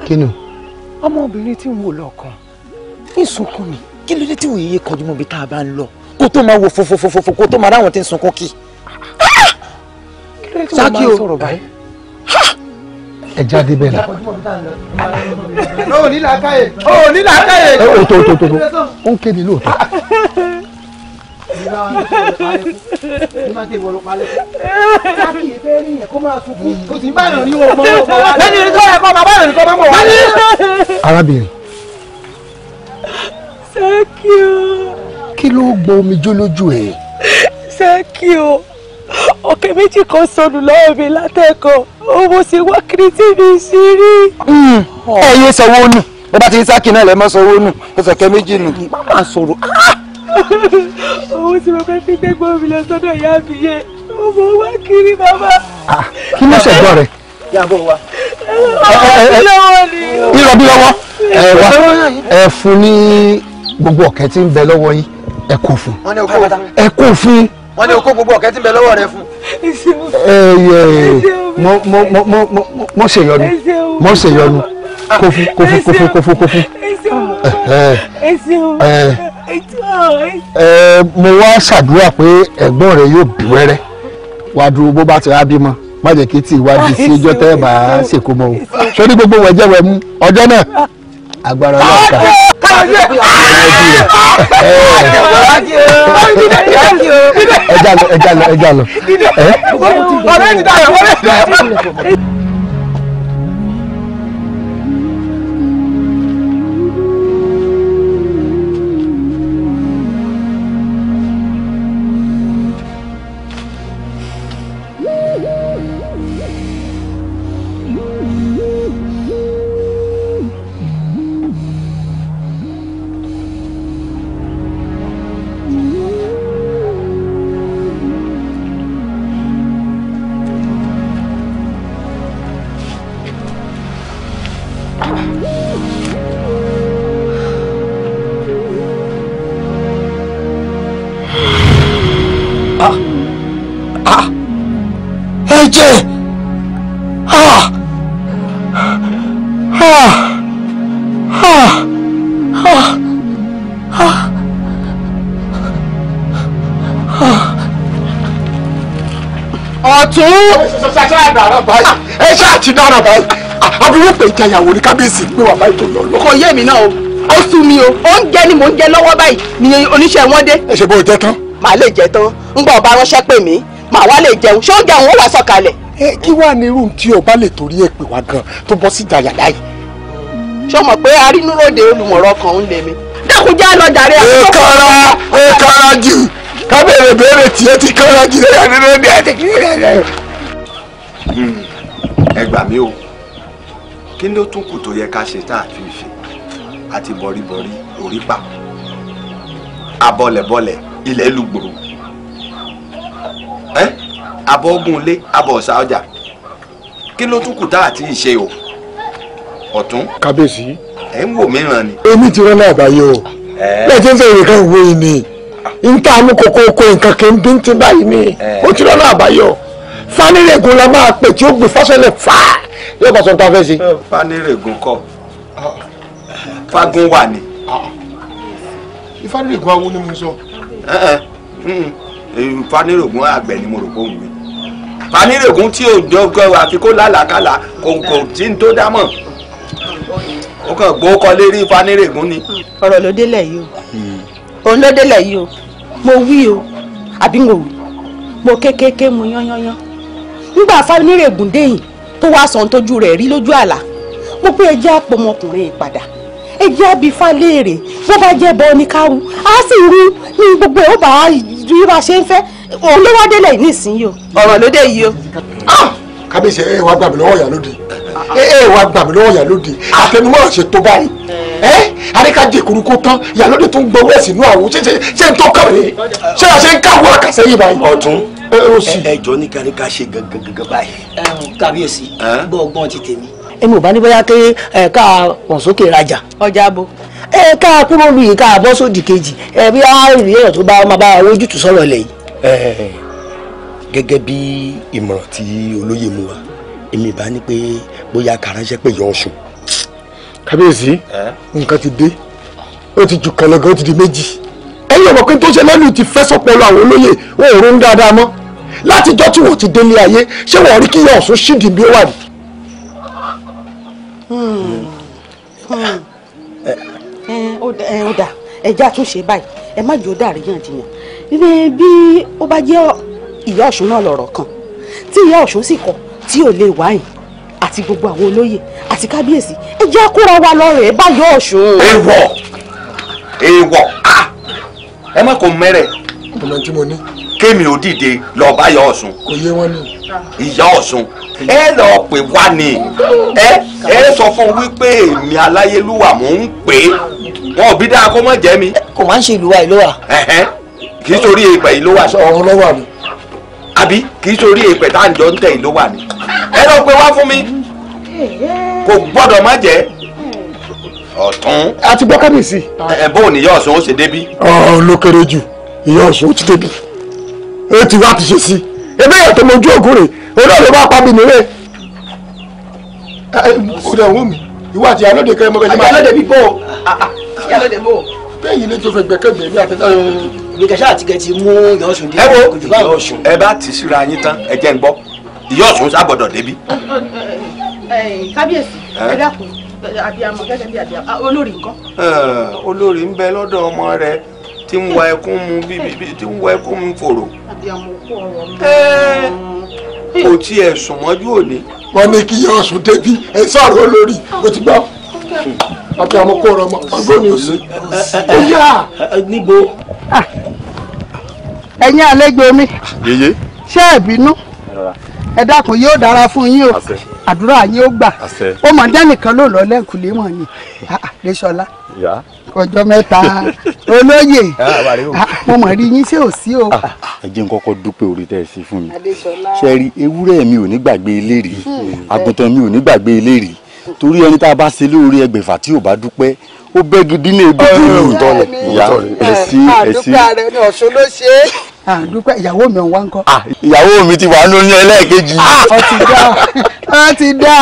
kí ni. ọmọbìnrin tí ń wò lọ́kàn ń sunkún mi kí ló dé tí òye kọjú mọ́ bí tá a bá ń lọ kó tó máa wo fòfòfòfò kó tó máa ráwọn tí ń sunkún kí. kí ló dé tí wọ́n máa ń sọ̀rọ̀ báyìí ẹ jáde bẹ́ẹ̀ la. o ní làákàyè. o ní làákàyè. o tó tó tó tó ó ń ké lóòótọ́ ní máa tẹ ìwọ̀lọ̀ palẹ̀ káàkiri fẹ́ rí yẹn kó máa sunkún kò sí báyọ̀ ní ọmọ ọmọ wa. lẹ́yìn ìrìnsọ yẹn kọ́ bàbá yẹn nìkan máa mọ̀ wá. arábìnrin. Ṣákì o. kí ló gbọ omi jó lójú ẹ. Ṣákì o òkè méjì kan sọnù lọ́wọ́ mi látẹ̀kọ̀ owó sì wá kiri tí mi sí rí. Hmm. ẹ yé sọ wónù bó bá ti Ṣákì náà lẹ mọ sọ wónù ó sọ kẹ méjì nù. má má sọ̀rọ̀ ah! òun sì mọ̀ pé fi gbẹ́gbọ́n mi lọ sọ́dọ̀ ìyá mi yẹ mo mọ̀ wá kiri bàbá. Ah, kí ló ṣẹ̀gbọ́n rẹ̀. yàgò wa. irọ́ bí lọ́wọ́ ẹ wá ẹ fún ní gbogbo ọ̀kẹ́ tí ń bẹ lọ́wọ́ yín ẹ kò fún. ẹ kò fún wọ́n ní o kó gbogbo ọ̀kẹ́ tí ń bẹ lọ́wọ́ rẹ fún. mo ṣe yọnu mo ṣe yọnu kófú ah. kófú kófú kófú kófú ẹ mo wá ṣàdúrà pé ẹ̀gbọ́n rẹ yóò bí wẹ́rẹ́ wàá dúró bó bá ti rá bímọ má jẹ́ kí tí ìwádìí sí ọjọ́ tẹ́ ẹ bá ṣèkó mọ́ o sórí gbogbo wọn jẹ́ wẹ̀mú ọjọ́ náà agbára ọlọ́ọ̀ka ẹja lọ ẹja lọ ẹja lọ. dára bá abúlé pé ìyàwó ní kábíyèsí pé wà báyìí tó lọ lọ. kò yé mi náà o ó sú mi o oúnjẹ ni mò ń jẹ lọ́wọ́ báyìí ni oníṣẹ́ wọn dé. ẹ ṣe bó o jẹ tán. màá lè jẹ tán ń ọba ránṣẹ́ pè mí màá wá lè jẹun ṣé òun ó sọ̀kalẹ̀. ẹ kí wàá ní irú tí lè torí ẹ pè wá gan tó bọ́ sí ṣé o mọ̀ pé arínúròde olùmọ̀rọ̀ kan ń mi. dákun jù ẹ gbà mí o kí ló tún kù tó yẹ ká ṣe tá a fi ṣe àti bọ̀rìbọ̀rì orí pa abọ́lẹ̀bọ́lẹ̀ ilẹ̀ lùgbòrò ẹ abọ́ ogun ilé abọ́ ọ̀sà ọjà kí ló tún kù tá a ti ṣe o ọ̀tún. kábíyèsí. ẹ ń wò mìíràn ni. èmi ti rán láàbáyé o bẹ́ẹ̀ tí ń fẹ́ ìrìkan ìwé yìí ni n ta mú kókó kó nǹkan kí n bí ń ti báyìí ni ó ti rán láàbáyé o fanirègùn la máa pè tí ó gbé fásọlẹ̀ fà yóò bá sọ ta fẹ́ sí. fanirègùn kọ fagun wà ní. ìfanirègùn awo ni mo sọ. ìfanirègùn mm, mm, àgbẹ̀ ni mo rò pé òun mi fanirègùn tí ò dọ́gọ́ àfi kó lálàkàlà kòǹkò tí ń tó dámọ̀ ó kàn gbó kọ lérí fanirègùn ni. ọ̀rọ̀ ló délẹ̀ yìí o hmm. òun ló délẹ̀ yìí o mo wí o àbí mo wí mo kékeré mo yán yán yán nígbà fámírègùn déyìn tó wá sàn tójú rẹ̀ rí lójú àlá mo pé ẹjẹ́ àpọmọkùnrin ìpadà ẹjẹ́ àbífá léèrè bó bá jẹ́ bọ́ ní kárú á sì rú ní gbogbo ẹ̀ ó bá rí bá ṣe ń fẹ́ òun ló wá délẹ̀ nísìnyí o. ọ̀rọ̀ lóde yìí o. Ah! kábíyèsí ẹ wá gbàgbé lọ́wọ́ ìyá lóde ẹ ẹ wá gbà mí lọ́wọ́ ìyálóde àtẹnumọ́ ṣe tó báyìí ẹ àríkàjẹ kurukó tán ìyálóde tó ń gbọ́ wẹ́ẹ̀sì inú àwọn ṣe ṣe ń tó kàwé ṣé a ṣe ń káwọ́ àkàṣẹ́yìn báyìí. ọ̀tún ẹjọ́ ní ká ní ká ṣe gangan gangan báyìí. kábíyèsí bọ́ ọgbọ́n ti tèmi èmi ò bá ní bóyá pé ẹ̀ka wọ̀n sókè rajà. ọjà bo. ẹ ká kúrò lu yìí ká bọ́ sódì kejì ẹ bí àárín èèyàn tó bá máa bá ojútùú sọ̀rọ̀ lẹ̀ yìí. gẹ́gẹ́ èmi bá ní pé bóyá kàránṣẹ́ pé yọ ọ̀ṣun. kábíyèsí nǹkan ti dé ó ti jù kan lọ́gán ó ti di méjì ẹ̀yin ọ̀mọ̀ pé tó ṣe lẹ́nu ti fẹ́ sọ́pọ̀lọ àwọn olóyè wọn ò ronú dáadáa mọ́ látijọ́ tí wọ́n ti délé ayé ṣé wọ́n rí kí yọ ọ̀ṣun ṣídìí bí ó wà ní. Hmm. Hmm. ó ẹja tún ṣe báyìí ẹ má jò dàrí yànjiyàn ní bí ó bá jẹ́ ìyá ọ̀ṣun náà lọ̀rọ̀ kan tí ìyá ọ̀ṣun sì kọ̀ tí ò lè wáyìn àti gbogbo àwọn olóyè àti kábíyèsí ẹ jẹ́ kóra wa lọ́rẹ̀ẹ́ báyọ̀ ọ̀ṣun. èèwọ̀ èèwọ̀ ẹ má kó mẹ́rẹ̀. ọmọ tí mo ní. kémi ò dìde lọ báyọ̀ ọ̀ṣun. ni. ìyá ọ̀ṣun ẹ lọ pè wá ni ẹ ẹ sọ fún un wípé èmi aláyélúwà mò ń pè é wọn ò bí dáa kó mọ̀ jẹ́ mi. kò máa ń ṣe ìlú wa ìlú wa. kì í torí ìgbà ìlú wa. ọ̀run lọ́wọ́ mi àbí kì í sórí èèpẹ̀ tá à ń jọ ń tẹ̀ yìí ló wà ní. ẹ lọ pé wá fún mi kò gbọ́dọ̀ má jẹ́ ọ̀tún. a ti gbọ́ kábíyèsí. ẹ bó ní ìyá ọ̀sùn ó ṣe débí. ọ̀ọ́ ló kéré jù ìyá ọ̀sùn ó ti débí ó ti wá ti ṣe sí ebe yàtọ̀ mojú ògùn rè olóòlù bá pa mi nìyẹn. ó dẹ̀ mi ìwà àti alóde kẹrẹ́mọ́kẹ́ ṣe máa. alóde bíbọ̀ àti alóde bíbọ̀ lẹ́yìn ilé tó fẹ́ gbẹ́kẹ̀gbẹ́ bí àtẹ́tẹ́ ọ̀hún. ìgbésẹ̀ àti kẹ́ ti mú ìyá ọ̀sùn dé. ẹ wo ẹ bá ti síra yín tán ẹ jẹ́ ń gbọ́ ìyá ọ̀sùn sábọ̀dọ̀ débi. Eh, eh, eh, kábíyèsí ẹ dákun abiyamọ gẹ́gẹ́ bí abiyamọ ah, olórí nǹkan. olórí ń bẹ lọ́dọ̀ ọmọ rẹ tí ń wa ẹkún mu bíbí tí ń kú ọ̀rọ̀ mi. kò tiẹ̀ sùn mọ́jú òní. wọ́n ní kí ìyá ọ̀sùn àti àwọn kó ọ̀rọ̀ ọmọ ọgbọ́n mi ò yá níbo. Ah. ẹ̀yin àlejò mi ṣé ẹ bínú ẹ dákun yóò dára fún yín o àdúrà yín ó gbà ó mọ̀ dẹ́nìkan ló lọ lẹ́kùlé mọ̀ ni ah, ah, lẹ́sọ̀lá ọjọ́ mẹ́ta olóyè mo mọ̀ rí yín ṣé ò sí o. ẹ jẹ́ n kọ́kọ́ dúpẹ́ orí tẹ́ ẹ sí fún mi ṣe rí ewúrẹ́ mi ò ní gbàgbé eléyìí hmm. àgùntàn mi ò ní gbàgbé eléyìí torí ẹni tá a bá ṣe lóore ẹgbẹ̀fà tí ò bá dúpẹ́ ó bẹ́ gidi ní ebi tó ní ìtọ́ rẹ̀ ìyá ẹ̀sí ah, ẹ̀sí. àdúpẹ́ ni ọ̀ṣun ló ṣe é. Ah, àdúpẹ́ ìyàwó mi ò wá ń kọ́. Ah, ìyàwó mi ti wà ní oyún ẹlẹ́ẹ̀kejì. ó ti dá ó ti dá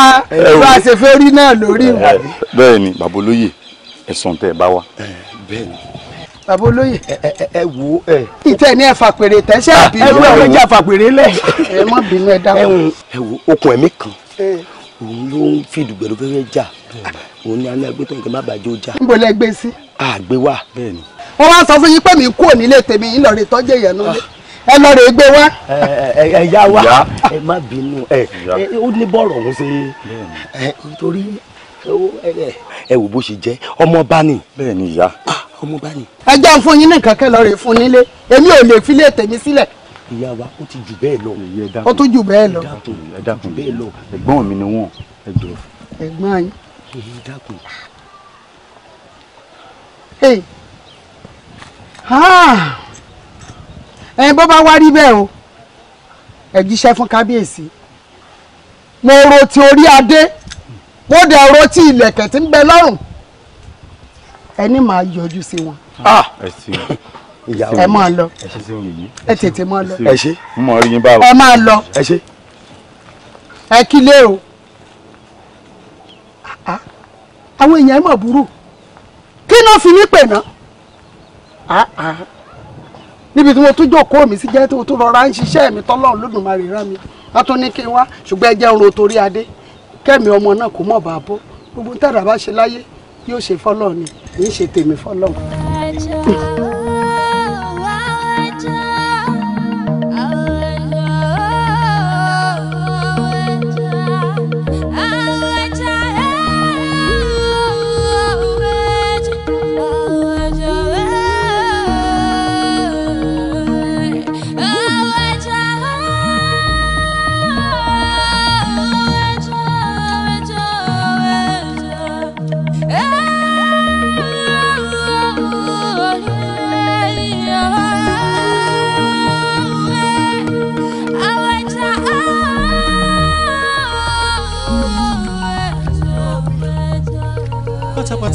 bá a ṣe fẹ́ rí náà lórí wa. Eh, bẹ́ẹ̀ ni bàbá olóyè ẹ̀sùn tẹ́ ẹ bá wa. Eh, bẹ́ẹ̀ ni bàbá olóyè. ẹ ẹ wo ẹ. ní ẹfà péré tẹsẹ àbí. ẹ wo àfà péré lẹ̀. Eh, ẹ mọ̀ bínú ẹ dákun òun ló ń fìdùgbẹ́ ló jà ah, òun ni àná ẹgbẹ́ tó nǹkan má bàjẹ́ ó jà. ń bọ̀lẹ́ gbé sí. àgbẹ̀ wà. wọ́n wá sọ fún yín pé mi kú òní lè tèmi yín lọ́ọ́ rè tọ́jú èèyàn nílé ah. ẹ lọ gbé wá. ẹ yá wa ẹ má bínú ẹ ó ní bọ́ọ̀rọ̀ ọ̀hún ṣe é torí ẹ wò bó ṣe jẹ́ ọmọ bá ní. bẹ́ẹ̀ ni ìyá. Ah, ọmọ bá ní. ẹ jẹun fún yín nìkan kẹ́ lọ́ọ́ fún nílé èmi ò lè fi lé tèmi sílẹ̀ ìyá wa ó ti jù bẹ́ẹ̀ lọ. ó tún jù bẹ́ẹ̀ lọ. ẹ dákun jù bẹ́ẹ̀ lọ. ẹ̀gbọ́n mi ni wọ́n ẹ jọ. ẹ̀gbọ́n yín. èyí dákun. Ah. ẹ bó bá wá rí bẹ́ẹ̀ o ẹ jíṣẹ́ fún kábíyèsí mo ro ti orí adé mo dẹ̀ ro ti ilẹ̀kẹ̀ tí ń bẹ lọ́rùn ẹni máa yọjú sí wọn. Ah. ẹ sí wọn ẹ máa lọ ẹ tètè máa lọ ẹ ṣe mọ rí yín báwo ẹ máa lọ ẹ ṣe ẹ kílé o ah, ah. àwọn èèyàn ẹ mọ̀ burú kí ló fi mí pè náà ah, níbi tí mo tún jókòó mi sí jẹ́ tí mo tún rọra ń ṣiṣẹ́ mi tọ́lọ́run lódùmarè rán mi wọ́n tún ní kí n wá ṣùgbọ́n ẹ jẹ́ ń ro torí adé kẹ́mi ọmọ náà kò mọ̀ bá bó gbogbo tẹ̀rẹ̀ bá ṣe láyé yóò ṣe fọ́lọ́ọ̀ ni kì í ṣe tèmi fọ́lọ́ọ̀.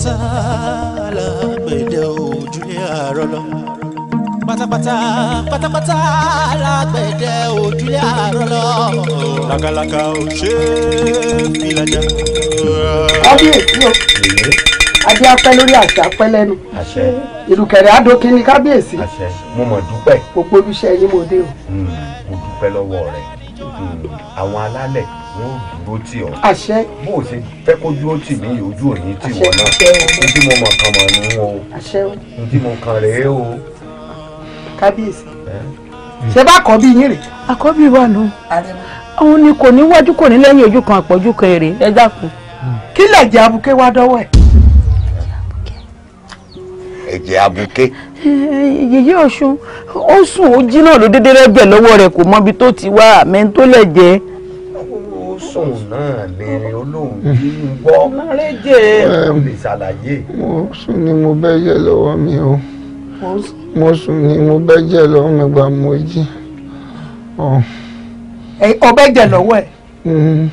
pátápátá lágbèdè ojúlé àrọ́lọ́. pátápátá pátápátá lágbèdè ojúlé àrọ́lọ́. làkàlàkà ò ṣe é filajà. kábíyèsí o adé apẹ́ lórí àṣà apẹ́ lẹ́nu ìlùkẹ̀rẹ̀ adókin ni kábíyèsí mo mọ̀ dúpẹ́ gbogbo olùṣẹ́ yín mo dé o. Hmm, mo dúpẹ́ lọ́wọ́ rẹ̀ hmm, àwọn alálẹ̀ yóò dúró tì ọ́ àṣẹ bó o ṣe fẹ́ kó dúró tì mí ojú òní tì wọ́n náà ohun tí mo mọ̀ kàn mọ̀ nù o ohun tí mo kàn rèé o. kábíyèsí ṣé bá kọ́ bí yín rè. àkọ́bí wa nù òun ni kò ní wájú kò ní lẹ́yìn ojú kan àpọ̀jù kan èrè ẹ dákun. Hmm. kí lẹ̀jẹ̀ abuké wá dọ́wọ́ ẹ̀. ẹ̀jẹ̀ abuké. yèyé ọ̀ṣun ó sùn ó jí náà ló dédé rẹ́gbẹ̀ lọ́wọ́ rẹ̀ kò mọbi tó ti wá àmẹ́ tó sùn náà ni olóhùn yìí mm. ń gbọ́ lárẹ́jẹ̀ ó lè ṣàlàyé. mo sùn ni mo bẹ́jẹ̀ lọ́wọ́ mi o mo sùn ni mo bẹ́jẹ̀ lọ́wọ́ mi gba mo jí. ọbẹ̀jẹ̀ lọ́wọ́ ẹ̀ mm.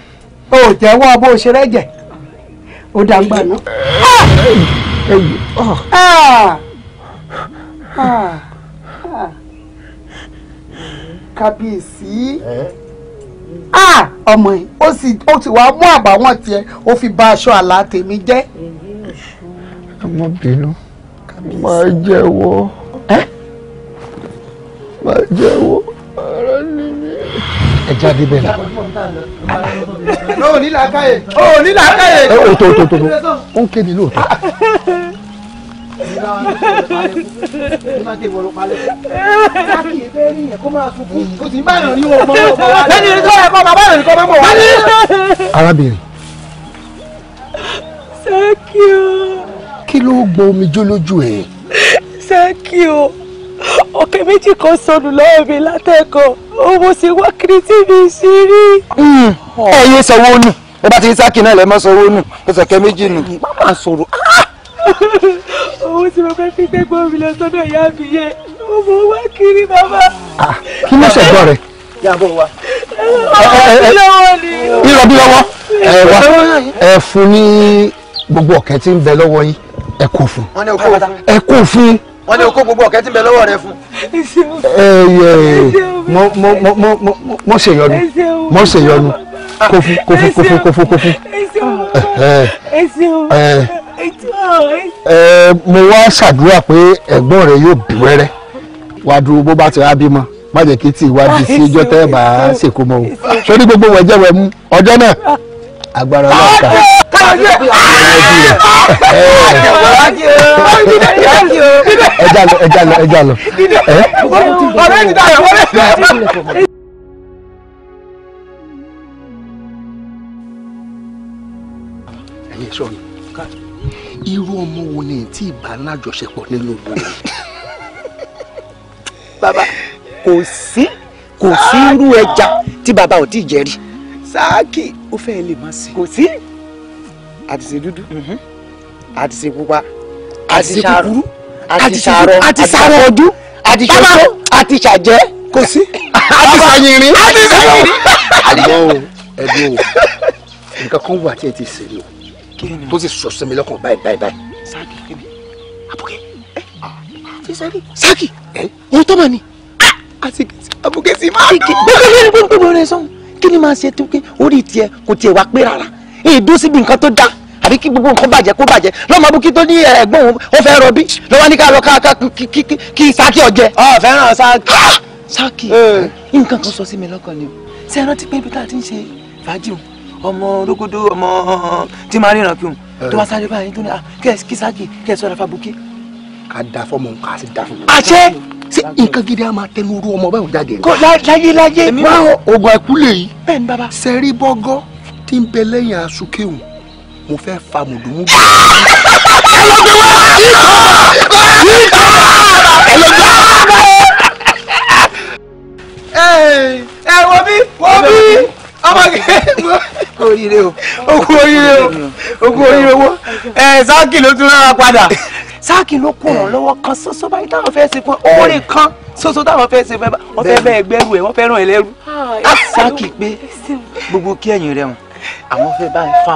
o jẹ́wọ́ bó ṣe rẹ́jẹ̀ ó dàgbà náà. Ah! Ah! Ah! kábíyèsí ọmọ ẹ ó sì ó ti wàá mú àbàwọ́n tiẹ̀ ó fi bà aṣọ àlà tèmi jẹ́. ọmọ bínú máa jẹ́wọ́ máa jẹ́wọ́ ara ní mi. ẹ jáde bẹ́ẹ̀ la. o ò ní làákàyè o ò ní o tó tó tó tó ó kéde lóòótọ́. arábìnrin Ṣákì o kí ló gbọ omi jó lójú ẹ. Ṣákì o ọ̀kẹ́ méjì kan sọnù lọ́wọ́ mi látẹ̀kọ̀ owó sì wá kiri tí mi sì rí. Hmm. ẹ yé sọ wónù ẹ bá ti rí Ṣákì náà lẹ mọ sọ wónù ó sọ kẹ méjì nù. má má sọ̀rọ̀ á. Ah! owó tí mo fẹ́ fi gbẹ́gbọ́n mi lọ sọ́dọ̀ ìyá mi yẹ mo mọ wá kiri bàbá. Ah, kí ló ṣẹ̀gbọ́n rẹ̀. yàbọ̀ wa. irọ́ bí lọ́wọ́ ẹ wá ẹ fún ní gbogbo ọ̀kẹ́ tí ń bẹ lọ́wọ́ yín ẹ kò fún. wọ́n ní okó bàtà. ẹ kò fún. wọ́n ní okó gbogbo ọ̀kẹ́ tí ń bẹ lọ́wọ́ rẹ fún. ẹ yẹ mo mo mo mo mo ṣèyọnu mo ṣèyọnu ah, kò fún kò fún kò fún kò fún kò fún. ẹ ṣeun ẹ ṣeun. mo wá ṣàdúrà pé ẹ̀gbọ́n rẹ yóò bí wẹ́rẹ́ wàá dúró bó bá ti wá bímọ má jẹ́ kí tí sí ijó tẹ́ bá a ṣèkó mọ́ o sórí gbogbo wọn jẹ́ wẹ̀mú ọjọ́ náà agbára náà ẹja irú ọmọ wo ni tí ìbá lájọṣepọ̀ nínú ìlú rẹ. bàbá kò sí kò sí ah! irú ẹja tí bàbá ò tí ì jẹ rí. sáàkì ó fẹ́ lè má sí. kò sí àtìsí dúdú mhm. àtìsí pupa àtìsí kúkúrú àti sàrọ àti sàrọ ọdún àti ṣoṣo àti ṣàjẹ. kò sí àti sàyìnrín àti sàyìnrín. àmọ́ ẹ̀dùn o nǹkan kan wà tí ẹ ti ṣe ni o tó sì sọ sí mi lọ́kàn báyìí báyìí báyìí. saki kí ni àbúkẹ́ saki saki sáàkì òótọ́ mà ni ah! àti àbúkẹ́ sì máa lọ. gbẹ́gbẹ́ lórí gbogbo rẹ̀ sọ́hun kí ni máa ṣe tó pé orí tiẹ̀ kò tiẹ̀ wá pé rárá èèdó síbi nǹkan tó dáa àbí kí gbogbo nǹkan bàjẹ́ kó bàjẹ́ lọ́mọ abúkí tó ní ẹ̀gbọ́n ó fẹ́ rọbí lọ́wọ́ ní ká lọ ká kí sáàkì ọ̀jẹ́. ọ fẹ́ràn sáàkì. Ah! sáàkì eh. nǹkan kan sọ sí mi lọ́kàn ni ṣe é rántí pé ibi tá a ti ń ṣe fàájì o ọmọ olókòdó ọmọ tí máa ríran kí òun eh. tó wá sáré báyìí tó ní ah, kísákì kẹsàn án fàbùkì. ká da fọmọ nǹkan àti da fún mi. àṣẹ ṣé nǹkan gidi a máa tẹnu orú ọmọ báyìí jáde. kò láyé láyé. wá oògùn àìkú lè yí. bẹ́ẹ̀ bàbá. sẹ́rí bọ́gọ́ tí ń bẹ lẹ́yìn asukẹ́hùn mo fẹ́ fa mùdùmú. ẹ ẹ wo bí ọmọge o okú oríire o okú oríire owó ẹ eh, sáàkì ló tún rárá padà sáàkì ló kún wọn eh. lọ́wọ́ kan ṣoṣo báyìí táwọn fẹ́ẹ́ ṣe fún ọ orin eh. kan ṣoṣo táwọn fẹ́ẹ́ ṣe fún ẹ wọn fẹ́ẹ́ bẹ́ẹ̀ gbẹ́rù ẹ wọn fẹ́ẹ́ ràn ẹ lẹ́rù ah, ah, sáàkì pé gbogbo kí ẹ̀yìn rẹ wọn àwọn fẹ́ẹ́ bá ń fa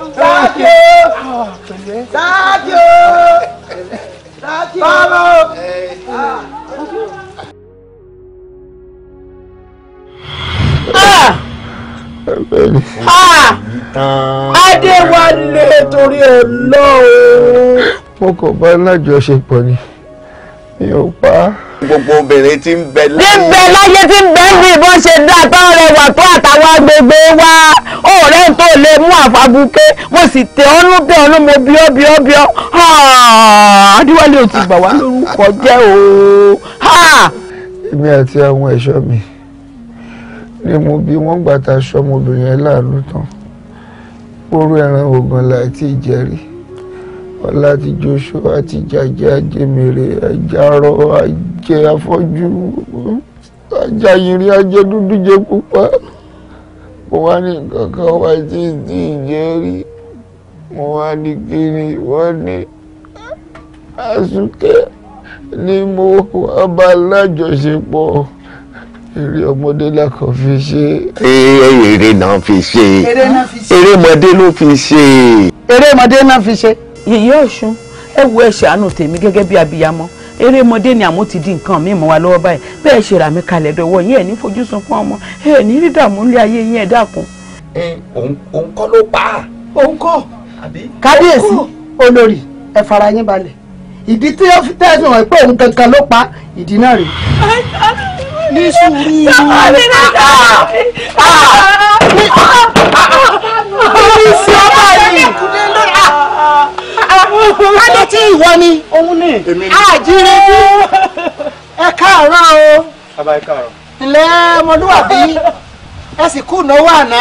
Thank Thank you. you. dájú dájú dájú báwo. Adéwálé torí ẹ̀ lọ́ọ́. Mo kàn bá lájọṣepọ̀ ni mi ò pa. gbogbo obìnrin tí ń bẹ láyé. ní bẹ láyé tí ń bẹ ń bí ìbọn ṣe dá àtàwọn rẹwà tó àtàwọn agbègbè wa ọ̀rẹ́ tó lè mú àfàbùké mo sì tẹ ọ́nú tẹ ọ́nú mo bíọ́ bíọ́ bíọ́ adéwálé ò ti bà wá lórúkọ jẹ́ o. èmi àti àwọn ẹ̀ṣọ́ mi ni mo bí wọ́n gbàtà sọmọbìnrin ẹ̀ láàánú tán orú ẹran ògùn láti ìjẹ́rìí láti joshua àti jàjẹ́ àjẹmèrè àjàrọ̀ àjẹ afọ́jú àjàyìnrín àjẹ dúdú jẹ pupa mo wá ní nǹkan kan wá tí tí ìjẹ́ rí mo wá ní kiri wọ́n ní àsùnkẹ́ ni mo wá bá lájọṣepọ̀ èrè ọmọdé la kàn fi ṣe. èrè náà fi ṣe èrè ọmọdé ló fi ṣe. èrè ọmọdé náà fi ṣe yèyé ọ̀ṣun ẹ wo ẹ ṣàánú tèmi gẹ́gẹ́ bí abiyamọ erémọdé ni àmọ́ ti di nǹkan mi mọ́ wa lọ́wọ́ báyìí bẹ́ẹ̀ ṣe rà mí kalẹ̀ dọ̀wọ́ yín ẹ̀ ní fojú sunkún ọmọ ẹ̀ ní rí dààmú ilé ayé yín ẹ̀ dákun. ẹ òun kọ́ ló pa á. òun kọ́ kábíyèsí olórí ẹ fara yín balẹ̀ ìdí tí ó fi tẹ̀sán ẹ pé òun kankan ló pa ìdí náà rèé. ní sùúrù ní sùúrù ah! ní sùúrù ah! kádé tí ìwọ ni àjíire tí ẹ káàárọ̀ o ilẹ̀ ọmọlúwàbí ẹ sì kú ìnáwó àná.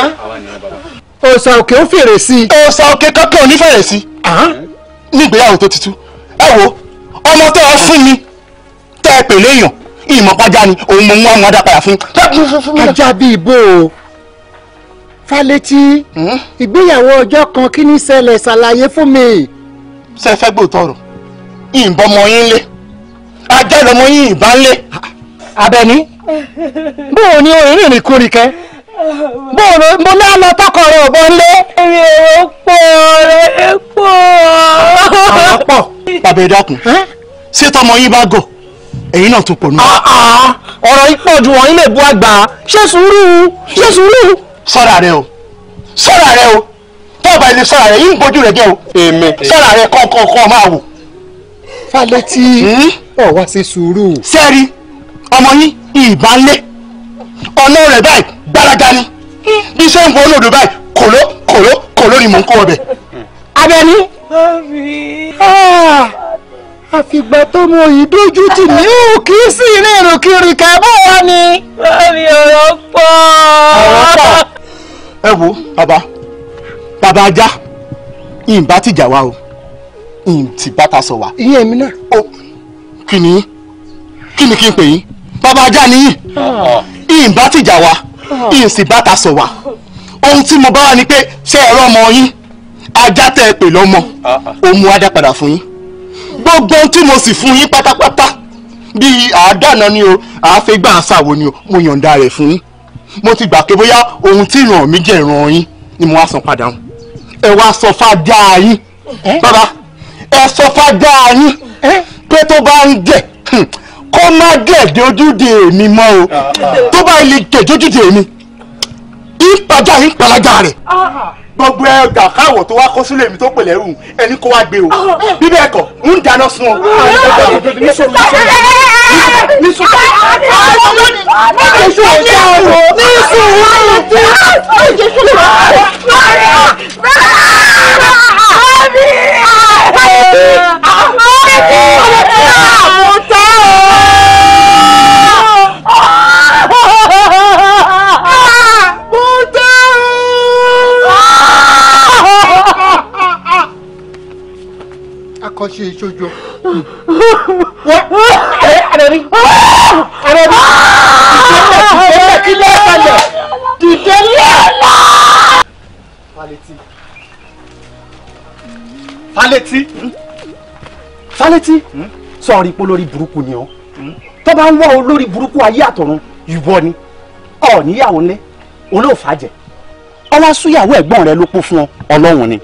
òòsàn òkè ó fèrè sí i. òòsàn òkè kankan ò ní fèrè sí i nígbéyàwó tó tutù ẹ wo ọmọ tó ọ fún mi tẹ ẹ pèlè èèyàn ìmọ̀pájá ni òun mọ̀ ń wá wọn dá padà fún. ajá bíi bó o falẹ́tí ìgbéyàwó ọjọ́ kan kí ni ṣẹlẹ̀ ṣàlàyé fún mi ṣe fẹ́ gbòòtọ̀ rò ìbọn mọ yín lé ajá ìlọmọ yín ìbá lé. Àbẹ̀ní bóò ni orin rìnrìn kúrì kẹ́ bóò ló mo ní àlọ́ tọkọ rẹ̀ ọ̀bọ ńlé. èrè ó pọ̀ rẹ̀ pọ̀. àwọn pọ̀ bàbá ìdákun ṣé tọmọ yín bá gọ̀ ẹ̀yin náà tún pọ̀ nù. ọ̀rọ̀ yìí ju wọ̀nyí lè bu àgbà ṣé sùúrù ṣé sùúrù. sọ́ra rẹ o sọ́ra rẹ o tó ọba ilé sọ́ra rẹ̀ yìí ń gbójú rẹ̀ jẹ́ o sọ́ra rẹ̀ kọ́kọ́kọ́ máa wò. falẹ́tì ọ̀ wá sùúrù. sẹ́ẹ̀rì ọmọ yín ìbánlé ọ̀nà rẹ̀ báyìí gbáraga ni bí ṣe ń wo olódò báyìí kòló kòló kòló ni mò ń kó ọbẹ̀. abẹ́ni. Ah, àfìgbà tó mo yìí dójú tì mí ò kí sí ilé èrò kẹ́bọ̀ wá ni. báyìí ọ̀rọ̀ pọ̀. ọ̀rọ̀ pọ̀ ẹ wo bàbá bàbá ajá ìyìnbá tìjà wa o ìyìntìbá ta sọ wa. ìyẹn mi náà. ó kí ni kí ni kí n pè yín bàbá ajá ni yín ìyìnbá tìjà wa ìyìntìbá ta sọ wa ohun tí mo bá wà ni pé ṣé ẹ̀rọ ọmọ yín ajá tẹ ẹ pè lọ́mọ ó mú ajá padà fún yín gbogbo ohun tí mo sì fún yín pátápátá bíi àádáná ni o àáfẹ́gbà àṣàwò ni o mo yọ̀ǹda rẹ̀ fún yín mo ti gbà pé bóyá ohun tí ìràn mi jẹ́ ìràn yín ni mo wá san padà hàn ẹ wá sọ fájà yín bàbá ẹ sọ fájà yín pé tó bá ń gẹ̀ kó má gẹ̀dẹ̀ ojúde èmi mọ́ o ah, ah. tó bá ilé gẹ̀dẹ̀ ojúde èmi ìpàjà yín rẹ̀. Ah, gbogbo ẹgbà káwọ̀ tó wá kó sílé mi tó pè lẹ́rù ẹni kó wá gbé o bí bẹ́ẹ̀ kọ́ ń dáná sun ọ. Yeah. nǹkan ṣe ìṣojo. àrẹ̀rí àrẹ̀rí dìde lẹ̀ dìde lẹ̀ kalẹ̀ dìde lẹ̀ lọ. falẹ̀tì falẹ̀tì falẹ̀tì sọ̀rọ̀ ipò lórí burúkú ni ọ́ tó bá ń wọ́ lórí burúkú ayé àtọ̀run ìwọ ni ọ̀ níyàwó ńlẹ́ olóòfà jẹ́ ọwọ́ súyàwó ẹ̀gbọ́n rẹ ló kú fún ọ ọlọ́run ni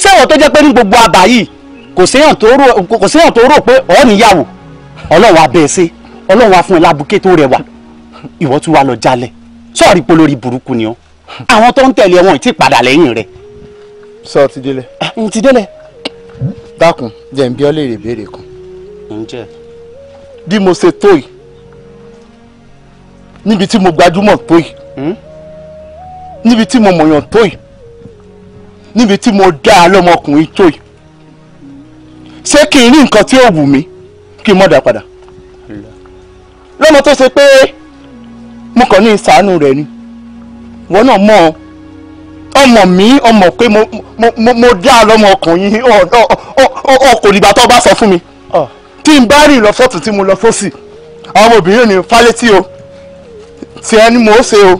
ṣé ìwọ tó jẹ́ pé ní gbogbo àbá yìí kò séyàn tó rò pé ọ̀ níyàwó ọlọ́run abẹ́ ṣe ọlọ́run afún ẹ lábùkẹ́ tó rẹwà ìwọ tún wà lọ jalè sọ́ọ̀rì polórí burúkú ni ọ́ àwọn tó ń tẹ̀lé wọn ti padà lẹ́yìn rẹ̀. sọ ti délẹ̀. Eh, n ti délẹ̀. dákun jẹ́ ń bí ọ́ léèrè béèrè kan. ǹjẹ́. bí mo ṣe tó yìí níbi tí mo gbajúmọ̀ tó yìí hmm? níbi tí mo mọ̀yàn tó yìí níbi tí mo dá a lọ́mọkùnrin tó yìí ṣé kí n rí nǹkan tí ó wù mí kí n mọ̀ dá padà lọ́mọ tó ṣe pé mo kàn ní ìsàánú rẹ̀ ni wọn náà mọ̀ ọ́ ọmọ mi ọmọ pé mo mo mo lọ́mọ ọkùnrin ọkùnrin ìgbà tó bá sọ fún mi tí n bá rìn lọ fọ́tún tí mo lọ fọ́sì àwọn ọmọbìnrin ní fálétí o tiẹ̀ ni mo ṣe o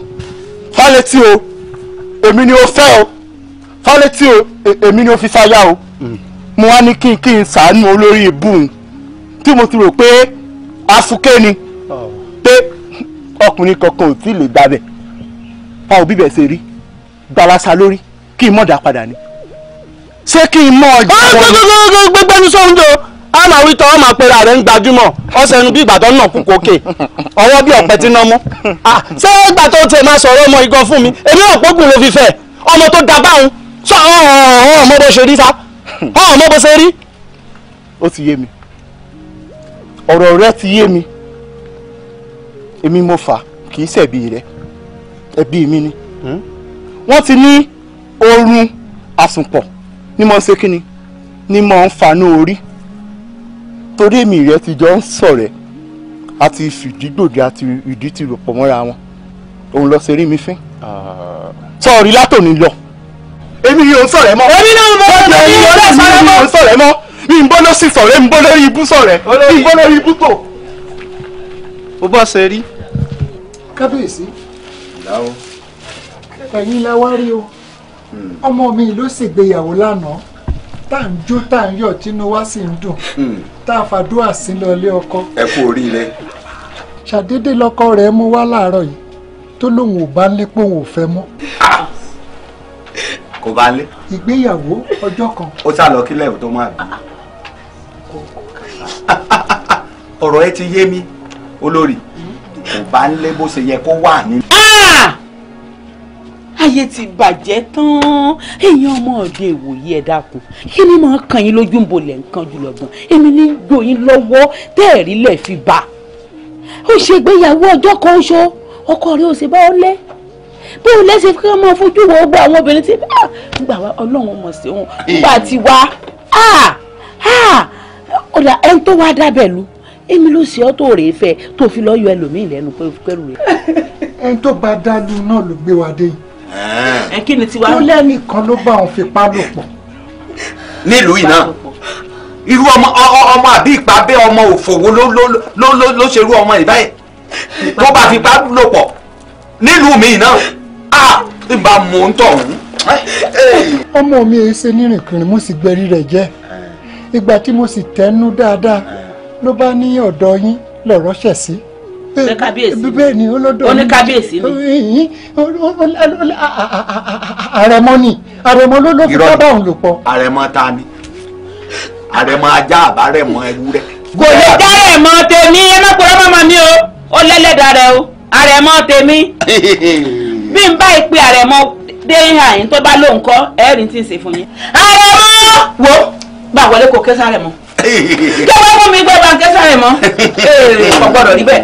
fálétí o èmi ni o fẹ́ o fálétí o èmi ni o fi sáyà o hmm mo wá ní kí n kí n sàánú olórí ibùn tí mo ti rò pé afuké ni pé ọkùnrin kankan ò tí lè gbabẹ̀ a ò bíbẹ̀ ṣe rí gbalasa lórí kí n mọ̀ padà ni ṣé kí n mọ̀ ọjà wọn. gbogbo ẹni sọ oúnjẹ o a máa wí tọ́ ọ máa pera rẹ̀ ń gbajúmọ̀ ọ̀sẹ̀ ẹnu bí ìbàdàn náà kún kókè ọwọ́ bí ọ̀pẹ tí ná mú. Ah, ṣé ìgbà tó tiẹ̀ máa sọ̀rọ̀ ọmọ igan fún mi èmi náà pógun ló fi fẹ́ ọmọ tó da báwọn sọ ọ̀hún ọmọ bó ṣe rí sá ọ̀hún mọ́ bó ṣe rí ó ti yé mi ọ̀rọ̀ rẹ ti yé mi èmi mo fà kì í ṣẹ̀bi rẹ ẹbí mi ni hmm? wọ́n ti ní oorun àsùnpọ̀ ní mọ̀ ṣe kí ni ní mọ̀ ń fanú orí torí èmi rẹ ti jọ ń sọ̀rẹ́ àti fìdígbòdì àti ìdí ti rò pọ̀ mọ́ra wọn òun lọ ṣe rí mi fín ah. sọ̀rí látòní lọ èmi yìí ò ń sọ̀rẹ́ mọ́. èmi náà mo bọ̀ ní ilé sọ̀rẹ́ mọ́. mi ò sọ̀rẹ́ mọ́ mi ń bọ́ lọ́sì sọ̀rẹ́ mi ń bọ́ lórí ibú sọ̀rẹ́ mi ń bọ́ lórí ibú tò. o bọ́ ṣe rí. kábíyèsí ẹ̀yin la wá rí o hmm. ọmọ mi ló ṣègbéyàwó lánàá tá à ń jó tá à ń yọ̀ tínú wa sì ń dùn hmm. tá a fàdúrà sí lọ ilé ọkọ. ẹ kú oríire. ṣàdédé lọkọ rẹ̀ mú wá láàárọ̀ yìí tó lóun ò bá ń lépo òun ò fẹ́ mọ́. Ah! kò bá lé. ìgbéyàwó ọjọ́ kan. ó sá lọ kílẹ̀ tó máa bí. ọ̀rọ̀ ẹ ti yé mi olórí kò bá ń lé bó ṣe yẹ kó wà ní. Ah! ayé ti bàjẹ́ tán èèyàn ọmọ ọ̀dọ̀ èwò yìí ẹ kí ni màá kan yín lójú ń bolẹ̀ nǹkan jùlọ gan èmi ní gbòyìn lọ́wọ́ tẹ́ẹ̀rí lẹ̀ fi bà ó ṣègbéyàwó ọjọ́ kan ṣo ọkọ rẹ̀ ò sì bá ọ lẹ́ bó o lẹ́sẹ̀ kí wọ́n máa fojú wo gbọ́ àwọn obìnrin tí ah! gbà wá ọlọ́run mọ̀ sí òun nígbà tí wá ah! Ah! ọ̀dà ẹni tó wá dábẹ̀ lu èmi ló ṣe ọ́ tó rèé fẹ́ tó fi lọ́ọ́ yọ ẹlòmíì lẹ́nu pẹ̀lú rẹ̀. ẹni tó bá dá lu náà ló gbé wa dé. ẹ kí ni tiwa. ó lẹ́nu kan ló bá òun fipá lò pọ̀. nílùú yìí náà irú ọmọ ọmọ àbí ìpàbẹ ọmọ òfòwò ló ló ló ló ṣerú ọmọ ìbáyìí tó bá fipá lò pọ̀ nílùú mi náà ah ìbá mò ń tọ̀ ọ̀hún. ọmọ mi èyí ṣe nírìnkìrìn mo sì gbẹ̀rí rẹ̀ jẹ́ ìgbà tí mo sì tẹnu dáadáa ló bá ní ọ̀dọ̀ yín lọ̀rọ̀ ṣẹ̀ sí ní kábíyèsí bẹ́ẹ̀ ni olódò ní kábíyèsí ni. àrẹ̀mọ ni àrẹ̀mọ ló ló fi bábà òun lò pọ̀. àrẹ̀mọ ta ni àrẹ̀mọ ajá àbárẹ̀mọ ewúrẹ́. kò lè dárẹ̀mọ tèmi ẹlẹ́kùnrin mọ́mọ́ mi o ó lẹ́lẹ́dàá rẹ o àrẹ̀mọ tèmi. bí n bá ìpè àrẹ̀mọ déhìn àyín tó bá lóun kọ́ ẹ̀rín tí ń ṣe fún yín. àrẹ̀mọ wo bá wọlé kó kẹsàn rẹ̀ mọ́ kí wọ́n fún mi gbé kẹsàn rẹ̀ mọ́ kò gbọ́dọ̀ níbẹ̀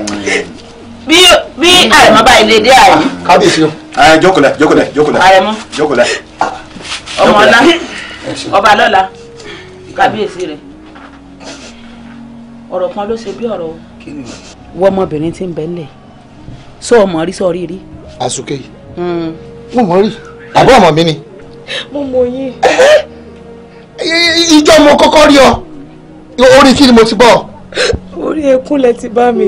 bí bí àrẹ̀mọ bá ilé dé àyín. kábíyèsí o. jókòlẹ̀ jókòlẹ̀ jókòlẹ̀. àrẹ̀mọ jókòlẹ̀. ọmọ ọlá ọba lọ́la kábíyèsí rẹ̀ ọ̀rọ̀ kan ló ṣe bí ọ̀rọ̀ wọ́n ọmọbìnrin ti ń bẹ́lẹ̀ sọ ọmọ rí sọ rí rí àsùkè yìí hmm. mo mọ̀ rí àbọ̀ ọmọ mi ni. mo mọ̀ yín. ìjọ mo kọ́kọ́ rí ọ orí kí ni mo ti bọ̀. orí ẹkún lẹ ti bá mi.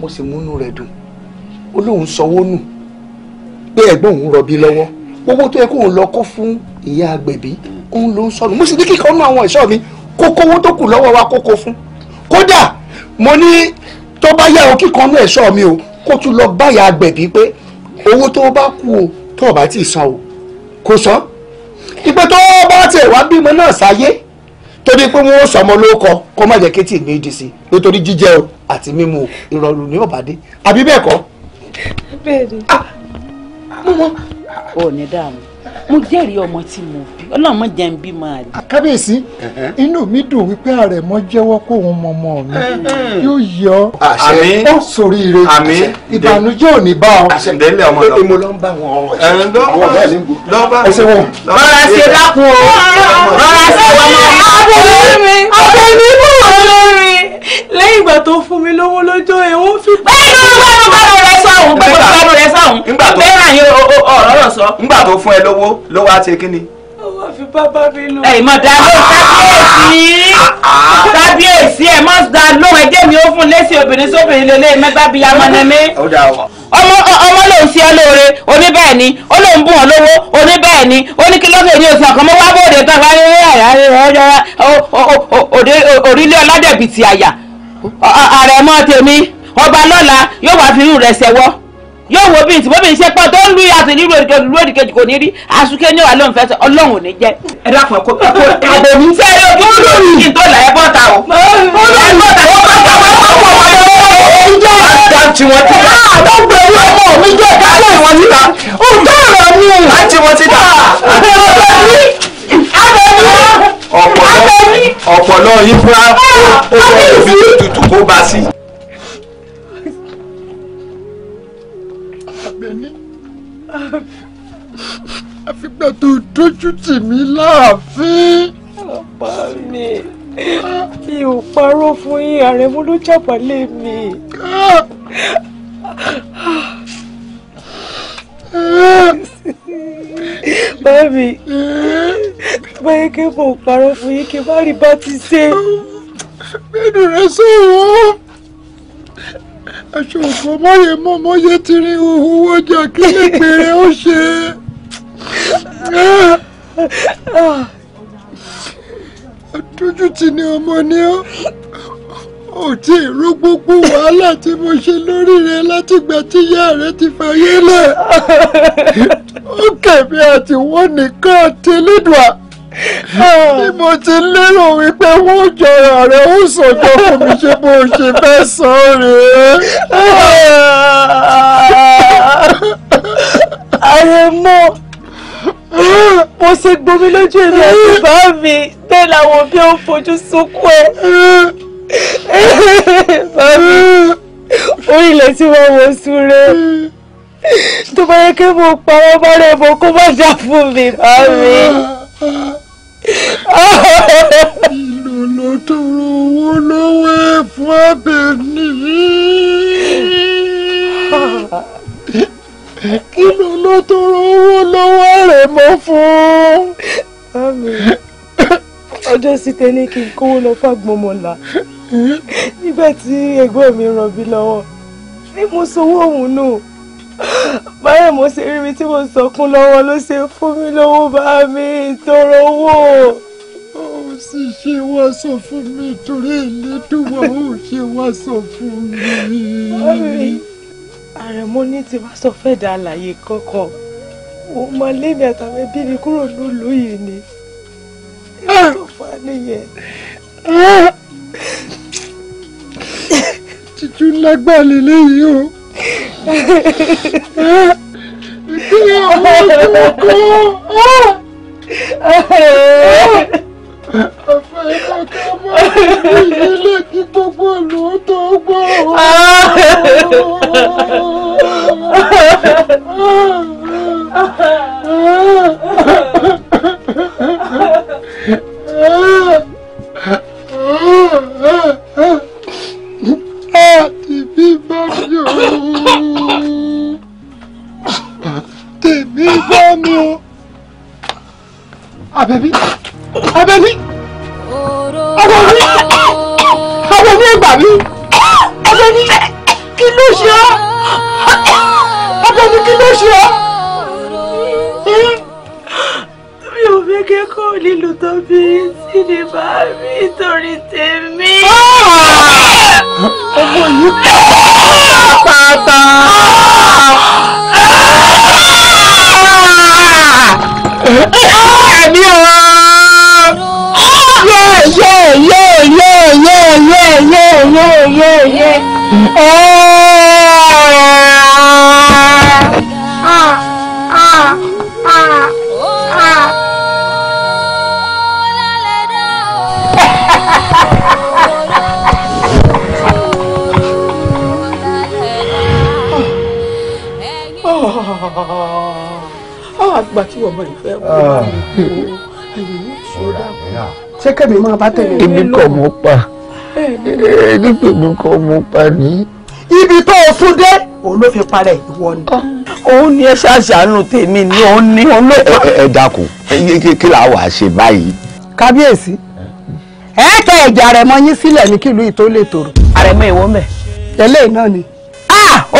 mo sì múnú rẹ̀ dùn ó lóun sanwó nù pé ẹ̀gbọ́n òun rọbí lọ́wọ́ owó tó yẹ kóun lọ kó fún ìyá agbẹ̀bí òun ló ń sọnù mo sì ní kíkọ́ nú àwọn ẹ̀ṣọ́ mi kó kówó tó kù lọ́wọ́ wa kó kó fún kódà mo ní tó bá yá o kíkan nú ẹ̀ṣọ́ mi o kó tún lọ báyà agbẹ̀bí pé owó tó bá kú o tó o bá ti san o kò san ìpè tó bá tiẹ̀ wá bímọ náà sáyé torí pé wọn ò sọmọ lóko kó má jẹ́ kétì méjì sí nítorí jíjẹ o àti mímu ìrọ̀rùn ní ọ̀bàdé àbí bẹ́ẹ̀ kọ́. bẹ́ẹ̀ ni. mo ah, mọ. o ò ní dààmú mo jẹ́rìí ọmọ tí mo bí ọlọ́run mọ̀ jẹun bí máa rí. kábíyèsí inú mi dùn wípé ààrẹ mọ jẹ́wọ́ kó òun mọ ọmọ mi yóò yọ àṣẹ ó sòrí ire ìbànújẹ́ ò ní bá ọ. àṣẹ̀dẹ́lẹ̀ ọmọ lọ mo lọ ń bá wọn ọ̀rọ̀ ẹ̀ lọ́wọ́ bẹ́ẹ̀ ni lọ́wọ́ ẹ wọn. rọra ṣe dákun o rọra ṣe wọn. ọkùnrin mi ọkùnrin mi kúrò lọ lẹ́yìn ìgbà tó fún mi lówó lọ́jọ́ ẹ̀ wọ́n fi. bẹ́ẹ̀ ló ń gbàgbọ́ báwo rẹ sọ̀hún gbogbo báwo rẹ sọ̀hún bẹ́ẹ̀ náà yóò ọ̀rọ̀ rọ̀ sọ. ńgbà tó fún ẹ lówó ló wá ṣe kínni. ọwọ́ fi bábá mi lò. ẹ mọ̀ dá lóhùn kábíyèsí kábíyèsí ẹ mọ̀ dá lóhùn ẹjẹ́ mi ó fún lẹ́sìn obìnrin sóbìnrin lélẹ́ mẹ́gbàbíyá mọ́nẹ́mí. ọmọ ọmọ lòun ṣe ẹ lóore oní bẹ́ẹ̀ ni ó lòun bùn ọ́ lówó oní bẹ́ẹ̀ ni ó ní kí lọ́sẹ̀ ní oṣù àkànmọ́ wá bóde tán wáyé ilé ọládẹ̀bí ti àyà àrẹ̀mọ tèmi ọba lọ́la yóò wá fi irú rẹ̀ ṣẹ̀wọ́ yóò wo bí ìtìmọ́bí iṣẹ́ pọ̀ tó ń lu àtìlú lódìkejì kò ní rí àsùké ní wàá fẹ́ sọ ọlọ́run ò ní jẹ́. ẹ dákun ẹkọ ẹkọ ẹkọ mi. ṣé ẹ yóò dúró lórí kí n tó là ẹ bọ́ta o. ẹ bọ́ta o bọ́ta o bọ́ta o bọ́ta o jẹ́. bàtà tí wọ́n ti ta. àwọn gbèrú ọmọ mi jẹ́ kálẹ̀ wọn níta. o tọrọ mi. bàtà tí wọ́n ti ta. àbẹ̀wò mi. àbẹ̀wò mi ọpọlọ yín fún ó bẹ̀rẹ̀ bí tutù kó bá sí. àfìgbà tó dójú tì mí láàfin. bàbá mi mi ò parọ́ fún yín àrẹ̀mú ló jàpálẹ̀ mi. Ah. Báàmì, báyé kí mo parọ́ fún yín kí má rí bá ti ṣe. Bẹ́ẹ̀ni rẹ̀ sọ̀rọ̀, aṣọ òkú ọmọye mọ́ ọmọye ti rí ohun ọjà kí lè pèrè ó ṣe. Àtúntò ti ní ọmọ ni ó ò tí ì rú gbogbo wàhálà tí mo ṣe lórí rẹ látìgbà tí ìyá rẹ ti fàyè lẹ̀ ó kẹ̀mí àti wọ́n nìkan àti Elédùà bí mo ti lérò wípé wọ́n jọ ààrẹ ó sọjọ́ fún mi ṣé bó ṣe fẹ́ sọ rèé. àrẹ̀mọ mo ṣe gbomi lójú èmi àti bàá mi bẹ́ẹ̀ làwọn òbí ò fojú sunkún ẹ bàbá orí ilẹ̀ tí wọ́n wọ súré tó bá yẹ kí mo parọ́ bọ́rẹ́ mo kó má dá fún mi bàbí. ìlòlò tọrọ owó lọ́wọ́ ẹ̀ fún abẹ́ni. kí ló ló tọrọ owó lọ́wọ́ rẹ̀ mọ́ fún. ọjọ́ sí tẹ́lẹ̀ kí n kówó lọ fàgbọ́n mọ́lá nígbà tí ẹ̀gbọ́n mi ràn mí lọ́wọ́ ni mo sanwó òun nù báyọ̀ mo ṣe rí mi tí mo sọkún lọ́wọ́ ló ṣe fún mi lówó bá mi tọrọ owó. ó sì ṣe wá sọ fún mi torí ìlédùnmọ̀ ó ṣe wá sọ fún mi. àrẹ̀mọ ní ti wá sọ fẹ́ dá àlàyé kankan òun máa lé mi àtàwọn ẹbí mi kúrò nílùú yìí ni. èmi tó fà nìyẹn títún lágbà lélẹ́yìí o ìpínlẹ̀ ọmọ ọdún kọ́ ọ̀fẹ́ ìkọ̀kẹ́ mọ́ ìdílé kí gbogbo ìlú tó gbọ́ Oh! tèmi gbọ́ mi o àbẹ̀bí àbẹ̀bí àbẹ̀bí àbẹ̀bí ẹgbà mi àbẹ̀bí kí ló ṣe ọ́ àbẹ̀bí kí ló ṣe ọ́. mi ò fẹ́ kẹ́kọ̀ọ́ nílùú tó bí sí ni bá mi torí tèmi. Ah! ọmọ yìí pátá. ẹ̀mí o yé yé yé yé yé yé yé yé yé. Ah, àgbà tí wọ́n bọ̀ ìfẹ́ ah. ṣé kẹ́mi máa bá tẹ̀lé èmi kọ́ mo pa èmi pè mí kọ́ mo pa ní. ibi tó o fún dé òun ló fi parẹ́ ìwọ ni. Ah, òun ni ẹ ṣàṣàánú tèmi ni òun ni òun ló. ẹ dákun kí la wàá ṣe báyìí. kábíyèsí ẹ tẹ ẹ̀jẹ̀ àrẹ̀mọ yín sílẹ̀ ní kílùú ìtó lè tòrò. àrẹ̀mọ ìwọ mẹ. eléyìí náà ni.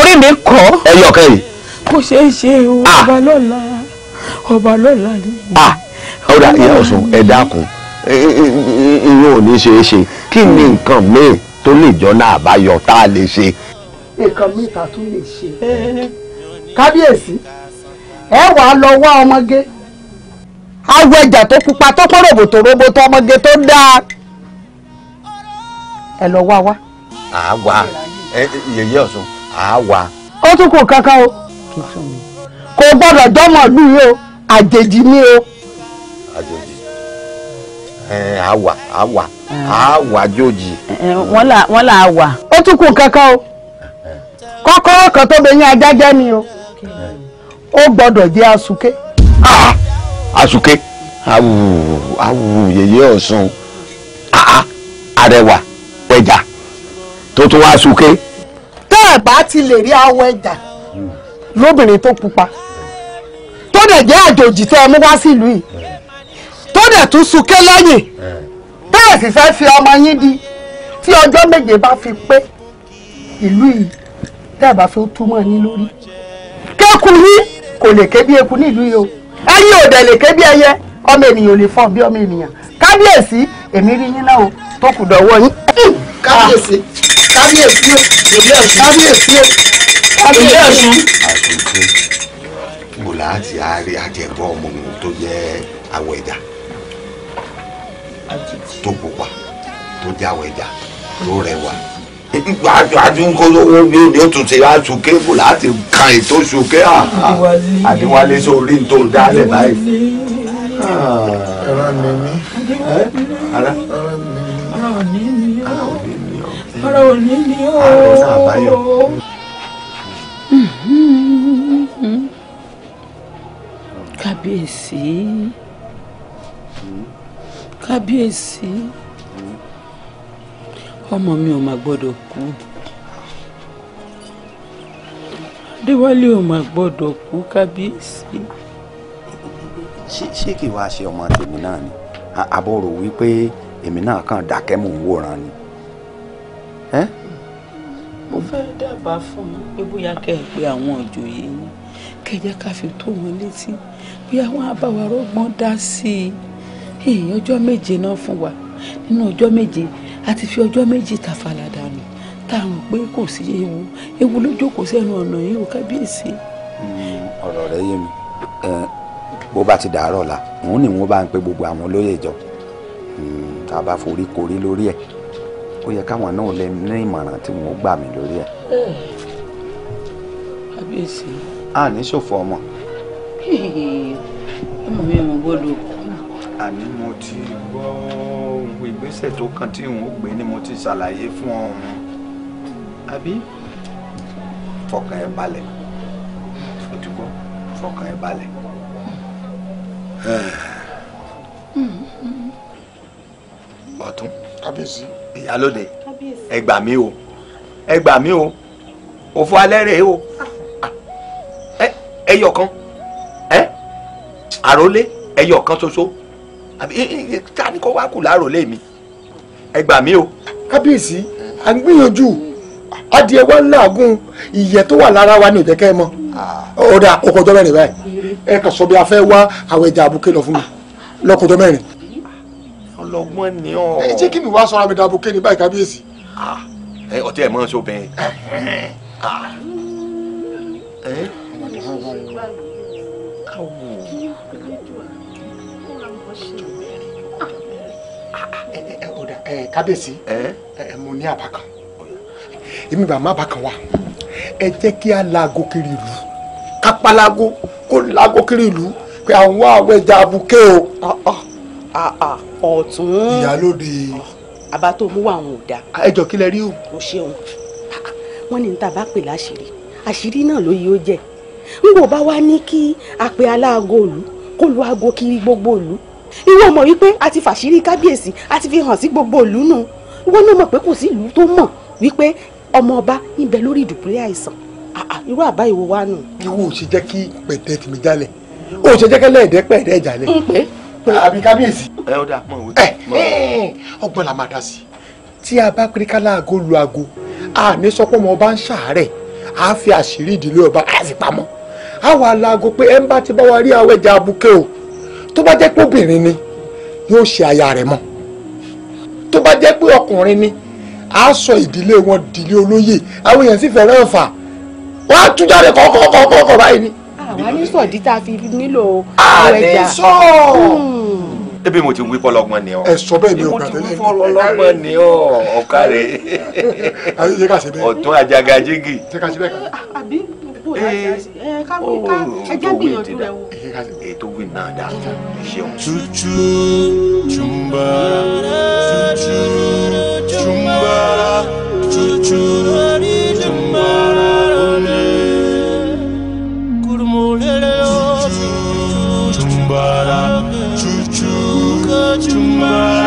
orí mi kọ́. ẹ yọ kẹ́yìn kò ṣeé ṣe o ah! ọba lọ́la ọba lọ́la ni. Ah! ọ̀dà ìyá ọ̀sùn ẹ dákun ìyẹn ò ní ṣeé ṣe kí ni hmm. nǹkan míì tó lè jọ́nà àbáyọ tá a lè ṣe. nǹkan míì ta tún lè ṣe kábíyèsí ẹ wàá lọ wá ọmọge awọ ẹjà tó pupa tó kó ròbòtò ròbòtò ọmọge tó dáa ẹ lọ wá wá. àá wá yèyé ọ̀sùn àá wá. ó tún kù kankan o fún mi kò gbọ́dọ̀ jọmọ lù yìí o àjèjì ni o. àjèjì àwà àwà àwà jòjì. wọ́n là á wà. ó tún kù kankan o kọ́kọ́rọ́ kan tó bẹ yín ajájá ni o ó gbọ́dọ̀ jẹ́ àsùké. àsùké awù awù yèyé ọ̀sán arẹwà ẹja tó tún wá àsùké. tẹ́ bá ti lè rí awọ ẹja lóbìnrin tó pupa tó dẹ̀ jẹ́ àjòjì tẹ́ ẹ mú wá sílùú yìí tó dẹ̀ tún súnké lẹ́yìn tẹ́ ẹ̀ sì fẹ́ fi ọmọ yín di tí ọjọ́ méje bá fi pé ìlú yìí tẹ́ ẹ̀ bá fi túmọ̀ yín lórí kéku yín kò lè ké bí eku nílùú yìí o ẹ̀yin ò dẹ̀ lè ké bí ẹyẹ ọmọ ènìyàn ò lè fọ́n bí ọmọ ènìyàn kábíyèsí èmi rí yín náà o tó kù dọ̀wọ́ yín. kábíyèsí kábíyèsí o kábíyèsí o àbílẹ̀ láti àárẹ̀ àjẹbọ ọmọ òun tó jẹ́ àwọ̀ ẹ̀dá tó pupa tó jẹ́ àwọ̀ ẹ̀dá tó rẹwà àdúgbò ni ó tún ti wá sun kébù láti kan ètò sun ké ah, ah, sórí tó ń dálẹ̀ báyìí. Ah. ara mi ni ara mi ni ara mi ara mi ni ara mi ara mi ni ara mi kábíyèsí kábíyèsí ọmọ mi ò mà gbọ́dọ̀ kú adéwálé ò mà gbọ́dọ̀ kú kábíyèsí. ṣé kí wàá ṣe ọmọ tèmi náà ni àbọ̀ wípé èmi náà kàn dákẹ́ mò ń wòran ni. Eh? mo fẹ́ dábàá fún yín pé bóyá kẹ́ ẹ pé àwọn ìjòyè yín kẹjẹ ká fi tó wọn létí bóyá wọn á bá wa rọ́gbọ́n dá sí i ọjọ́ méje náà fún wa nínú ọjọ́ méje a ti fi ọjọ́ méje tàfàlà dànù tá a rò pé kò sí ewu ewu ló jókòó sẹ́nu ọ̀nà yìí ò kábíyèsí. Hmm, ọ̀rọ̀ rẹ yé mi bó bá ti dàárọ̀ la òun ni wọ́n bá ń pe gbogbo àwọn olóyè jọ hmm, tá a bá forí korí lórí ẹ̀ ó yẹ káwọn náà lè ní ìmọ̀ràn tí wọ́n gbà mí lórí ẹ̀. Eh, kábíyèsí. a ní ṣòfò ọmọ. ọmọ mi ò gbọ́dọ̀ kú. àní mo ti gbọ́ ohun ìgbésẹ̀ tó kàn tí n ò gbé ni mo ti ṣàlàyé fún ọ̀run àbí fọkàn ẹ balẹ̀ o fọkàn ẹ balẹ̀. Eh. Hmm, hmm, hmm. ọ̀tún. kábíyèsí ìyálóde ẹ gbà mí o ẹ gbà o òfò alẹ́ rèé o ah. ẹyọ kan ẹ àròlé ẹyọ kan ṣoṣo àbí ta ni kò wá kù láròlé mi ẹ gbà o. kábíyèsí à ń gbìyànjú adìẹ wa ń làágùn ìyẹ́ tó wà lára wa ni ò jẹ́ kẹ́ ẹ mọ̀ ọ̀dà ah. ọkọ̀ ọjọ́ mẹ́rin báyìí ẹ kàn sọ bí a fẹ́ wá àwọn ẹja àbúké lọ fún mi lọ́kọ̀ ọjọ́ ọlọ́gbọ́n ni ọ. ẹ jẹ́ kí mi wá sọ́ra mi dàbò kéde báyìí kábíyèsí. ẹ ọtí ẹ máa ń sóbin. kábíyèsí mo ní àbá kan èmi bàá má àbá kan wà ẹ jẹ́ kí a laago kiri ìlú kápálágo kó laago kiri ìlú pé àwọn àwọn ẹja abuké o ọ̀tún. ìyálóde. àbá tó mú wa àwọn ò dáa. Ah, ẹ kí lẹ rí o. o ṣeun wọn ní ta bá pè láṣìírí àṣírí náà ló yí ó jẹ n kò bá wá ní kí a pe aláago òlu kó lu aago kiri gbogbo òlu ìwọ mọ̀ wípé a ti fàṣírí kábíyèsí a ti fi hàn sí gbogbo òlu nù ìwọ náà mọ̀ pé kò sí ìlú tó mọ̀ wípé ọmọ ọba ń bẹ lórí ìdùbúlẹ̀ àìsàn irú àbá ìwo wa nù. ìwọ ò ṣe jẹ́ kí pẹ̀tẹ́ tìmí jálẹ̀ o ò ṣe jẹ́ kẹ́lẹ́ ẹ̀dẹ́ pẹ̀ẹ́dẹ́ jálẹ̀. n pè é pé. àbí kábíyèsí. ẹ ọ̀dà mọ̀ wí. ẹ ọgbọ́n la máa dá sí tí a bá pín kálá aago lu aago a ní sọ pé ọmọ ọba ń ṣàárẹ̀ a fi àṣírí ìdílé ọba a sì pamọ́ a wà láago pé ẹ ń bá ti bá wa rí awẹ́jà abuké o tó bá jẹ́ pé obìnrin ni yóò ṣe aya rẹ̀ mọ́ tó bá jẹ́ pé ọkùnrin ni a sọ ìdílé wọn ìdílé olóyè àwọn èèyàn sì fẹ́ràn fà wọ́n á tú jáde kọ́kọ́kọ́kọ́ báyìí ni àwa ní sọ̀dí tá a fi nílò ọ̀rọ̀ ẹja. àní sọ. Hmm. ebi mo ti wí pọlọgbọn ni ọ. ẹ sọ bẹ́ẹ̀ mi ò kà tẹ́lẹ̀. mo ti wí pọlọgbọn ni ọ ọkà rẹ. ayé jẹ́ ká ṣe bẹ́ẹ̀. ọ̀tún àjàgà jígì. jẹ́ ká ṣe bẹ́ẹ̀ ká. àbí bò láti ẹ ká wí oh, ká oh, ẹ jẹ́ oh, gbìyànjú rẹ o. ètò wí náà dá ṣeun. chuchu chumba chuchu chumba chuchu chumba. chuchuka chumara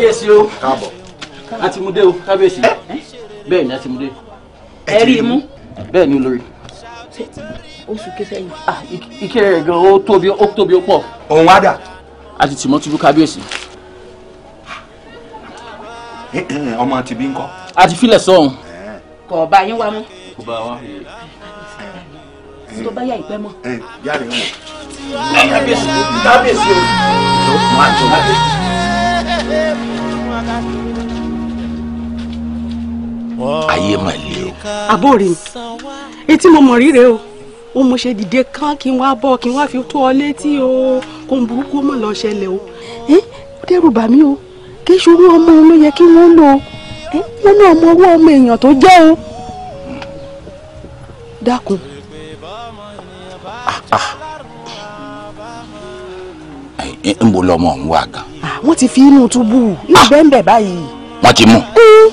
kábíyèsí o àtìmúdé o kábíyèsí eh? bẹ́ẹ̀ ni àtìmúdé. ẹ rí i mú. bẹ́ẹ̀ ni olórí. oṣù kẹsẹ̀ yìí. ah ike rẹ̀ gan ó tóbi ó tóbi ó pọ̀. òun á dà. a ti tìmọ́ tìlú kábíyèsí. Eh, eh, ọmọ ti bí ń kọ́. filẹ̀ sọ́hun. kò bá yín wá mú. kò bá wa. tó bá yà ìpẹ́ mọ́. yára ẹ̀ wọ̀. kábíyèsí o kábíyèsí o ayé mà le o. àbórí mi etí mo mọ̀ ríre o ó mo ṣe dìde kán kí n wá bọ́ kí n wá fi tó ọ létí o kó n burúkú mọ̀ lọ ṣẹlẹ̀ o ẹ dẹ́rù bà mí o kí ṣòro ọmọ ló yẹ kí wọ́n lò ó wọ́n ní ọmọ ọwọ́ ọmọ èèyàn tó jẹ́ o dákun. ah, ah. ń bo lọmọ ọ̀hún wà gan. Ah, wọ́n ti fi inú túbú inú ah! bẹ́ẹ̀nbẹ́ báyìí. wọ́n ti mú. ẹ̀yin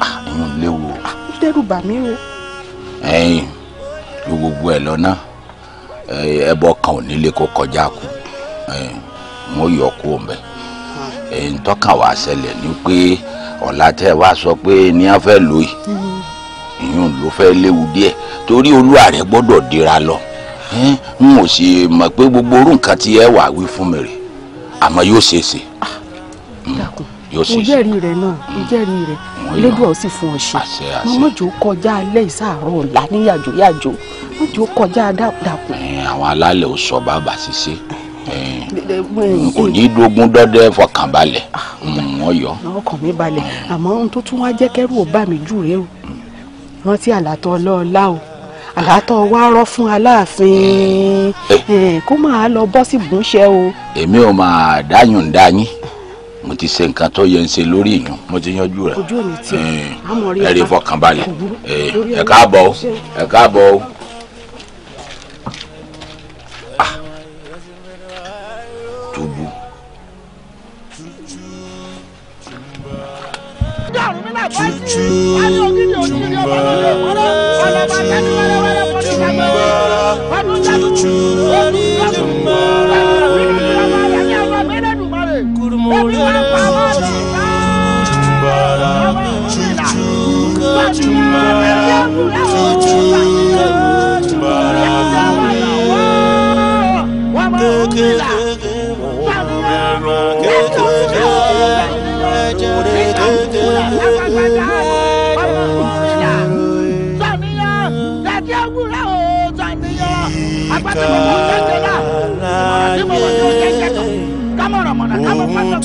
ah, léwu bà mí o. ló gbogbo ẹ̀ lọ́nà eh, ẹbọ kan ò nílé kó kọjá kù eh, yọ kú ọ̀nbẹ. ẹ̀yin tọ́kàn wà sọ pé ní a fẹ́ lóye mm-hmm. ìyún ló torí gbọ́dọ̀ dira lọ. n ò sì mọ̀ pé gbogbo orú nǹkan tí ẹ wà wí fún mi rè àmọ́ yóò ṣe é ṣe. Ah, mm, yóò ṣe é ṣe mo jẹ́rìí rẹ̀ náà mo mm, jẹ́rìí rẹ̀ lébùrọ̀ sì fún ọ ṣe mọ́mọ́jò kọjá alẹ́ ìsàárọ̀ ọ̀la níyàjò yàjò mọ́jò kọjá dàpọ̀. Eh, àwọn alálẹ̀ ò sọ bàbà ṣíṣe eh, eh, kò ní í dogun dọ́dẹ́ fọkànbalẹ̀ ah, mm, wọ́n yọ. ọkàn mi balẹ̀ àmọ́ ohun tó tún wá jẹ́ kẹ́rù ò bà mí jù rèé o rántí àlàtọ̀ ọlọ́ọ̀lá o àràtọ̀ wa rọ́ fún aláàfin eh. Eh, kó máa lọ bọ́ sí ìgbúnṣẹ́ o. èmi ò máa dáyùn dáyín mo ti ṣe nǹkan tó yẹ ń ṣe lórí ìyún mo ti yanjú rẹ eh, ẹ rí fọkànbalẹ̀ ẹ káàbọ̀ o ẹ káàbọ̀ o. tubu. tutu. true.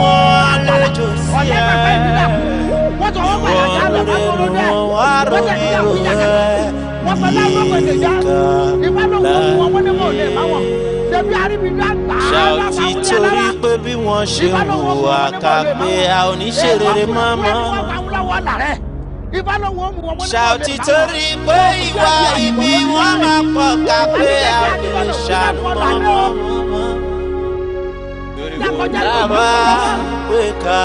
àwọn àlejò sí ẹ ìwọ ni wọn wá ròyìn rẹ yíká ṣàwùtì torí pé bí wọ́n ṣe ń hùwà ká a ò ní ṣe rere torí pé ìwà ibi wọ́n máa pọ̀ ká pé a ò kọjá lọ́wọ́ pẹ̀ka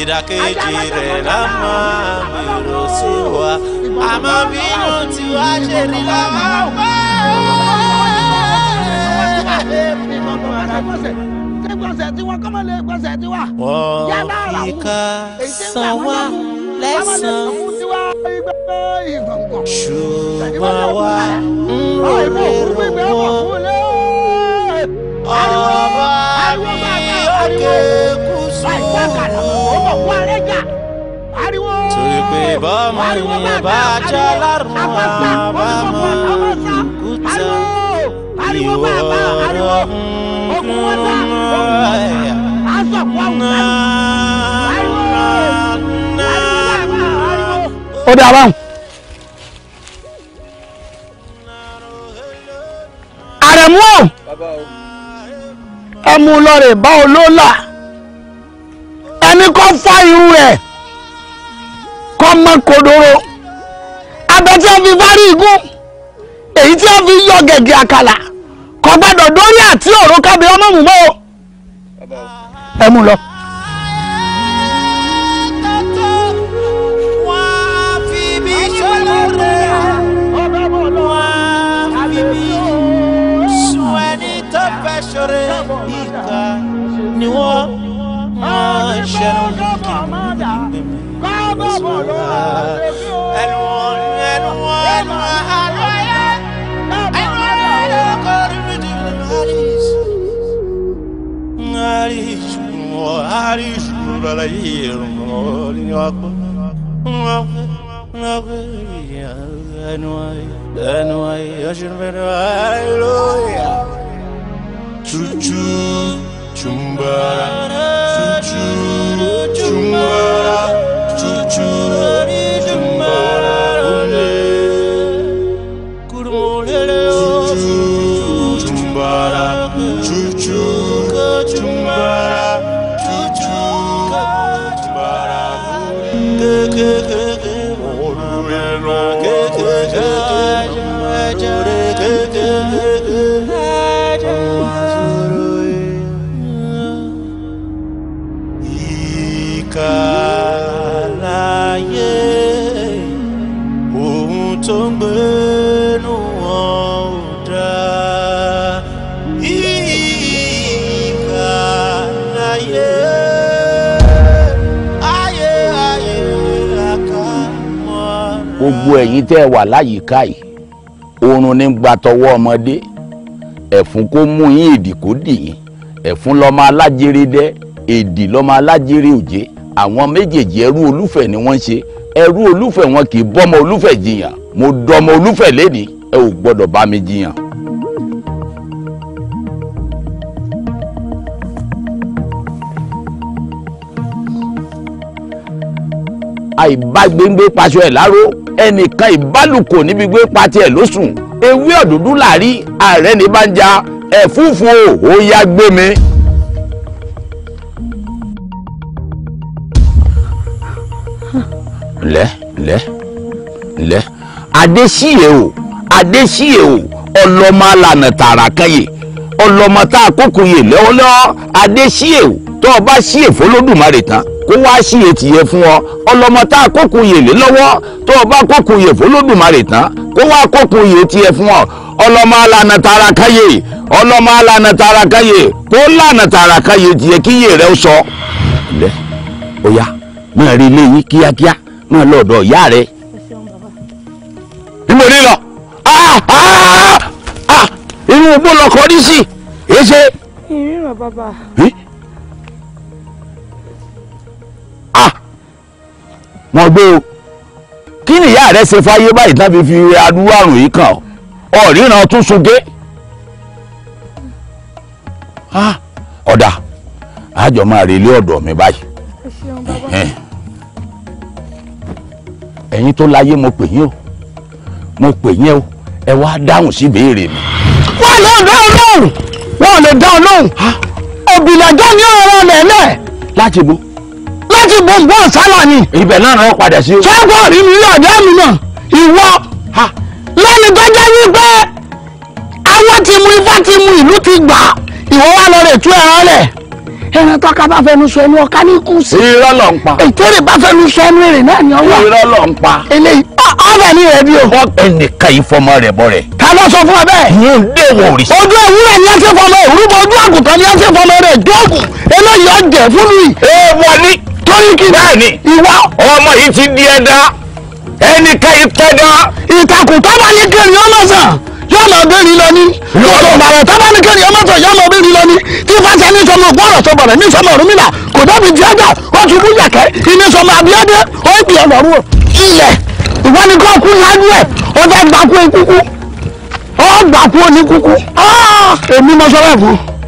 ìdàkejì rẹ̀ la máa bèrò sí wa àmọ́ bínú tí wá ṣe rí la wọ́n ìka san wá lẹ́sàn-án ṣùgbọ́n wá ń rere wọ́n bàbá mi òkè kùsùn torí pé bọ́mọ yẹn bá jẹ́ lárùn àbámọ́ kùtà ìwọ ọ̀rọ̀ ó dá báwọn. àrẹ̀mú ọ̀ ẹ mú un lọ́rẹ̀ bá olóòlà ẹni kọ́ fá irun rẹ̀ kọ́ mọ́ kodoro abẹ tí wọ́n fi fárí igun èyí tí wọ́n fi yọ gẹ̀gẹ̀ àkàlà kọ́ gbọ́dọ̀ dórí àti òrùka bí ọmọ mú mọ́ o lọ. Chuchu, chumbara, chuchu, chumbara. Good. gbogbo ẹ̀yin tẹ́ ẹ wà láyìíká yìí oorun ní gba tọwọ́ ọmọdé ẹ̀fún kó mú yín èdì kó dì yín ẹ̀fún lọ́mọ alájèrè dẹ́ èdì lọ́mọ alájèrè òjé àwọn méjèèjì ẹrú olúfẹ̀ ni wọ́n ṣe ẹrú olúfẹ̀ wọn kì í bọ́mọ olúfẹ̀ jiyàn mo dọmọ olúfẹ̀ lẹ́ni ẹ ò gbọ́dọ̀ bá mi jiyàn. àìbágbéngbé paṣọ ẹ̀ láró ẹnìkan ìbálùkò níbi gbé patí ẹ̀ ló ewé ọ̀dúndún làrí ààrẹ ní bá ń ja ẹ̀fúùfù ó yá gbé mi. lẹ́ lẹ́ lẹ́ adésíye o adésíye o ọlọ́mọ alànà tààrà kan yìí ọlọ́mọ tá a kókò yè lọ́wọ́lọ́wọ́ adésíye o tó o bá sí èfó lódùmarè tán kó wá sí etí yẹn fún ọ ọlọmọ tá a kókun yè lé lọ́wọ́ tó o bá kókun yè fó lódùmarè tán kó wá kókun yè tiẹ̀ fún ọ ọlọmọ alànà tààrà káyè ọlọmọ alànà tààrà káyè kó lànà tààrà káyè tiẹ̀ kí yè rẹ sọ. ẹ ó yá máa rí ilé yìí kíákíá máa lọ ọ̀dọ̀ ìyá rẹ. níbo ni lọ ah, ah, ah, inú igbó lọkọ rí sí èyí ṣe. ìríràn bàbá. ah wọn gbé o kí ni ìyá rẹ ṣe fáyé báyìí tán fi fi adúrú àrùn yìí kàn ọ ríran tún sunké ah! ọ̀dà àjọ máa relé ọ̀dọ̀ mi báyìí ẹ̀yin tó láyé mo pè yín o mo pè yín o ẹ wá dáhùn sí ìbéèrè mi. wọn lè dá olóhùn wọn lè dá olóhùn ah! òbílẹ̀ jọ́ ní ọ̀rọ̀ lẹ́lẹ̀. láti bó bá ti gbogbo ọ̀sálà ni. ibẹ̀ náà náà padà sí o. sọ́kọ̀ rí mi ọ̀dọ́ mi náà ìwọ lẹ́ni tó jẹ́ wípé àwọn ti mu ifá ti mu ìlú ti gbà ìwọ wa lọ rè tú ẹran lẹ̀ ẹran tó ká bá fẹnu sọ ẹnu ọ̀ká ní kù sí. irọ́ ló ń pa. ìtẹ́rẹ̀ bá fẹnu sọ ẹnu èrè náà ni ọwọ́. irọ́ ló ń pa. eléyìí ọbẹ̀ ní rẹ̀ bí o. wọ́n ẹnìkan yìí fọmọ rẹ̀ bọ̀ rẹ̀. ta ló sọ fún ọ bẹ́ẹ̀. mo ń dé wò rí. ojú ewúrẹ́ ni a ti fọmọ òrùbọ ojú àgùntàn ni a ti fọmọ rẹ̀ jókòó eléyìí ọjẹ fún mi. ee wọlé. lórí kí. bẹ́ẹ̀ni ìwọ. ọmọ yìí ti di ẹ̀dá ẹnikẹ́ ìpẹ́dá. ìtàkùn tábàlíkèrè ọlọ́sàn yóò lọ bẹ́ẹ̀rì lọ ní. yóò bàrẹ̀ tábàlíkèrè ọlọ́sàn yóò lọ bẹ́ẹ̀rì lọ ní. tí fàṣẹ ní sọmọ gbọ́rọ̀ sọ bọ̀rẹ̀ ní sọmọ kò di ẹ̀dá ti bú yàkẹ́ sọmọ ó ń ilẹ̀ kú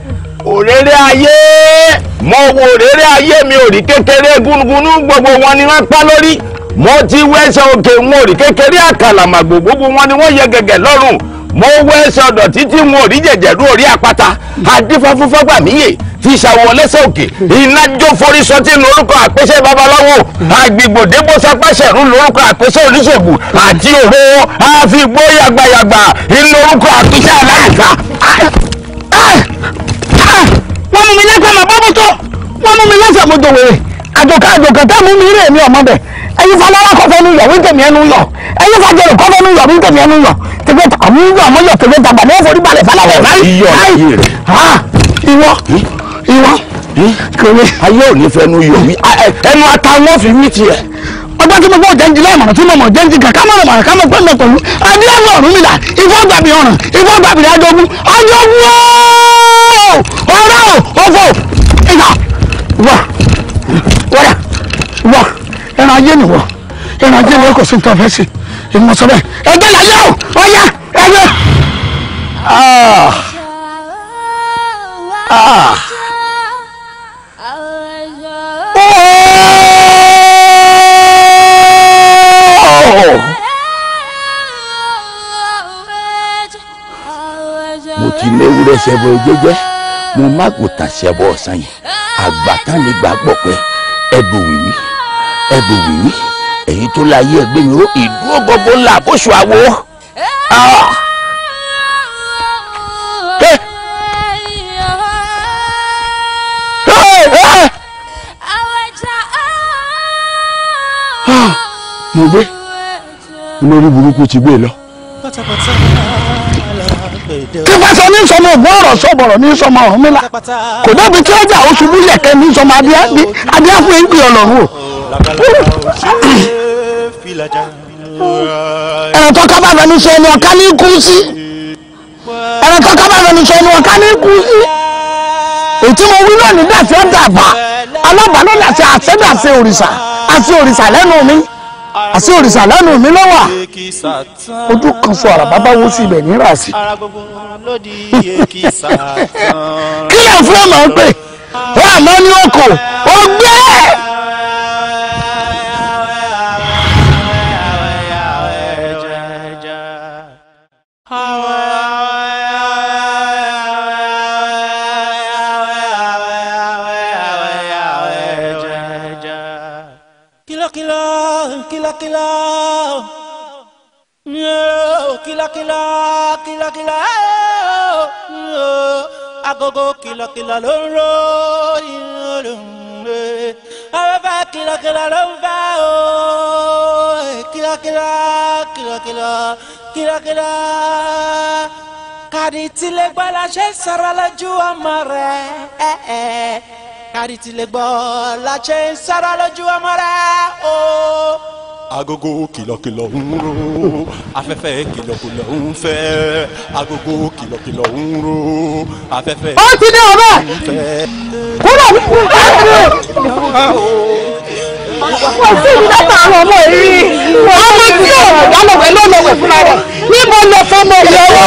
òrèrè ayé mo wo òrèrè ayé mi ò rí kékeré gúnugúnú gbogbo wọn ni wọ́n pa lórí mo ti wẹ́sẹ̀ òkè wọn ò rí kékeré àkàlàmàgbò gbogbo wọn ni wọ́n yẹ gẹ̀gẹ̀ lọ́rùn mo wẹ́sẹ̀ ọ̀dọ̀ títí wọn ò rí jẹ̀jẹ̀rú orí àpáta adífáfúnfágbà míyè ti ṣàwọ̀ lẹ́sẹ̀ òkè iná jó forí sọtí lórúkọ àpèsè babaláwo àgbègbòdé bóṣapáṣẹ̀rú lórúkọ àpèsè oníṣègùn àti òró àfigbó yàgbàyàgbà ìlórúkọ àpèsè aláìsà. Ah! Ah! mú mi lẹ́gbẹ̀ẹ́ màá bọ́bọ̀ tó wọ́n mú mi lẹ́sẹ̀ mo dòwèrè àjòkà àjòkà tá mú mi rí èmi ọmọ bẹ̀ ẹyin fa lọ́wọ́ kọ́fẹ́ nu yọ̀ wíńtẹ̀mí ẹnu yọ̀ ẹyin fa jẹrò kọ́fẹ́ nu yọ̀ wíńtẹ̀mí ẹnu yọ̀ tẹ̀gbẹ́ tàmú yọ̀ mọ́ yọ̀ tẹ̀gbẹ́ tàgbà mọ́ forí balẹ̀ falẹ̀ báyìí. ìwọ hm? ìwọ hm? kèrè. ayé ò ní fẹ́ nu yọ̀ mí ẹnu àtàwọn fi mí tiẹ̀ ọjọ́ tí mo bọ́ jẹ́njí lẹ́mọ̀ràn tí mo mọ̀ jẹ́njí kà ká mọ̀ràn mọ̀ràn ká mọ̀ pẹ́ mẹ́tọ̀lú adílẹ́mọ̀rún mi là ìfọ́gbàbí ọ̀ràn ìfọ́gbàbí adógún adógún ooo ọ̀rọ̀ ọ̀gbọ̀ ẹ̀yà wà wọ́dà wà ẹran ayé nìwọ ẹran ayé nìwọ kò sí nǹkan fẹ́ sí ìmọ̀sọ bẹ́ẹ̀ ẹgbẹ́ láyé o ọ̀yà ẹgbẹ́. Ah. ah. Oh. mo ti léwu lẹsẹ bọ jẹjẹ mo má gòtà ṣẹbọ ọ̀sán yìí àgbàtàn lè gbà gbọ̀ pé ẹbù wì mí ẹbù wì mí èyí tó láyé ẹgbẹ́ mi ó ìdúró gbogbo ńlá àbóṣù àwo. mo gbé mo burúkú ti gbé lọ. pátápátá tí wọ́n sọ ní sọmọ ògùn ọ̀rọ̀ sọ̀bọ̀rọ̀ ní sọmọ Ọ̀rúnmìlà kò débi tí ọjà òṣùbù yẹ̀kẹ́ ní sọmọ adíáfún ìgbì ọlọ́run o. ẹ̀rọ tó ká bá fẹnu sọ ẹni ọ̀ká ní kú sí ẹ̀rọ tó ká bá sọ ẹni ọ̀ká ní kú sí ètí mo wí náà nígbà tí ó dàgbà alábàánú làti àṣẹ́dàṣe òrìṣà àti òrìṣà lẹ́nu mi àti òrìṣà lẹ́nu mi lọ́wọ́ ojú kan sọ àràbá bá wó sí ibẹ̀ ní ràásì. kí lè fún ọmọ ń pè wọn àmọ́ ní ọkọ̀ ọgbẹ́. kìlọ̀kìlọ̀ kìlọ̀kìlọ̀ eh, agogo kìlọ̀kìlọ̀ ló ń ro afẹ́fẹ́ kìlọ̀kìlọ̀ ló ń fẹ́ o kìlọ̀kìlọ̀ kìlọ̀kìlọ̀ kìlọ̀kìlọ̀ kàdí tilẹ̀ gbọ́ la ṣe sọ̀rọ̀ lójú ọmọ rẹ̀ ẹ̀ eh, ẹ̀ eh. kàdí tilẹ̀ gbọ́ la ṣe sọ̀rọ̀ lójú ọmọ rẹ̀ o. Oh agogo kìlọ̀kìlọ̀ ń ro afẹ́fẹ́ kìlọ̀kìlọ̀ ń fẹ́ agogo kìlọ̀kìlọ̀ ń ro afẹ́fẹ́. ó ti dé ọbẹ̀ kúrò wọ́n sì ní dáta àwọn ọmọ èrí wọ́n mú tí ò lọ́lọ́wẹ́ lọ́lọ́wẹ́ fúnra rẹ̀ níbo lọ fọmọ ìyàwó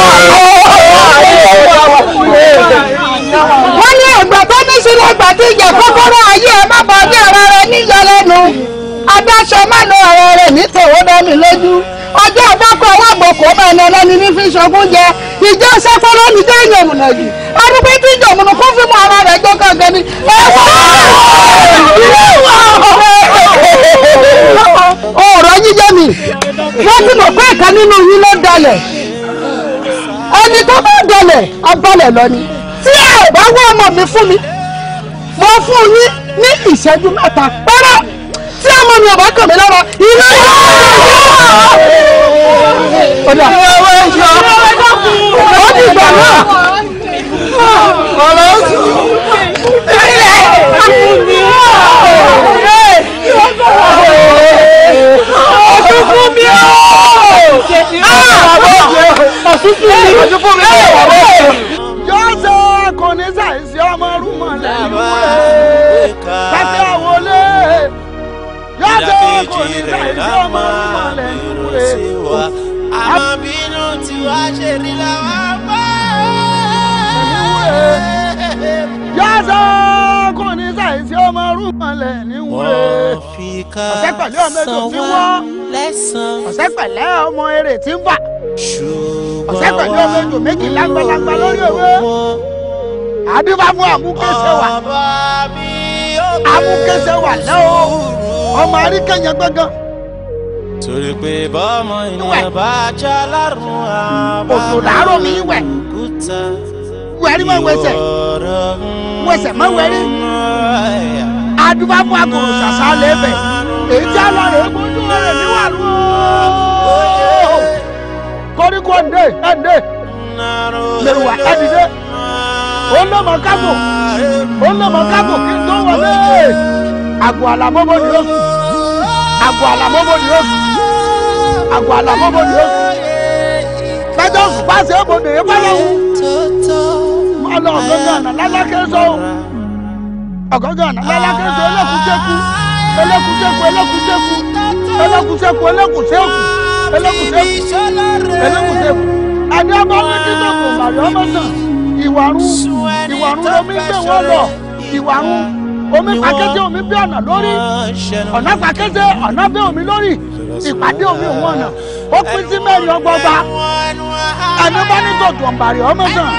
wọ́n ní ẹ̀gbọ́n tó ní sílẹ̀ gbàdúgbà kọ́kọ́rọ́ ayé ẹ̀ má bọ̀ ní ara rẹ̀ níyọ lẹ́nu. adáṣọ mọ́nà ọ̀rọ̀ rẹ̀ ní tòwó lọ́mi lójú ọjọ́ ọ̀bọ́kọ̀ e àgbọ̀kọ̀ ọmọ ẹ̀nà ọlọ́ni ní fi ṣọgún jẹ ìjọ ṣẹ́fọ́ lónìí dé èèyàn òmùnà yìí tí kún fún ara rẹ̀ jó ọ̀rọ̀ mi wọ́n ti mọ̀ pé ìkan nínú yín ló dalẹ̀ ẹni tó bá dalẹ̀ abalẹ̀ tí bá fún mi mo fún yín ní ìṣẹ́jú mẹ́ta pẹ́rẹ́. ọmọ mi ọba kàn mí lára ilé ìwé ọ̀dà ìwé ìjọ ó ti gbà náà ọ̀rọ̀ oṣù ilé mọ̀lẹ̀ ní wúre. ọ̀sẹ̀ pẹ̀lẹ́ ọmọ ètò tí wọ́n. ọ̀sẹ̀ pẹ̀lẹ́ ọmọ eré tí ń bà. ọ̀sẹ̀ pẹ̀lẹ́ ọmọ ètò méjì lágbàlagbà lórí òwe. àdìbà fún àmúkẹ́sẹ̀ wà. àmúkẹ́sẹ̀ wà lẹ́wọ̀ ọmọ aríkẹ́yẹ gbẹ́gàn. torí pé bọ́mọ iná bá já lárùn àbá. òtò làárọ̀ mi wẹ̀. wẹ̀rí mọ̀ wẹsẹ̀ wẹsẹ̀ mọ̀ wẹ̀rí adúbámú agolo ṣàṣà lẹ́bẹ̀ èyí tí rẹ̀ gbójú rẹ̀ níwàlú koríko ǹdẹ ǹdẹ lèrúwà ẹ̀dìdẹ olómọ kágò olómọ kágò kí n tó wọlé àgọ́ àlàmọ́bọ̀ ni ó sùn àgọ́ ni ó sùn àgọ́ ni ó sùn pẹ́jọ́ sùpàṣẹ òbòdè yẹn bá lọ́wọ́ má lọ ọ̀gọ́gọ́ àná lálákẹ́ ọ̀gángànà lẹ́lákẹ́sẹ̀ ẹlẹ́kùjẹ́kù ẹlẹ́kùjẹ́kù ẹlẹ́kùjẹ́kù ẹlẹ́kùjẹ́kù ẹlẹ́kùjẹ́kù ẹlẹ́kùjẹ́kù ẹlẹ́kùjẹ́kù adébọ́lá títà kò màrí ọmọ sàn ìwàrún ìwàrún omi gbẹ̀wọ́ lọ ìwàrún omi pàkẹ́tẹ́ omi bí ọ̀nà lórí ọ̀nà pàkẹ́tẹ́ ọ̀nà bí omi lórí ìpàdé omi òun ọ̀nà ó pín sí mẹ́rin ọgbọgba adébọ́lá títà kò màrí ọmọ sàn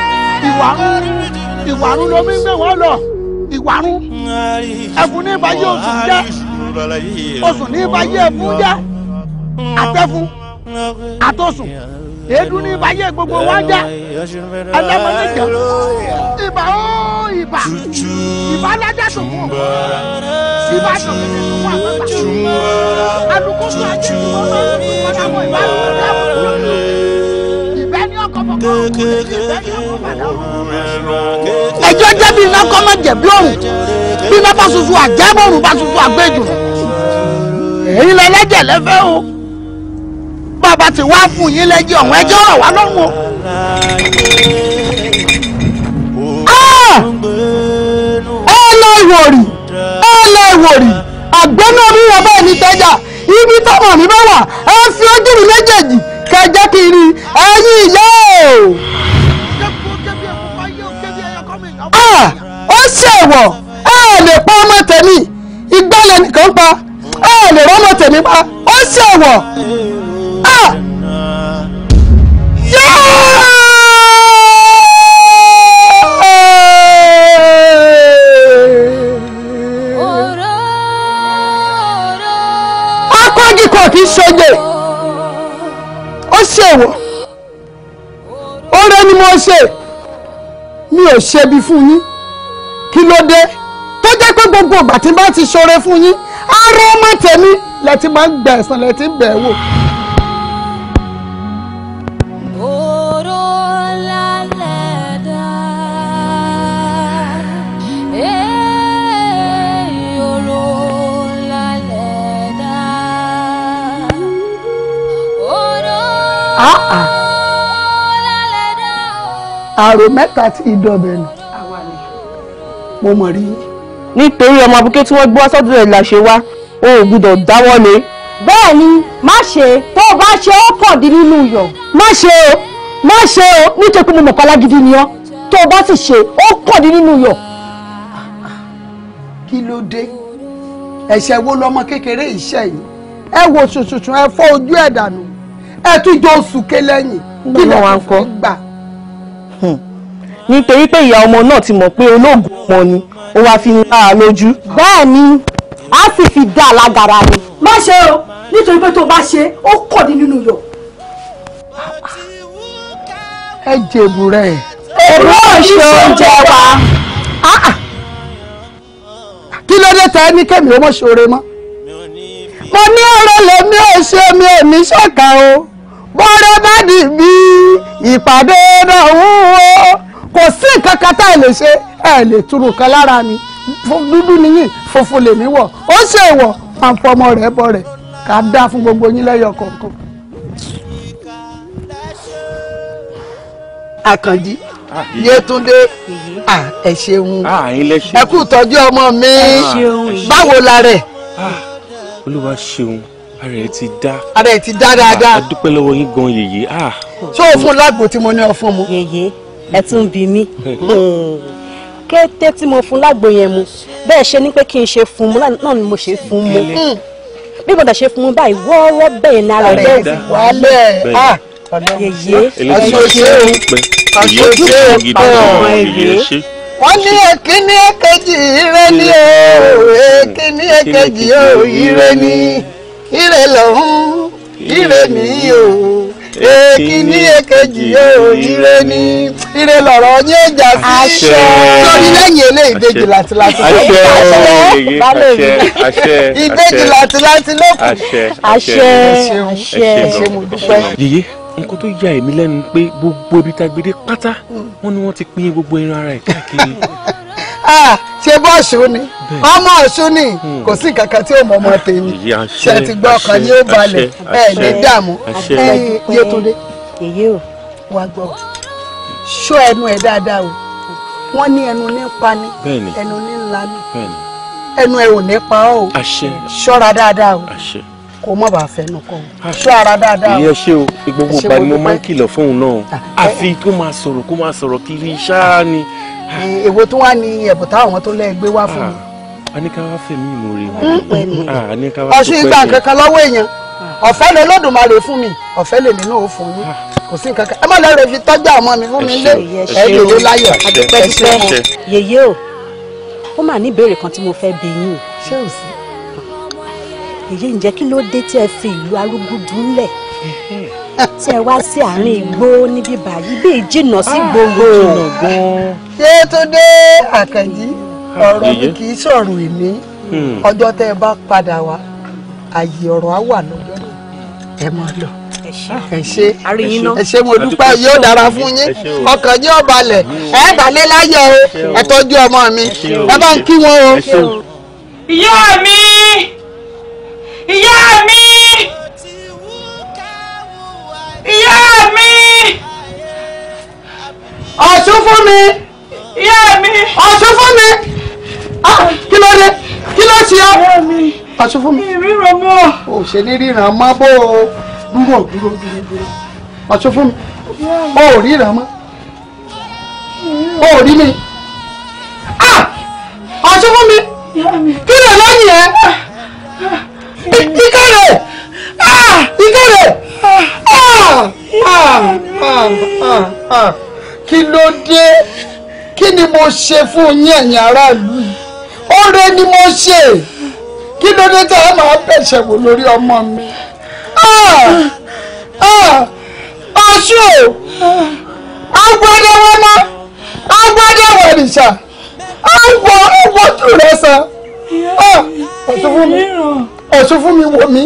ìwàrún ìwàrún omi gbẹ̀wọ́ lọ ìwárún ẹfun ní ìbáyé oṣù jẹ oṣù ní ìbáyé ẹfun jẹ àtẹfun àtọsùn èédú ní ìbáyé gbogbo wa jẹ ẹlẹmọlẹjẹ ìbà ó ìbà ìbà alájà tó fún ọ ìbà tó fi ní ìtumọ̀ àgbàgbà alukóso àti ìtumọ̀ máa ń fi padà mọ ìbá lóore dáàbò lórí ẹjọ́ jẹ́ bí iná kọ́ máa jẹ̀bi òrùn bí iná bá ṣoṣo àjẹ́bọ̀ òrùn bá ṣoṣo àgbẹ̀jù èyí lẹ́lẹ́jẹ̀ lẹ́fẹ́ o bàbá ti wá fún yín lẹ́jẹ̀ ọ̀hún ẹjọ́ rọ̀ wá lọ́rùn o. ẹlẹ́wòrì ah! ẹlẹ́wòrì àgbẹ̀ náà mi wọ́n bá ẹni tẹ́jà ibi tọ́mọ̀ mi bá wà ẹ fi ojú mi méjèèjì kẹjẹ́ kiri ẹ̀yin ìyá o. Ah, ó ṣèwọ̀ ẹ lè pa ọmọ tèmi ìgbálẹ̀ nìkan pa ẹ lè rọ́mọ tèmi pa ó ṣèwọ̀. Yeah! kò kí ṣoje ó ṣèwọ̀ ọ̀rẹ́ ni mo ṣe mi ò ṣebi fún yín kí ló dé tó jẹ́ pé gbogbo ìgbà tí bá ti ṣoore fún yín ara ọmọ tèmi lẹ ti máa ń gbẹ̀san lẹ ti ń bẹ̀ wò. àrò mẹ́ta tí ìdọ̀bẹ̀ nù mo mọ̀ rí. nítorí ọmọ abúké tí wọ́n gbọ́ sọ́dọ̀ ẹ̀ là ṣe wá o ò gbúdọ̀ dáwọ́ lé. bẹ́ẹ̀ ni má ṣe tó o bá ṣe ó pọ̀ dín nínú iyọ̀. má ṣe o má ṣe o nítorí pé mo mọ̀ pálá gidi ni ọ́ tó o bá sì ṣe ó pọ̀ dín nínú iyọ̀. kí ló dé ẹ̀ṣẹ̀ wo lọmọ kékeré iṣẹ́ yìí ẹ wo ṣùṣùṣù ẹ fọ́ ojú ẹ̀ dànù ẹ tún jọ oṣù ké kí lọ́wọ́ ń gbà. Hmm. nítorí pé ìyá ọmọ náà ti mọ̀ pé olóògùn ọmọ ni ó wáá fi ń lára lójú. bẹ́ẹ̀ ni a sì fi dá a lágara ni. má ṣe o nítorí pé tó o bá ṣe ó kọ̀ ní nínú yọ. ẹ jèbù rẹ. èrò ìṣe oúnjẹ wa. Ah, ah. kí ló dé ta ẹ ní kẹ́mi ó ṣoore mọ́. mo ní ọ̀rọ̀ lèmi ò ṣe mi ò ní ṣèkà o bọ́ọ̀rẹ́ bá dì bí ìpàdé lọ́hùn o kò sí nǹkan kan tá ẹ lè ṣe ẹ lè túrú kan lára mi dúdú nìyí funfun lèmi wọ̀ ó ṣe ìwọ̀ pàǹpọ̀ ọmọ rẹ̀ bọ̀ rẹ̀ ká dá fún gbogbo yín lẹ́yọ kọ̀ọ̀kan. Àkànjí Yétúndé mhm. ẹ ṣeun ẹ kú tọ́jú ọmọ mi báwo la rẹ̀. Olúwa ṣeun ara ẹ ti dá. ara ẹ ti dá dáadáa. a dúpẹ́ lọ́wọ́ yín gan yèyé. ṣé o fún lágbo tí mo ní ọ fún mu. yèyé ẹ tún bí mi hmm. kété tí mo fún lágbo yẹn mu bẹ́ẹ̀ ṣe ni pé kí n ṣe fún mu náà ni mo ṣe fún mu hmm. bí mo dà ṣe fún mu báyìí wọ́ọ́rọ́ bẹ́ẹ̀ ni ara ẹ̀ dá wálẹ̀ ah! yèyé aṣojú aṣojú ọ̀pọ̀ ẹ̀yẹ wọ́n ní èkíní èkejì ire ni o èkíní èkejì ire ni ire lọ́hún ire nìyí o èkíní èkejì o ire ni ire lọ̀rọ̀ yín ẹ̀jà sí lórí lẹ́yìn eléyìí ìbejì làtìlàtì ló kù àṣẹ àṣẹ ìbejì làtìlàtì ló kù àṣẹ àṣẹ àṣẹ mo dúpẹ́. yìí nǹkan tó ya èmi lẹ́nu pé gbogbo ibi tá a gbé dé pátá hmm. wọ́n ní wọ́n ti pín gbogbo irun ara ẹ̀ káàkiri Ah, ṣe bọ́ ọ̀ṣun ni ọmọ ọ̀ṣun ni hmm. kò sí nǹkan kan tí ó mọ ọmọ tèmi ṣe ti gbọ́ ọkàn yóò balẹ̀ ẹ ní dààmú ẹyin Yétúndé wà gbọ́ ṣó ẹnu ẹ dáadáa o wọ́n ní ẹnu ní pa ẹnu ní ńlá ẹnu ẹ ò ní pa ọ́ o ṣọ́ra dáadáa o kò mọ̀ bá fẹ́ nu kọ́ ṣọ́ ara dáadáa. ìyẹn ṣé o gbogbo ìgbà ni mo máa ń kìlọ̀ fóun náà ah, àfi kó máa sọ̀rọ̀ kó máa sọ̀rọ̀ kiri ṣáá ni èwo tó wà ní ẹ̀bùn táwọn tó lẹ́ẹ̀ gbé wá fún mi. aníkàwá fèmí ìmòrè wọn. ọ̀sùn ìgbà kankan lọ́wọ́ èèyàn ah. ọ̀fẹ́ lè lódùmarè fún mi ọ̀fẹ́ lèmi náà ó fún yín ah. kò sí nǹkan kan ẹ má lẹ́rọ fi tọ́jú àmọ́ mi fún mi lé ẹ̀ẹ́dẹ̀ẹ́dẹ́ láyọ̀ adúpẹ́dúpẹ́. yèyé o ó mà ní ìbéèrè kan tí mo fẹ́ bi yín o. ṣé o sí. yèyé ǹjẹ́ kí ló dé tí ẹ fi ìlú arúgbó dùn tí ẹ wá sí àárín igbó níbí báyìí bí ìjìnà sí ah, gbogbo ṣé tó dé àkànjí ọ̀rọ̀ mi kì í sọ̀rọ̀ èmi hmm. ọjọ́ tẹ́ ẹ bá padà wá àyè ọ̀rọ̀ á wà lọ́jọ́ ẹ máa lọ ẹ ṣé ah, ẹ ṣé mo dúpẹ́ yóò dára fún yín ọkàn yín balẹ̀ ẹ balẹ̀ láyọ̀ o ẹ tọ́jú ọmọ mi ẹ bá ń kí wọn o. ìyá mi ìyá mi. ọ̀ṣun fún mi. ìyá mi. ọ̀ṣun fún mi. Ah, kí ló dé kí ló ṣe ọ́. ìyá mi ọ̀ṣun fún mi. ìríran mọ́. o ṣe ní ríran mọ́ bó o dúró dúró dúró dúró ọ̀ṣun fún mi. o ò ríran mọ́. o ò rí mi. Ah, ọ̀ṣun fún mi. kí ló lọ́yìn ẹ. ìkẹrẹ ah, ìkẹrẹ. Ah, ah, ah, ah kí ló dé kí ni mo ṣe fún yín ẹ̀yin aráàlú oore ni mo ṣe kí ló dé tá a máa bẹ̀ṣẹ̀ wò lórí ọmọ mi. ọṣù agbọ́dẹ́wọ́ náà agbọ́dẹ́wọ́ nìṣà àwọ̀ àwọ̀ tó rẹ̀ sàn ah! ọ̀ṣun fún mi ọ̀ṣun fún mi wò mí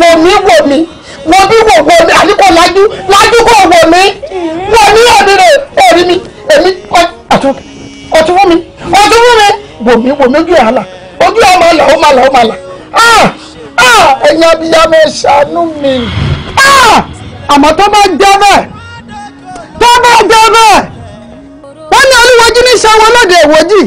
wò mí wò mí wo bí wò wò mí àní kò lajú lajú kò wò mí wò ní òní rè òní mi èmi ọtún fún mi ọtún fún mi wò mí wò mí ojú ẹ̀ hàlà ojú ẹ̀ máa là ó máa là ó máa là ẹ̀yin abiyamọ ẹ̀ ṣàánú mi àmọ́ tó bá jẹ́ bẹ́ẹ̀ tó bá jẹ́ bẹ́ẹ̀ wọ́n ní olúwojú ní sanwó lóde ìwòjì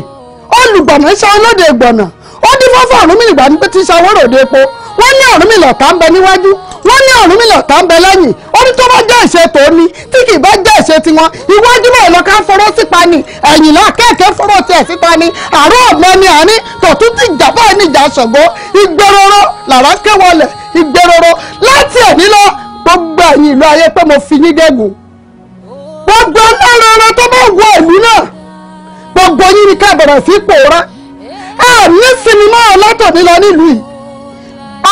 olùgbọ̀nà sanwó lóde ìgbọ̀nà ó dín fọ́fọ́ ọ̀rúnmìlì gbà ní pé ti sanwó ròde epo wọ́n ní ọ̀rúnmìlì ọ̀tá ń bẹ níwájú wọ́n ní ọ̀rùn mi lọ̀tá ń bẹ lẹ́yìn ó ní tó bá jẹ́ ìṣe tòóní tí kì í bá jẹ́ ìṣe tiwọn iwájú bẹ́ẹ̀ lọ ká fọ̀rọ̀ sípa ni ẹ̀yìn lọ kẹ́kẹ́ fọ̀rọ̀ tiẹ̀ sípa ni àárọ̀ ọ̀gbẹ́ ni àárín tọ̀tún ti jà báyìí níjà ṣọ̀gbó ìgbéròrò làrá kéwọlẹ̀ ìgbéròrò láti ẹ̀mí lọ gbogbo ẹ̀yìn ìlú ayé pé mo fi yín gégùn gbogbo ẹlẹ́rọ̀ọ́rọ̀ tó bá wọ ìlú náà gbogbo yín ni ká bẹ̀rẹ̀ sí pòórá ẹ̀ ní sinimá ọlọ́tọ̀ nílọ nílùú yìí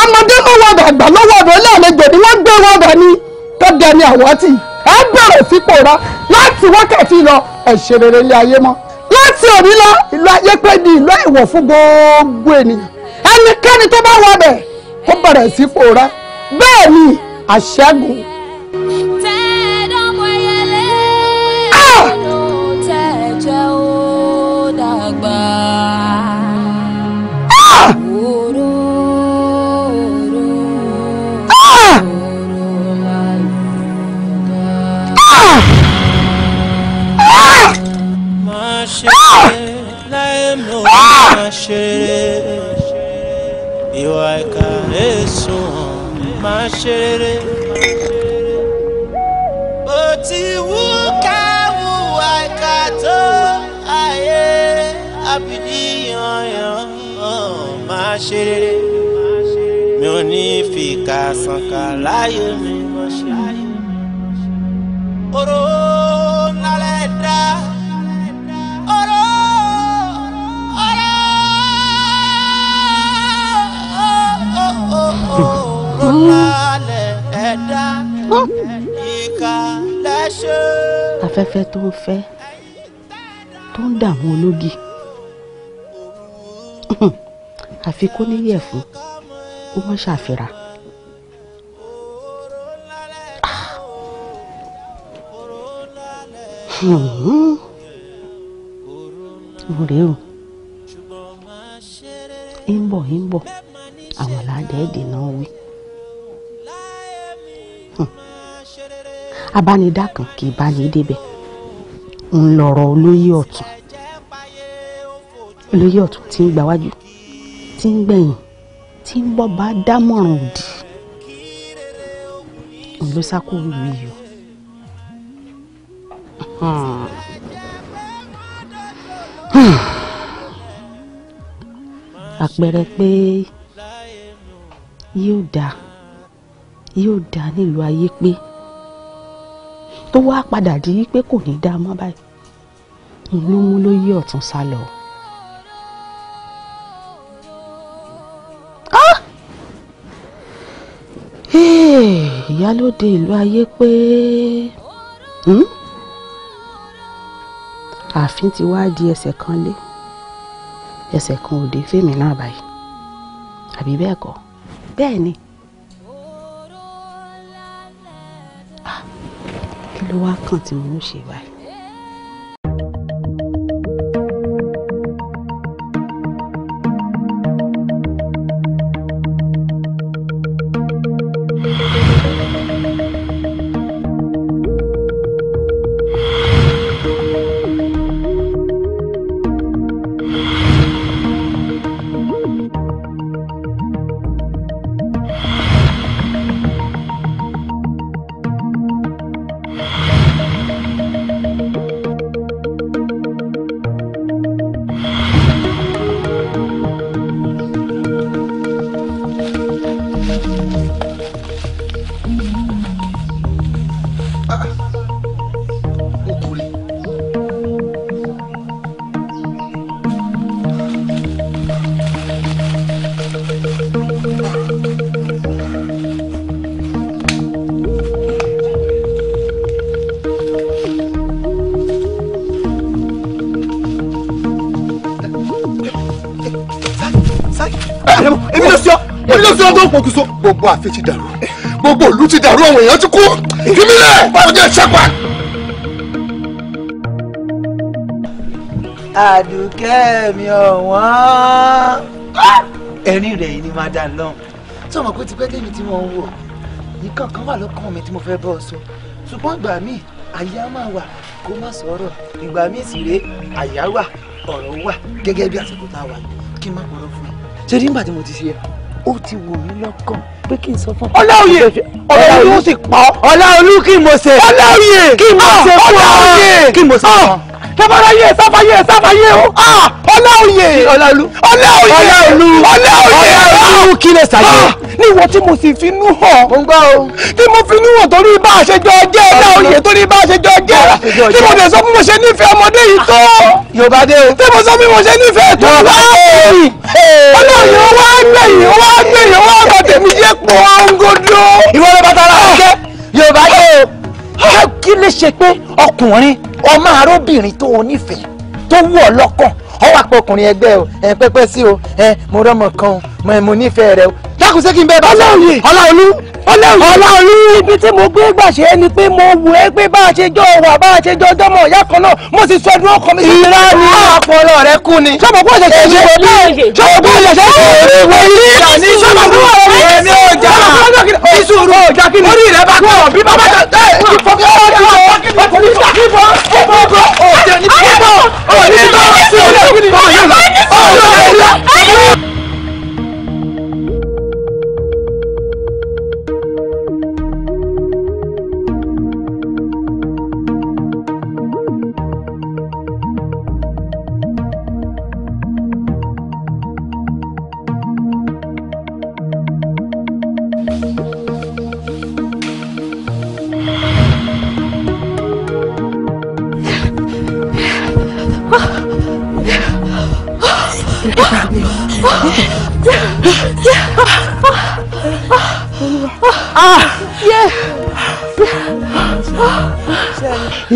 ọmọdé ló wọ ọbẹ àgbà ló wọ ọbẹ lẹ́ẹ̀mejì ni wọ́n gbé wọ́n bẹ̀ ni tó dẹni àwọ̀tì ẹ bẹ̀rẹ̀ sípò rẹ láti wákàtí lọ ẹ ṣe rere ilé ayé mọ́ láti òní lọ ìlú ayé pé di ìlú ìwọ̀ fún gbogbo ènìyàn ẹnikẹ́ni tó bá wọ ọbẹ̀ ó bẹ̀rẹ̀ sípò rẹ bẹ́ẹ̀ ni àṣẹ́gun máa ṣe ìwà ìkà èso máa ṣe rere. bó ti wú ká wúwa ìkà tó ayé àbídí yanyan ló balẹ̀ ẹ̀dá ìka lẹ́ṣẹ̀. afẹ́fẹ́ tó ń fẹ́ tó ń dààmú ológi àfi kó níyẹ̀ fún kó má ṣàfihàn. ọ̀rẹ́ ah. o ń bọ̀ ń bọ̀ àwọn aládẹ́ẹ̀dì náà wí. abánidá kan kì í báyé débẹ̀ ń lọ̀rọ̀ olóyè ọ̀tún olóyè ọ̀tún tí ń gbáwájú tí ń gbẹ̀yìn tí ń bọ́ bá dámọ̀ràn òdì ló yìí o hmm. àpẹẹrẹ pé yóò dáa yóò dáa nílùú ayé pé tó wá padà di pé kò ní dá mọ́ báyìí ló mú ló yí ọ̀tún sá lọ. ìyálóde ìlú ayé pé hmm? ààfin ti wá di ẹsẹ̀ kan lé ẹsẹ̀ kan òde fèmí náà báyìí àbí bẹ́ẹ̀ kọ́ bẹ́ẹ̀ ni ló wá kàn tí mò ń ṣe báyìí. ló pokùnso. gbogbo àfi ti dàrú gbogbo ìlú ti dàrú àwọn èèyàn ti kú kíbi lẹ báwo jẹ ṣẹpa. àdùkẹ́ mi ọ̀wọ́n ah! ẹ̀rín rẹ̀ yìí ni máa dà lọ́hùn tí ọmọ pé tipẹ́ tèmi tí wọ́n ń wò nìkan kan wà lọ́kàn mi tí mo fẹ́ bọ́ ọ sọ ṣùgbọ́n ìgbà míì àyà máa wà kó má sọ̀rọ̀ ìgbà míì sì rèé àyà wà ọ̀rọ̀ wà gẹ́gẹ́ bí àsìkò tá a wà kí n má gbọ́dọ̀ fún ẹ. ṣé nígbà tí mo ti ṣe ẹ ó ti wò mí lọ́kàn pé kí n sọ fún. ọláòyè ọláòyè ó sì pa ọ́. ọláolú kí mo ṣe. ọláòyè kí ah, mo ṣe fún ọ. Ah, ah, ọláòyè kí mo ṣe fún ọ. sábàláyé sábàyé sábàyé o. ọláòyè ọláolú ọláòyè ọláolú ọláòyè ọláolú kí lè ṣàyè. ní ìwọ tí mo sì finú hàn. mo ń gbọ́ o. tí mo finú hàn torí bá a ṣe jọ jẹ́ ọláòyè torí bá a ṣe jọ jẹ́ tí mo dẹ̀ sọ fún mo ṣe nífẹ̀ẹ́ ọmọdé yìí tó. yorùbá dé tí mo sọ fún mo ṣe nífẹ̀ẹ́ tó. yorùbá dé ọlọ́run ó wá gbẹ̀yìn ó wá gbẹ̀yìn ó wá bá tèmi jẹ́ pọ̀ ọ̀ngọ́dọ́. ìwọ ló bá tara ọ̀kẹ́ yorùbá yé o kí lè ṣe pé ọkùnrin ọmọ arábìnrin tó onífẹ̀ẹ́ tó wù ọ́ lọ́kàn ọ wà ẹgbẹ́ o ẹ pẹ́pẹ́ sí o ẹ mo rọ́mọ kan o mo nífẹ̀ẹ́ rẹ o dákun ṣé kí n bẹ bá sọ ọláolú ọláolú ọláolú. ibi tí mo gbé gbà ṣe é ni pé mo wù ẹ́ pé bá a ṣe jọ wà bá a ṣe jọ dánmọ̀ ìyá kan náà mo sì sọ ẹdun ọkàn mi. ìrẹ́ ni ọpọlọ rẹ kú ni. sọ́mọ̀ kó ṣẹ̀ṣẹ̀ ṣe é bẹ́ẹ̀ sọ́mọ̀ kó ṣẹ̀ṣẹ̀ ṣe é bẹ́ẹ̀ sọ́mọ̀ kó ṣẹ̀ṣẹ̀ ṣe é bẹ́ẹ̀ ìṣòro ọjà kí ni orí rẹ bá kọ̀ bí bàbá tẹ ìfọ̀kẹ́ ọ̀rẹ́ ọ̀rẹ́ ọ̀rẹ́ ọ̀rẹ́ ọ̀rẹ́ ọ̀rẹ́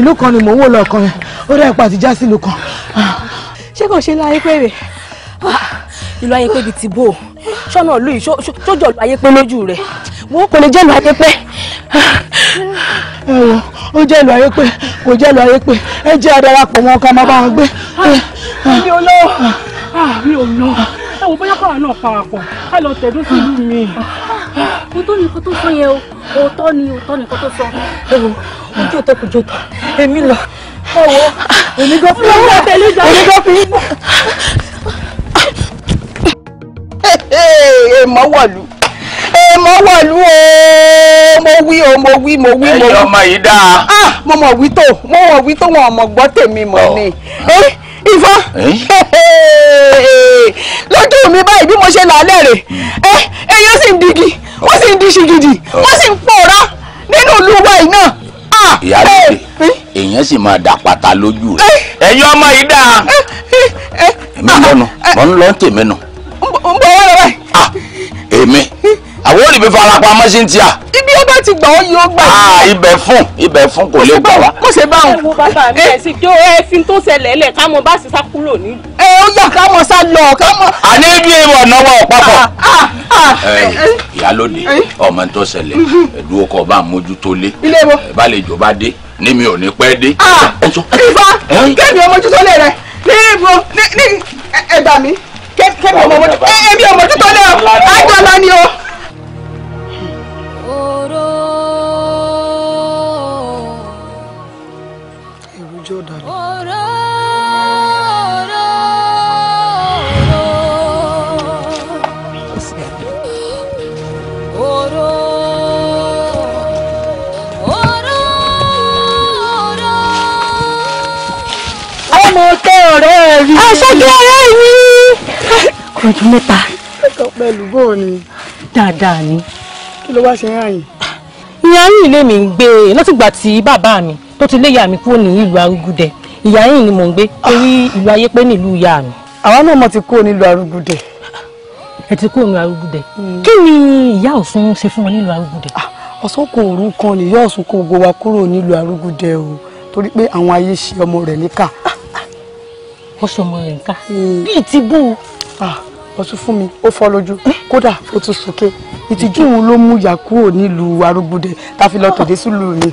ìlú kan ni mò ń wò lọ́ọ̀kan yẹn ó dá ipa àtijá sí ìlú kan. ṣé kò ṣe láyé pé rè ah, ìlú ayé pé ibi ti bò ṣọ́nà ìlú yìí ṣójọ́ ìlú ayé pé lójú rẹ̀ wọ́n kò lè jẹ́ ìlú ayé pé. ẹ wọ ó jẹ́ ìlú ayé pé kò jẹ́ ìlú ayé pé ẹ jẹ́ adarapọ̀ wọn ká máa bá wọn gbé. Ah, mi ò lọ ah, mi ò lọ ẹ wò bóyá káwa náà parapọ̀ ká lọ tẹ̀dó sí ìlú mi. òótọ́ ni kó tó sọ yẹn o òótọ́ ni òótọ́ ni kó tó sọ. ẹ wo ojú òtọ́ kò jòtò èmi lọ ẹ wo èmi gbọ́ fún yín èmi gbọ́ fún yín. èèmọ̀ wọ̀lú èèmọ̀ wọ̀lú o mo wí o mo wí mo wí mo wí. ẹyọ ọmọ yìí dáa. Ah, mo mọ̀ wí tó mo mọ̀ wí tó wọn ọmọ gbọ́ tèmi mọ̀ ni. Oh. Eh, ifá lójú mi báyìí bí mo ṣe làálẹ̀ rẹ̀ hmm. ẹ èèyàn sì ń digi wọ́n sì ń di ṣìgìdì oh. wọ́n sì ń pòórá nínú ìlú wa yìí náà. ìyá rẹ èèyàn sì máa dà pátá lójú rẹ ẹ̀yin ọmọ yìí dáa. èmi ń lọ nù mọ̀ ń lọ tèmi nù. ń bọ̀ wọ́n lọ báyìí àwọn ò lè fi fara pamọ́ sí ti à. ibi ó bá ti gbà ó yóò gbà. Ah, ibẹ̀ fún ibẹ̀ fún kò lè gbà wá. kò ṣe bá wọn. ẹ wo bàbá mi eh. ẹ sì kí ó ẹ fi tó ṣẹlẹ̀ lẹ̀ ká mọ bá sì sá kúrò ní. ẹ eh, ó yà ká mọ sá lọ ká mọ. àní bí ìwọ náwó ọ̀pápọ̀. Ah, ah, eh, ìyálóde ọmọ tó ṣẹlẹ̀ mm-hmm. ẹ̀dùn ọkọ̀ bá mójútó lé. ilé wo. ìbálejò bá dé ní mi ò ní pẹ́ dé. ìfọ kéèmí ọmọ tuntun lè rẹ ní ìfọ ní ẹgbà mi kéèmí Oro, oro, ṣẹ́gi ọ̀rẹ́ mi. kò ju mẹ́ta. pẹ̀lú bóun ni. dáadáa ni kí ló wá ṣe ń àyìn. ìyá yìí lèmi ń gbé e látìgbà tí bàbá mi tó ti léyà mi kúrò ní ìlú arúgúdẹ ìyá ni mò ń gbé torí ìlú ayé pé nílùú ìyá mi. àwa náà mo ti kúrò nílùú arúgúdẹ. ẹ ti kúrò nílùú arúgúdẹ hmm. kí ni ìyá ọ̀sùn ṣe fún wọn nílùú arúgúdẹ. Ah, ọ̀sán kò rú kan ni ìyá ọ̀sùn kò gbowó kúrò nílùú arúgúdẹ o torí pé àwọn ayé ṣe ọmọ rẹ̀ níkà. wọ́n ọmọ rẹ̀ níkà hmm. bíi ti ah, ọ̀sùn fún mi ó fọ́ lójú eh? kódà ó tún sùn ìtìjú òun ló mú ìyá kúrò nílùú arúgbóde tá a fi lọ tòde sílùú mi.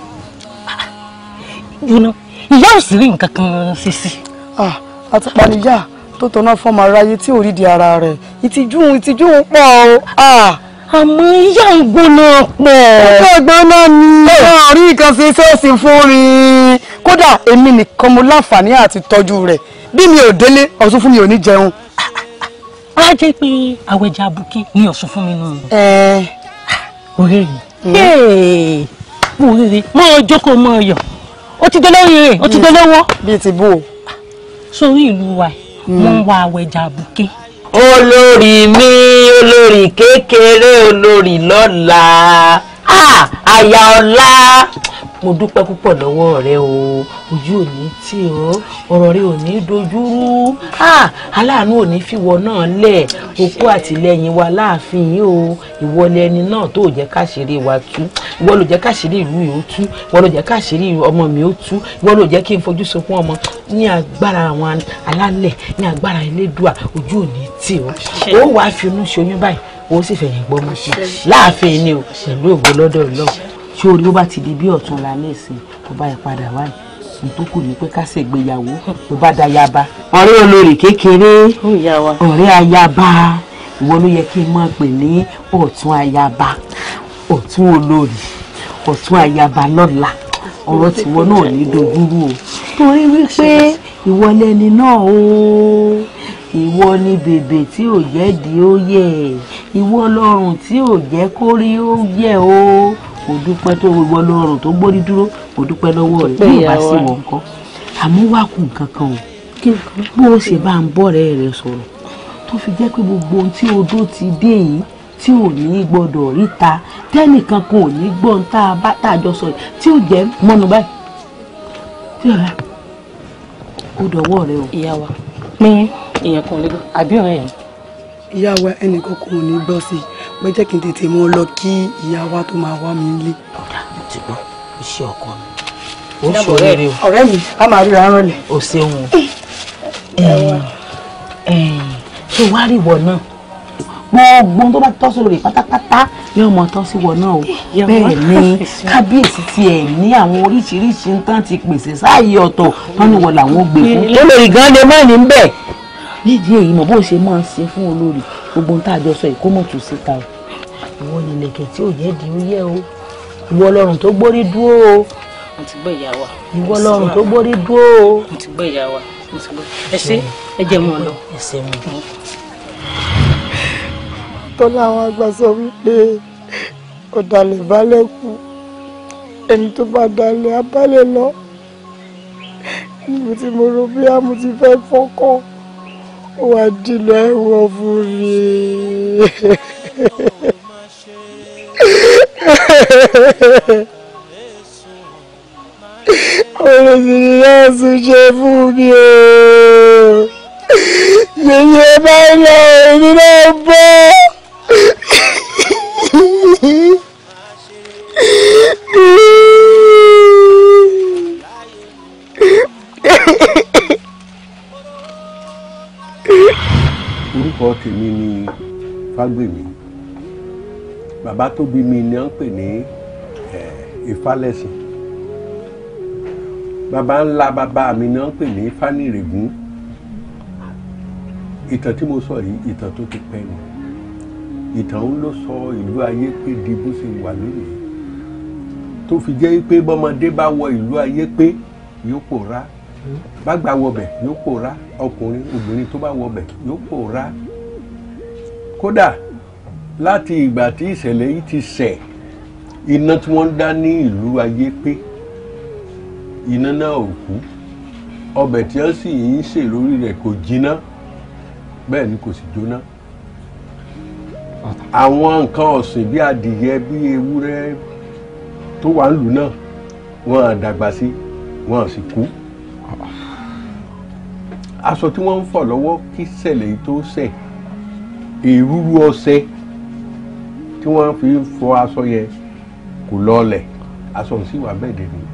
ìyá ò sì rí nǹkan kan ṣe sí. àtùpà níyà tó tọ́ná fọ́mọ aráyé tí ò rí di ara rẹ̀ ìtìjú òun ìtìjú òun pọ̀ o àmọ́ ìyá ìgbóná pọ̀. ẹgbẹ́ ìgbóná ni náà rí nǹkan fi ṣọ́ọ̀ṣì fún mi. kódà èmi nìkan mo láǹfààní àti tọ́jú rẹ̀ bí mi ò délé ọ̀tún fún mi ò ní jẹun á jẹ́ pé àwẹ̀jà abuké ni ọ̀sùn fún mi nù. ẹ ọ̀rẹ́ rẹ̀ mo mm. rere mọ jókòó mọ ọyọ ó ti dolórí rẹ̀ ó ti mm. dolówó. bíi ti bò. sórí ìlú wa mm. wọ́n ń wá àwẹ̀jà abuké. olórí mi olórí kékeré olórí lọ́la àyà ah! ọ̀la mo dúpẹ́ púpọ̀ lọ́wọ́ rẹ o ojú ò ní tì ó ọ̀rọ̀ rẹ ò ní dojúrú aláàánú ò ní fìwọ náà lẹ̀ okú àtìlẹ́yìn wa láàfin yìí o ìwọlé ẹni náà tó jẹ́ káṣírí wa tú ìwọ ló jẹ́ káṣírí ìlú yìí ó tú ìwọ ló jẹ́ káṣírí ọmọ mi ó tú ìwọ ló jẹ́ kí n fojú sunkún ọmọ ní agbára àwọn alálẹ̀ ní agbára elédùà ojú ò ní tì ó ó wàá finú ṣoyún báyìí ó sì fẹ̀yìn gbọ́mọ sí láàfin ni o pẹ̀lú ògbólọ́dọ̀ ọlọ́run tí orí ó bá ti di bí ọ̀tún la nísìn kó bá ẹ padà wáyé n tó kù ní pé ká ṣègbéyàwó ló bá da yaba ọ̀rẹ́ olórí kékeré ọ̀rẹ́ ayaba ìwọ ló yẹ kí n máa pè ní ọ̀tún ayaba ọ̀tún olórí ọ̀tún ayaba lọ́la ọ̀rọ̀ tìwọ náà ní dojúrú o torí wípé ìwọ lẹni náà o ìwọ ni bèbè tí ò jẹ́ di ó yẹ ìwọ lọ́rùn tí ò jẹ́ kórí ó yẹ o mo dúpẹ́ tó gbogbo ọlọ́run tó gbórí dúró mo dúpẹ́ lọ́wọ́ rẹ̀ bí ìbá sí wọn kọ́ àmọ́ wà kù nǹkan kan o bó o ṣe bá ń bọ̀rẹ́ rẹ sọ̀rọ̀ tó fi jẹ́ pé gbogbo ohun tí odó ti dé yìí tí ò ní gbọ́dọ̀ ríta tẹ́nìkan kan ò ní gbọ́ ohun tá a bá tá a jọ sọ̀rọ̀ tí ò jẹ́ mọ́nu báyìí tí ò rà ó dọ̀wọ́ rẹ o. ìyá wa pín èèyàn kan lẹ́gbẹ̀ẹ́ àbí ọ̀rẹ́ yẹn. ìyá wa ẹnìkan kò ní gbọ́ sí i pé jẹ́ kí n tètè mọ́ lọ kí ìyá wa tó máa wá mi nílé. ọ̀dà ti gbọ́ iṣẹ́ ọkọ mi ó ṣòrere o. ọ̀rẹ́ mi a máa ríra rànlẹ̀. o ṣeun ṣé wàá rí ìwọ náà gbogbo tó bá tọ́ sórí pátápátá yóò mọ tán sí wọn náà o bẹ́ẹ̀ ni kábíyèsí ti ẹ̀ ní àwọn oríṣiríṣi nǹkan ti pèsè sáàyè ọ̀tọ̀ tán ni wọn làwọn gbé fún. olórí gan lè má ní bẹ́ẹ̀ nídìí èyí mọ̀ bó ṣe máa ń ṣe fún olórí gbogbo ohun tá a jọ sọ yìí kó mọ̀ tún síta o ìwọ ìlẹ̀kẹ̀ tí ò yẹ di ó yẹ o ìwọ ọlọ́run tó gbórí dúró o mo ti gbọ́ ìyá wa ìwọ ọlọ́run tó gbórí dúró o mo ti gbọ́ ìyá wa mo ti gbọ́ ẹ ṣé ẹ jẹ́ lọ. ẹ ṣé tọ́lá àwọn àgbà sọ wípé ọ̀dàlẹ̀ balẹ̀ kú ẹni tó bá dalẹ̀ abálẹ̀ lọ níbi tí mo rò bí àmú ti fẹ́ fọ́kọ́ ó wá dìlọ fún mi. olùsìnlẹ̀ sùn ṣe fún mi o yèyé bá lọ orúkọ tèmi ni fágbèmí bàbá tó bí mi ni wọ́n ń pè ní eh, Ifálẹ́sìn bàbá ńlá bàbá mi ni wọ́n ń pè ní Fánírègún ìtàn tí mo sọ yìí ìtàn tó ti pẹ́ ni ìtàn ń ló sọ ìlú ayé pé di bó ṣe wà lónìí tó fi jẹ́ pé bọ́mọdé bá wọ ìlú ayé pé yóò pòórá bàgbà wọbẹ̀ yóò pòórá ọkùnrin obìnrin tó bá wọbẹ̀ yóò pòórá kódà láti ìgbà tí ìṣẹ̀lẹ̀ yìí ti ṣẹ̀ iná tí wọ́n ń dá ní ìlú ayé pé iná náà ò kú ọbẹ̀ tí wọ́n sì ń sè lórí rẹ̀ kò jiná bẹ́ẹ̀ ni kò sì jóná àwọn nǹkan ọ̀sìn bí adìyẹ bí ewúrẹ́ tó wà ń lù náà wọ́n á dàgbà sí wọ́n á sì kú aṣọ tí wọ́n ń fọ̀ lọ́wọ́ kí ṣẹlẹ̀ yìí tó ṣẹ̀ èrúrú ọṣẹ tí wọ́n fi fọ aṣọ yẹn kò lọọlẹ̀ aṣọ òsì wà bẹ́ẹ̀ dé ni.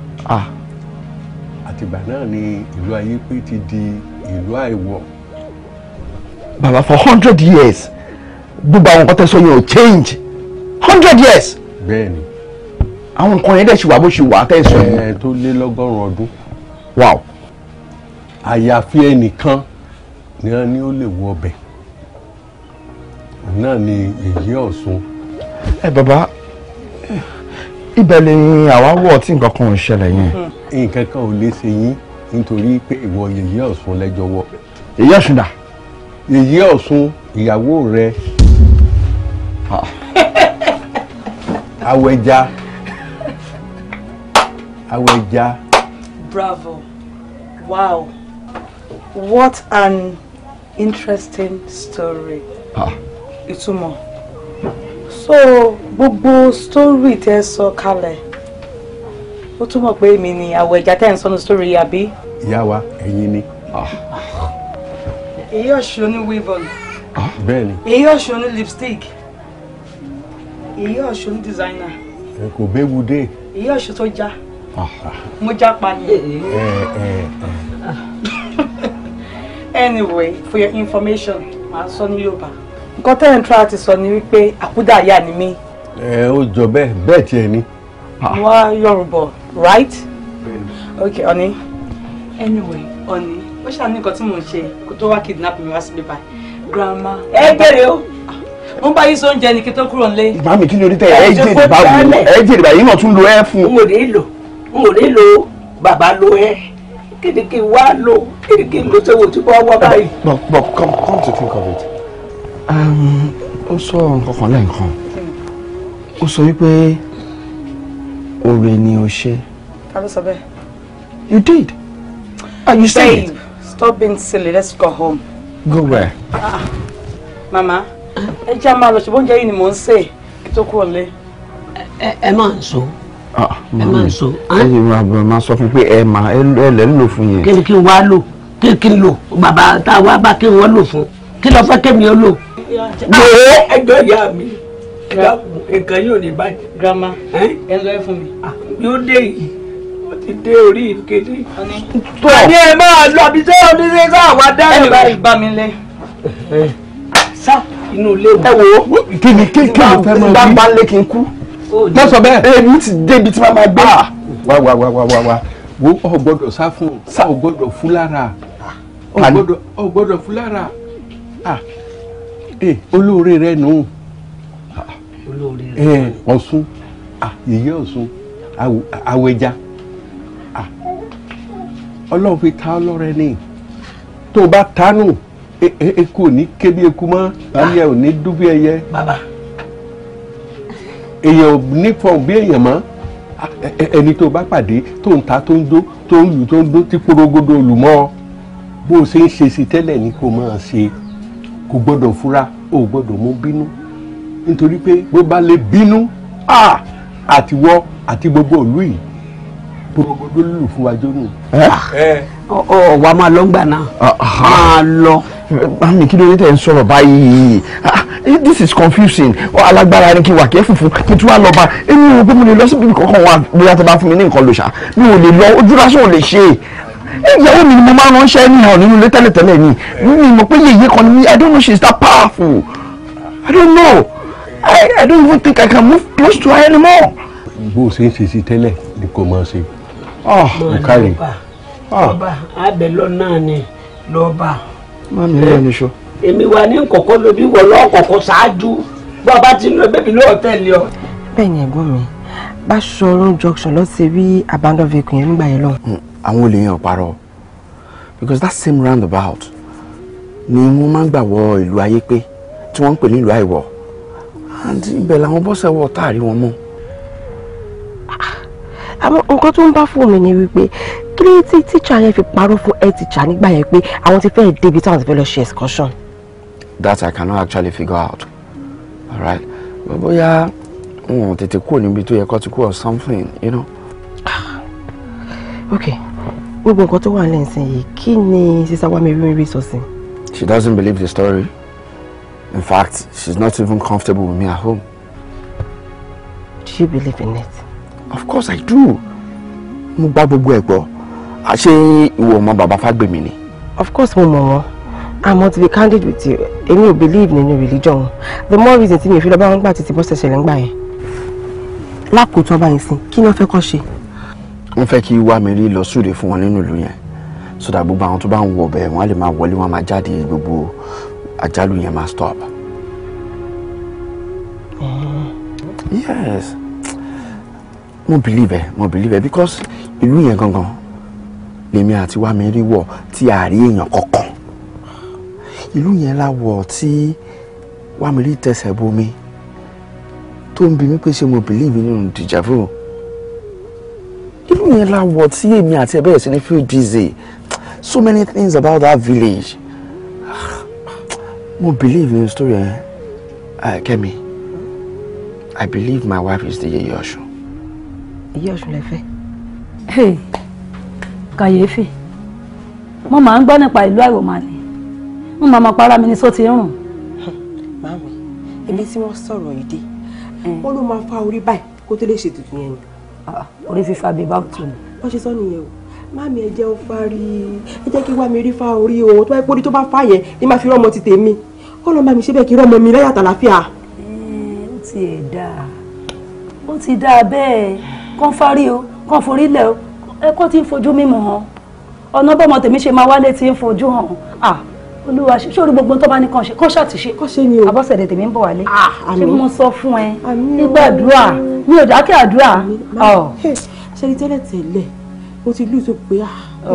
àtìgbà náà ni ìlú ayé pé ti di ìlú àìwọ̀. bàbá for hundred years gbogbo àwọn nǹkan tẹ́ sọ yẹn ò change hundred years. bẹ́ẹ̀ni. àwọn nǹkan yẹn dẹ̀ ṣì wà bó ṣì wà tẹ́ sọ yẹn. ẹ tó lé lọ́gọ́rùn-ún ọdún. wow. àyàfi ẹnìkan ni wọn ní ó lè wọ ọbẹ̀ náà ni èyí ọ̀sùn ẹ bàbá ibẹ̀ ni àwa wọ̀ tí nǹkan kan ò ṣẹlẹ̀ yẹn. nǹkan kan ò lè ṣe yín nítorí pé ìwọ yèyé ọ̀sùn lẹ́jọ́ wọ̀. èyí ọ̀sùn dà. yèyé ọ̀sùn ìyàwó rẹ awẹja awẹja. bravo wow what an interesting story. Ah. ìtumọ̀. Ah so gbogbo story tẹ sọ kalẹ̀ ó túmọ̀ pé èmi ni àwọ̀ ẹ̀já tẹ̀ ń sọnu story àbí. ìyá wa ẹ̀yin ni. Ah. èyí ọ̀ṣọ́ ní weavon. Ah, bẹ́ẹ̀ ni. èyí ọ̀ṣọ́ ní lipstick. èyí ọ̀ṣọ́ ní designer. ẹ kò béwu dé. èyí ọ̀ṣọ́ tó já. Ah, mo já pa ni. Eh, eh, eh. anyway for your information màá sọ ní yorùbá nǹkan tẹ́ ẹ̀ ń tra ti sọ ni wípé àkúdàáyà ni mí. ẹ ó jọ bẹ́ẹ̀ bẹ́ẹ̀ tiẹ̀ ni. Ah. wá yorùbá right okay ọ̀ni anyway ọ̀ni ó ṣàní nǹkan tí mò ń ṣe kó tó wá kidnap mi wá síbí báyìí grandma ẹ gbèrè o mo bá yín sọ oúnjẹ ni kí tó kúrò nílé. ìgbà mi kí ni orí tẹ ẹ jẹ ìdìbà wò ẹ jẹ ìdìbà yìí náà tún lo ẹ fún. n ò lè lò n ò lè lò bàbá lo ẹ kí ni kí n wá lò kí ni kí n lọ sọ wò tí wọn wá báyìí. no no come come to think of it ó sọ nǹkan kan lẹ́ẹ̀kan ó sọ wípé oore ni o ṣe. ta ló sọ bẹ́ẹ̀. you did and ah, you said it. stop being silly let's go home. go where. Ah, mama ẹ jẹ́ àmà lọ ṣùgbọ́n oúnjẹ yìí ni mò ń sè kí tó kúrò lé. ẹ máa ń sọ ah, ẹ máa ń sọ. ẹyin ma bọ̀ ma sọ fún pé ẹ ma ẹ lẹ́ ń lò fún yẹn. kí ni kí n wá lò kí n lò bàbá tá a wá bá kí n wọ́n lò fún kí lọ fẹ́ kémi ó lò gbòó ẹjọ́ ìyá mi nǹkan yóò ní báyìí. grandma ẹ ń lọ ẹ fún mi. Ah, yóò dé yìí ó ti dé orí ìkéde. tó ní ẹ máa lọ àbí sẹ́wọ́n ní sẹ́wọ́n sáà wá dáhùn. ẹ bá ìbá mi lẹ. sá inú ilé wò. ẹ wo kí ni kí kí ló fẹ́ mọ bí. bá bá lé kí n kú. má sọ bẹ́ẹ̀. èmi ti débi tí màá máa gbé. Ah. wá wá wá wá wá wá wo ọ gbọ́dọ̀ sá fún ọ ọ fún lára ọ gbọ́dọ̀ fún lára. Ah ẹ eh, olóore rẹ nù ẹ eh, ọ̀ṣun ah, yèyé ọ̀ṣun awẹja ah. ọlọ́run fi ta ọlọ́rẹ ni tó o bá tánù e, e, eku ò ní ké bí eku mọ́ ayé ò ní dún ẹyẹ èèyàn ò ní fọhùn bí èèyàn mọ́ ah, ẹni tó o bá pàdé tó ń ta tó ń dó tó ń lù tó ń dó tí porogodo lù mọ́ bó o ṣe ń ṣe sí tẹ́lẹ̀ ni kò máa ṣe kò gbọ́dọ̀ fura ò gbọ́dọ̀ mú bínú nítorí pé bó bá lè bínú àtiwọ́ àti gbogbo òlú yìí gbogbo lù fún wa jónú. ọ̀wà máa lọ gbà náà ah, ah. máa lọ. mami kí ló dé tẹ̀ ń sọ̀rọ̀ báyìí ah, eh, this is confusing alágbára ni kí wà kẹ́ fùfú kí tí wàá lọ bá èmi ò rò pé mo lè lọ síbi kankan wa bóyá tó bá fún mi ní nǹkan lò mi ò lè lọ ojú lásán lè ṣe ìyàwó mi ni mo máa ń ránṣẹ́ ní hàn nínú ilé tẹ́lẹ̀tẹ́lẹ̀ ni mi mọ̀ pé yèyé kan ni mi I don't know she is that powerful I don't know I, I don't even think I can move close to her anymore. bó o ṣe ń ṣe sí tẹ́lẹ̀ ni kò máa ṣe. ọ̀kárí ah. ọba abẹ ah. lọ́nà ni lọ́ba. má mi ní ẹni sọ. èmi wa ní kọ̀kọ́ lóbi wọ̀ lọ́kọ̀ọ̀kọ̀ ṣáájú bó a bá ti lọ bẹ́ẹ̀ mi lọ́ọ̀ tẹ̀lé ọ. bẹ́ẹ̀ ni ẹ̀gbọ́n mi bá ṣọrun junction lọ́ọ́ ṣe rí abandon vehicle yẹn nígbà yẹn lọ́hùn àwọn olè yẹn because that same roundabout ni wọ́n máa ń gbà wọ ìlú ayé pé tí wọ́n ń pè ní ìlú àìwọ̀ and ibẹ̀ làwọn bọ́sẹ̀ wọ̀ táàrí wọn mọ́. àmọ́ nǹkan tó ń bá fún mi ni wípé kí ló tí tíṣà yẹn fi parọ́ fún ẹ tíṣà nígbà yẹn pé àwọn ti fẹ́ẹ́ débi táwọn ti fẹ́ lọ ṣe excursion. that I cannot actually figure out All right, alright bóyá wọn tètè kúrò níbi tó yẹ kó ti kú or something you know. okay gbogbo nǹkan tó wà nílẹ̀ nsìn yìí kí ni sísá wa mi sọ sí. she doesn't believe the story in fact she's not even comfortable with me at home. do you believe in it. of course i do mo gbá gbogbo ẹ̀ gbọ́ àṣé ìwọ ọmọ bàbá Fágbèmí ni. of course mo mọ̀ wọ́n àmọ́ to be candid with you èmi ò believe nínú religion the more reason tí mi ò fi lọ bá wọn gbà títí bọ́sẹ̀ ṣẹlẹ̀ ń gbà yẹn. lákòótọ́ báyìí sí kí ni wọ́n fẹ́ kọ́ ṣe wọ́n fẹ́ kí wá mi rí lọ súre fún wọn nínú ìlú yẹn sódà gbogbo àwọn tó bá ń wọ ọbẹ̀ wọ́n á lè máa wọlé wọ́n máa jáde gbogbo àjálù yẹn máa stop. Oh. yes mo believe ẹ mo believe ẹ because ìlú yẹn gangan lèmi àti wá mi rí wọ tí a rí èèyàn kankan ìlú yẹn la wọ tí wá mi rí tẹsẹ̀ bomi tó ń bi mí pé ṣé mo believe nínú deja vu irú yẹn that word? tí me at ẹ̀ bẹ̀rẹ̀ sí ní feel dizzy so many things about that village mo believe in the story eh? uh, Kẹ́mi I believe my wife is the Yeye Ọ̀ṣun. lefe? Hey, lẹ fẹ́. kàyéfì mo máa buy gbọ́ nípa ìlú àìwò máa ní mo máa ma para mi ní só ti rùn. màámi èmi tí to sọ̀rọ̀ yìí dé wọ́n ló máa fa orí báyìí Ah, orí fífa bíi bá tù mí. wọ́n ṣe sọ nìyẹn o máàmì ẹ jẹ́ ó parí ẹ jẹ́ kí wá mi rí fa orí o tó bá pórí tó bá fà yẹn ni máa fi rọ́mọ ti tèmi kọ́ lọ́ọ́ bá mi ṣe bẹ́ẹ̀ kí rọ́mọ mi láyà tàlàfíà. ó ti ẹ̀ dáa ó ti dáa bẹ́ẹ̀ kán fárí o kán forí lẹ̀ o ẹ kọ́ ti ń fojú mímọ̀ hàn ọ̀nà bọ́mọ tèmi ṣe máa wálé ti ń fojú hàn ah, olúwa ṣórí gbogbo tó bá ní kàn ṣe kàn ṣàtìṣe kàn ṣe ni o abọ́sẹ̀dẹ̀ tèmi ń bọ̀ wálé ah, ṣé mo sọ fún ẹ nígbàdúrà mi ò dákẹ́ àdúrà. ṣe ni tẹ́lẹ̀ tẹ́lẹ̀ mo ti lù tó pé ah,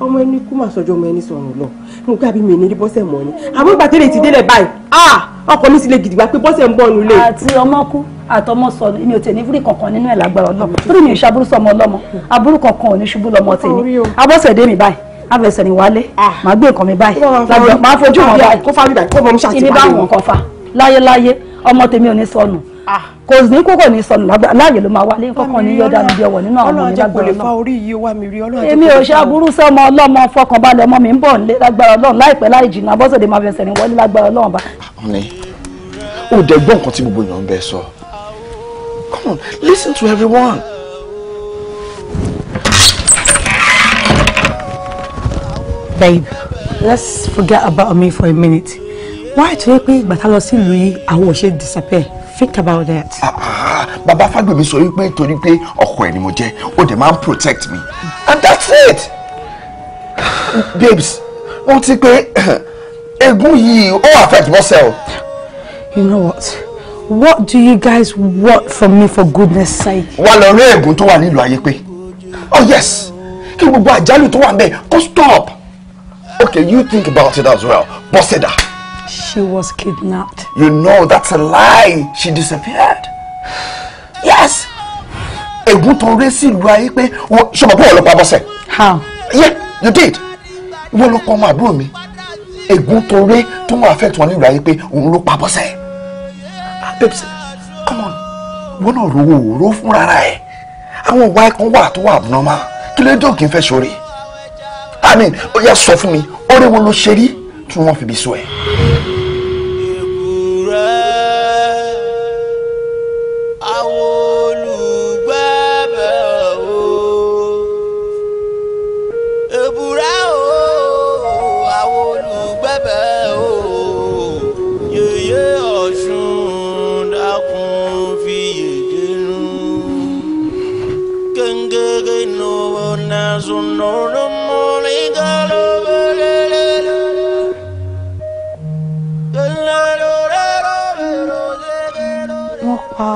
ọmọ ẹni kú mà sọjọ́ ọmọ ẹni sọ̀rọ̀ lọ mo gbà bí mi ní bọ́sẹ̀ mọ́ ni àmọ́ ìgbà tẹ́lẹ̀ ti délẹ̀ báyìí ah, ọkọ mi sì lè gidigba pé bọ́sẹ̀ ń bọ̀ nílé. àti ọmọ kú àtọmọ sọnù èmi ò tẹ̀ ní fúri kankan nínú ẹ̀ lágbára ọlọ́mọ torí mi ò ṣàbúrú sọmọ ọlọ́mọ àbúrú kankan ò ní ṣubú lọ́mọ tèmi abọ́sẹ̀dé mi báyìí àfẹsẹ̀ ni wálé màá gbé nǹkan mi báyìí lájọ fojú wọn báyìí kó fáwọn ibà kó mọ mi ṣàtìpá ìní bá wọn kọ fa láyéláyé ọmọ tèmi ò ní sọnù ah. kò ní kókò ní sọnù láàyè ló máa wálé kọkàn ní yọdá mi ọwọ nínú àwọn ọmọ mi lágbára Ọlọ́run èmi ò ṣàbúrú sọmọ ọlọmọ fọkànbalẹ̀ ọmọ mi ń bọ̀ nílé lágbára Ọlọ́run láìpẹ́ láì jìnnà abọ́sọ̀dé máa fẹsẹ̀ ní wọlé lágbára Ọlọ́run bá. ọ̀nì ò dẹ̀ gbọ́ nǹkan tí gbogbo èèyàn ń bẹ sọ come on listen to everyone. babe let's forget about me for a minute why do you pé ìgbà tá lọ sí ìlú disappear think about that. Ah, ah, ah. bàbá Fágbèmí sọ wípé torí pé ọkọ ẹ ni mo jẹ ó dẹ̀ the man protect me and that's it babes wọ́n ti pé egun yìí ó affect myself? you know what what do you guys want from me for goodness sake. wà lọ rí ègún tó wà nílùú ayé pé oh yes kí gbogbo àjálù tó wà ń bẹ kó stop. Okay, you think about it as well. Boseda. She was kidnapped. You know that's a lie. She disappeared. Yes. Ègún tó ré sí ìlú ayé pé How? Yeah, you did. Wọ́n lọ pa ọmọ àbúrò mi. Ègún tó ré tó wọ́n affect wọn ah, come on. Wọ́n náà rówó òró fúnra rẹ̀. Àwọn ìwà ẹ̀kan wà tó wà abnormal. Kí ló dé òkè ń I mean ó yá sọ fún mi oore wo ló ṣe rí tí wọ́n fi bí so ẹ̀. no, no, no. pa.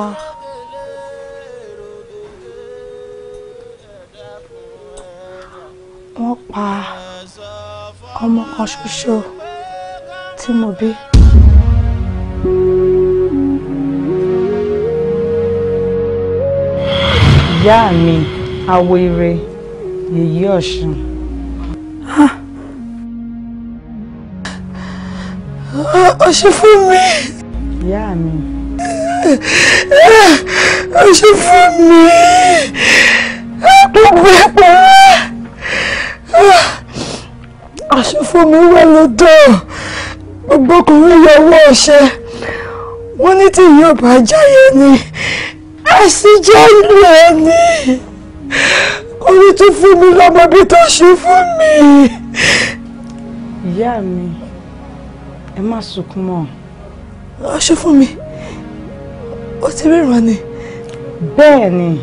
Wọ́n pa ọmọ kan ṣoṣo tí mo bí. Ìyá mi, awo ire, yèyí ọ̀ṣun. Ó ṣe fún mi. Ìyá mi ó ṣe fún mi gbogbo ẹ̀pọ̀ wá aṣọ fún mi wà lọ́dọ̀ gbogbo ọkùnrin yọ owó ọṣẹ wọn ní tí ìyá ọba jáyé ni àṣìjẹ ìlú ẹ ní kò ní tún fún mi lọ́mọ bí tó ṣe fún mi ó ti ríran ni. bẹ́ẹ̀ ni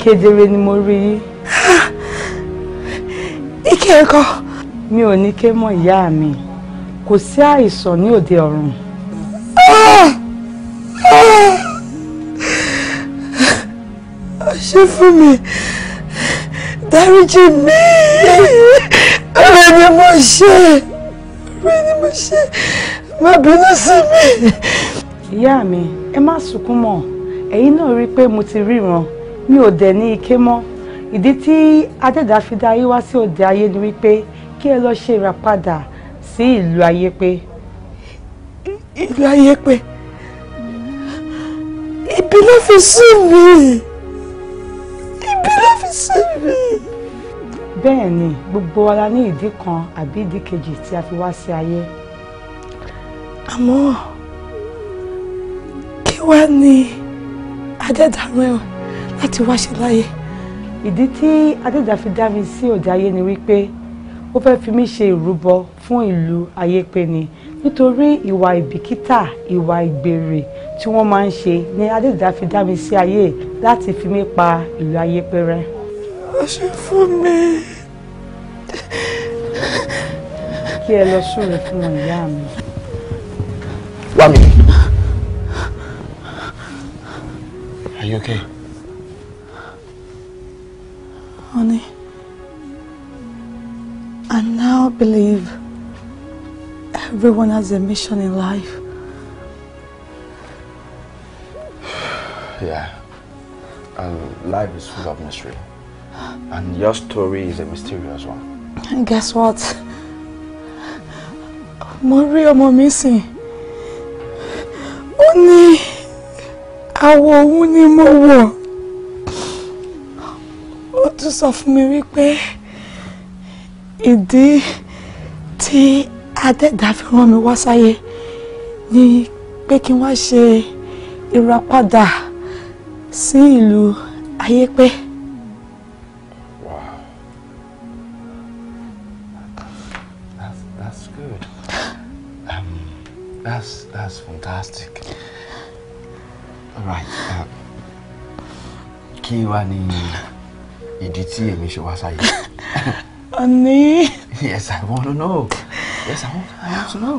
kedere ni mo rí i. ike ẹ̀kọ́. mi ò ní ké mọ ìyá mi kò sí àìsàn ní òde ọ̀run. ṣe fún mi dáríjì mi ọ̀rẹ́ ni mo ṣe ọ̀rẹ́ ni mo ṣe má bínú sí mi. ìyá mi ẹ má sunkún mọ́ ẹ̀yin náà rí i pé mo ti ríran mi ò dẹ̀ ní ike mọ́ ìdí tí adẹ́dà fi dá ayé wá sí òde ayé ni wípé kí ẹ lọ ṣe ìràpadà sí ìlú ayé ìlú ayé pé ló fi sí mi ibi ló fi sí mi. bẹ́ẹ̀ ni gbogbo wa la ní ìdí kan àbí ìdí kejì tí a fi wá sí ayé. àmọ́. Àmọ́ wá ní adẹ́dàrún ẹ̀wọ̀n láti wá ṣe láyé. ìdí tí adẹ́dà fi dá mi sí òde ayé ni wípé ó fẹ́ fi mí ṣe ìrúbọ fún ìlú ayépé ni nítorí ìwà ìbìkítà ìwà ìgbèrè tí wọ́n máa ń ṣe ni adẹ́dà fi dá mi sí ayé láti fi mí pa ìlú ayépé rẹ́. ó ṣe fún mi. kí ẹ lọ súre fún ìyá mi. wá mi. Are you okay? Honey, I now believe everyone has a mission in life. Yeah, and life is full of mystery. And your story is a mysterious one. And guess what? Maria, rí ọmọ mi àwọ̀ òun ni mo wọ̀ ó tún sọ fún mi wípé ìdí tí adẹ́dàá fi rán mi wá sáyé ni pé kí n ṣe ìràpadà sí ìlú ayépé. Wow. That's, that's good. Um, that's, that's fantastic right uh, kí wàá ní ìdí tí èmi ṣe wá sáyé. àní. yes i want to know yes i want, I want to know.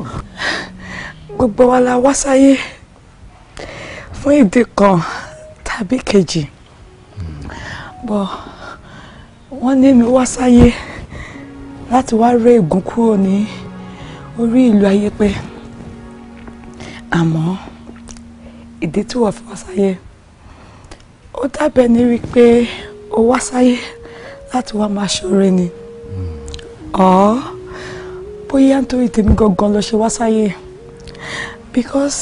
gbogbo wa la wá sáyé fún ìdí kan tàbí kejì bọ́ wọ́n ní mi wá sáyé láti wá ré ègún kúrò ní orí ìlú ayé pé àmọ́ ìdí tí wọ́n fi wá sáyé ó dábẹ́ ní wípé ó wá sáyé láti wá máa ṣoore ni ọ̀ bóyá nítorí tèmi gangan ló ṣe wá sáyé because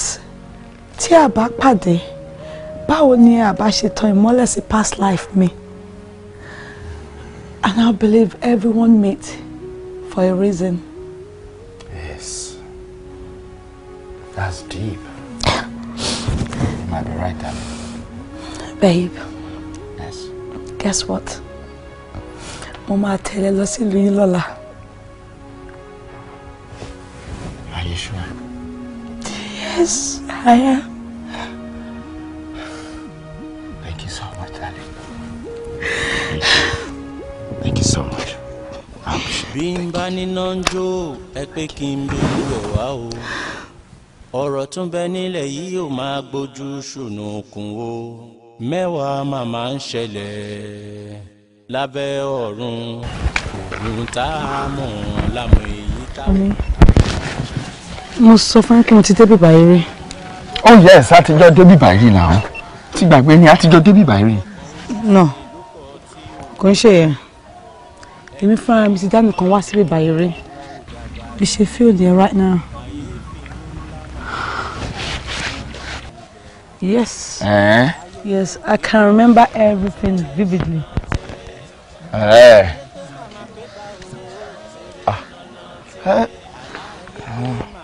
tí a bá pàdé báwo ni a bá ṣe tan ìmọ́lẹ̀ sí past life mi and I believe everyone meet for a reason. Yes, that's deep. I'll be right down. Babe. Yes. Guess what? Mama, máa tẹ̀lé lọ sí ìlú Are you sure? Yes, I am. Thank you so much, darling. Thank you. Thank you so much. Bí n bá níná ń jó, ẹ pé o ọ̀rọ̀ tún bẹ nílẹ̀ yìí ò máa gbójú ṣùnùkùn o mẹ́wàá màmá ń ṣẹlẹ̀ lábẹ́ ọ̀run òun tá a mọ̀ lámọ̀ èyí tá a mọ̀. mo sọ fún kí n ti débi báyìí rí. ó oh yẹ ẹ̀ sátijọ́ débi báyìí náà ti gbàgbé ni àtijọ́ débi báyìí rí. nà kò ń ṣe yẹn èmi fúnra mi ti dá nìkan wá síbi báyìí rí bí ṣe fíòdì ẹ right now. Yes. Eh? Yes, I can remember everything vividly. Eh. Ah. Eh. Oh.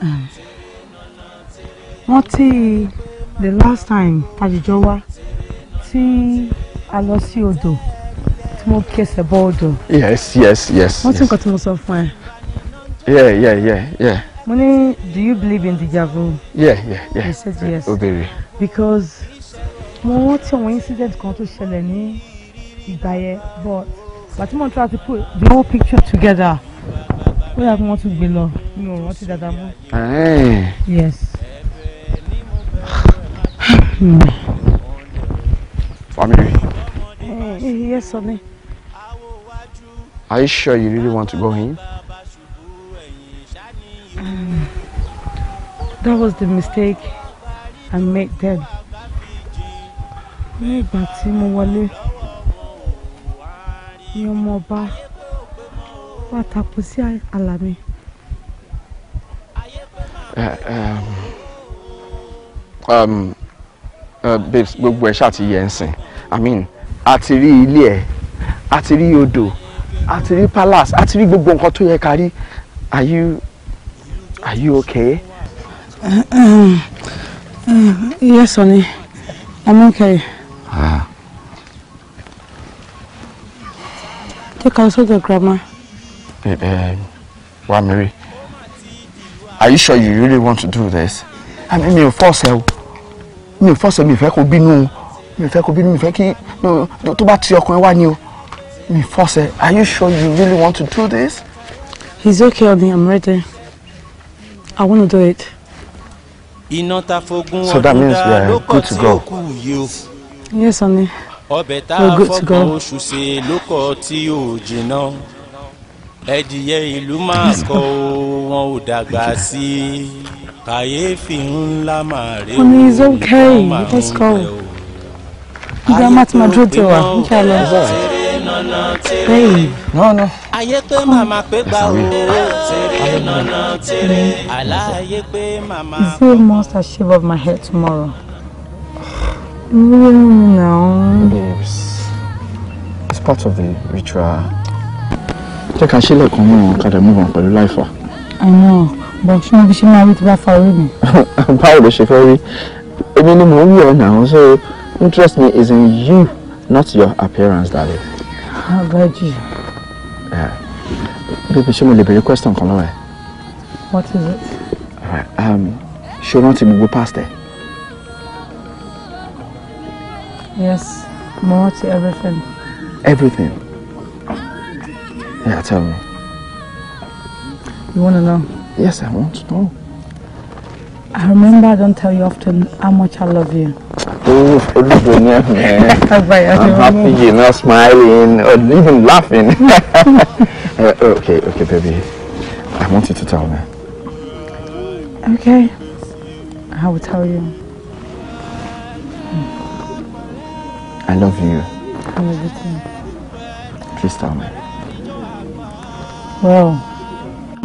Um. the last time tajijọ wá tí a lọ sí odò tí mo Yes, yes, yes. Wọ́n ti nǹkan tí mo sọ Yeah, yeah, yeah, yeah mo ní do you believe in deja vu. yeah yeah yeah he said yes ó oh, béèrè. because mo rántí àwọn incident kan tó ṣẹlẹ̀ ní ìgbà yẹn but but mo try to put the whole picture together ó yà kí to tún gbé lọ mi ò rántí dáadáa mọ́. yes. Famiri. Eh, eh, yes, Sonny. Are you sure you really want to go in? Um, that was the mistake I made then. ní ìgbà tí mo wọlé ni ọmọ ọba wà takò sí àlà um, um, uh, babes gbogbo ẹ ṣáà ti yẹ ń sìn i mean a ti rí ilé ẹ a ti rí odò a ti rí palace a ti rí gbogbo nǹkan tó yẹ ká rí are you Are you okay? Uh, um, uh, yes, honey. I'm okay. Ah. Take us to the grandma. Hey, eh, eh, hey, Mary. Are you sure you really want to do this? I mean, mi force her. o. force ẹ, mi ò fẹ́ be no. Mi ò fẹ́ be no. mi ò fẹ́ kí tó bá ti ọkàn wá ni o. Mi force her. Are you sure you really want to do this? He's okay, honey. I'm ready. I want to do it. So that means ọdún dá ló kọ tí yes honey. We're good to go. oṣù ẹdìyẹ ìlú máa kọ wọn ò dàgbà sí i kàyéfì ńlá máa rè ó ní it's okay let's go ìgbà máa ti máa dúró tiwa níkàlẹ́ bẹ́ẹ̀ no no àlàyé pé màmá pé gba òrèrè tèrè nànà tèrè àlàyé pé màmá. you still must shave off my hair tomorrow. really now. babes it's part of the ritual. jẹ́ ká ṣílẹ̀ kan náà ká dẹ̀ move on pẹ̀lú láìfà. i know but ṣé mo fi ṣe máa rí tí bá fa orí mi. báwo ló ṣe fẹ́ rí èmi ni mò ń yọ̀ náà so interest me is in you not your appearance darling. how about you. Yeah, bíbi ṣé mo lè béèrè question come lọ́wọ́ what is it. Alright, um, ṣé o rántí go past ẹ. yes more to everything. everything. yeah tell me. you want to know. yes i want to know. I remember I don't tell you often how much I love you. Oh, man. I'm happy you're not smiling or even laughing. uh, oh, okay, okay, baby. I want you to tell me. Okay. I will tell you. I love you. I love you too. Please tell me. Well,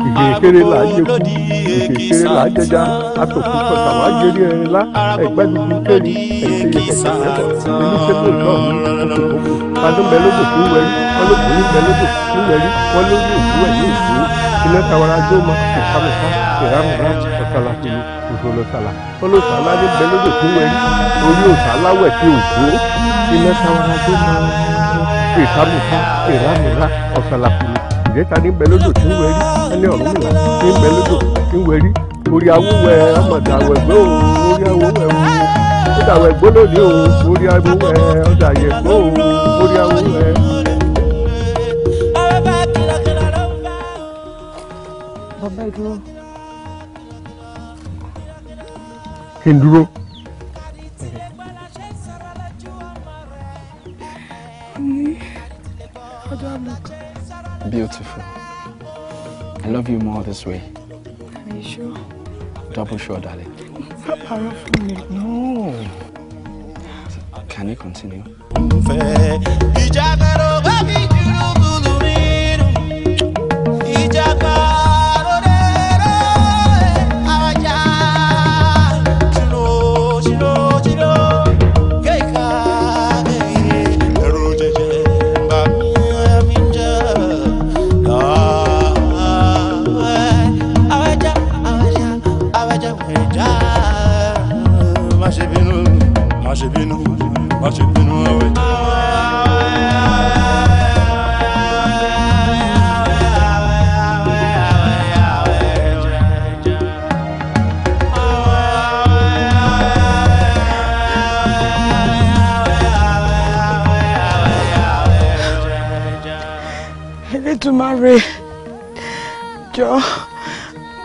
ìgbèkèrè là á jẹkù ìgbèkèrè là á jẹjà àtòkù kọta wà á jẹrí ẹrin lá ẹgbẹ́ mi kú kéré ẹ̀yìn tó yẹ kẹsàn-án ẹ̀kọ́ inú sẹ́kù náà ní kòkòkò adúmbẹ lódò fún wẹ̀rí wọn ló kùnú bẹ lódò fún wẹ̀rí wọn ló ní òkú ẹ̀ ní òkú ilé tawara jó ma ìfamẹ́fà ìrámìíràn ọ̀tàlà kìlú ìfọlọ́tàlà ọlọ́tàlà ní bẹ lódò fún wẹ̀rí orí òtàlà wẹ̀ fi òkú ilé tawara jó ma ìfamẹ́fà ìrámìíràn ọ̀tàlà kìlú òṣèré ta ní bẹ lódò tí ń wẹrí ẹni ọ̀rùn mìlá tí ń bẹ lódò tí ń wẹrí orí awúwẹ ọmọdé àwẹgbẹ òun orí awúwẹ òun kódà àwẹgbẹ lónìí òun orí awúwẹ ọjà àyẹgbẹ òun orí awúwẹ. bàbá ìdúró. kí n dúró. Adorable. Beautiful. I love you more this way. Are you sure? Double sure, darling. Stop paraphrasing me. No. Can you continue? jàre jọ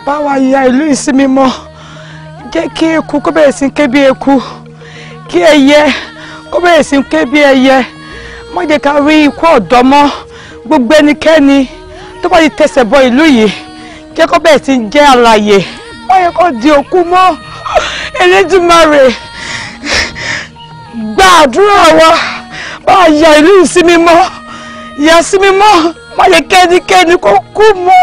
bá wa ya ìlú ìsinmi mọ́ jẹ́ kí eku kó bẹ̀rẹ̀ sí ké bí eku kí ẹyẹ kó bẹ̀rẹ̀ sí ké bí ẹyẹ má jẹ́ ká rí ikú ọ̀dọ́ mọ́ gbogbo ẹnikẹ́ni tó bá ti tẹsẹ̀ bọ ìlú yìí jẹ́ kó bẹ̀rẹ̀ sí jẹ́ alàyè má yẹ kó di òkú mọ́ Elédùmarè gbàdúrà wa bá a ya ìlú ìsinmi mọ́ ìyá sinmi mọ́ má yẹ kẹ́nikẹ́ni kó kú mọ́.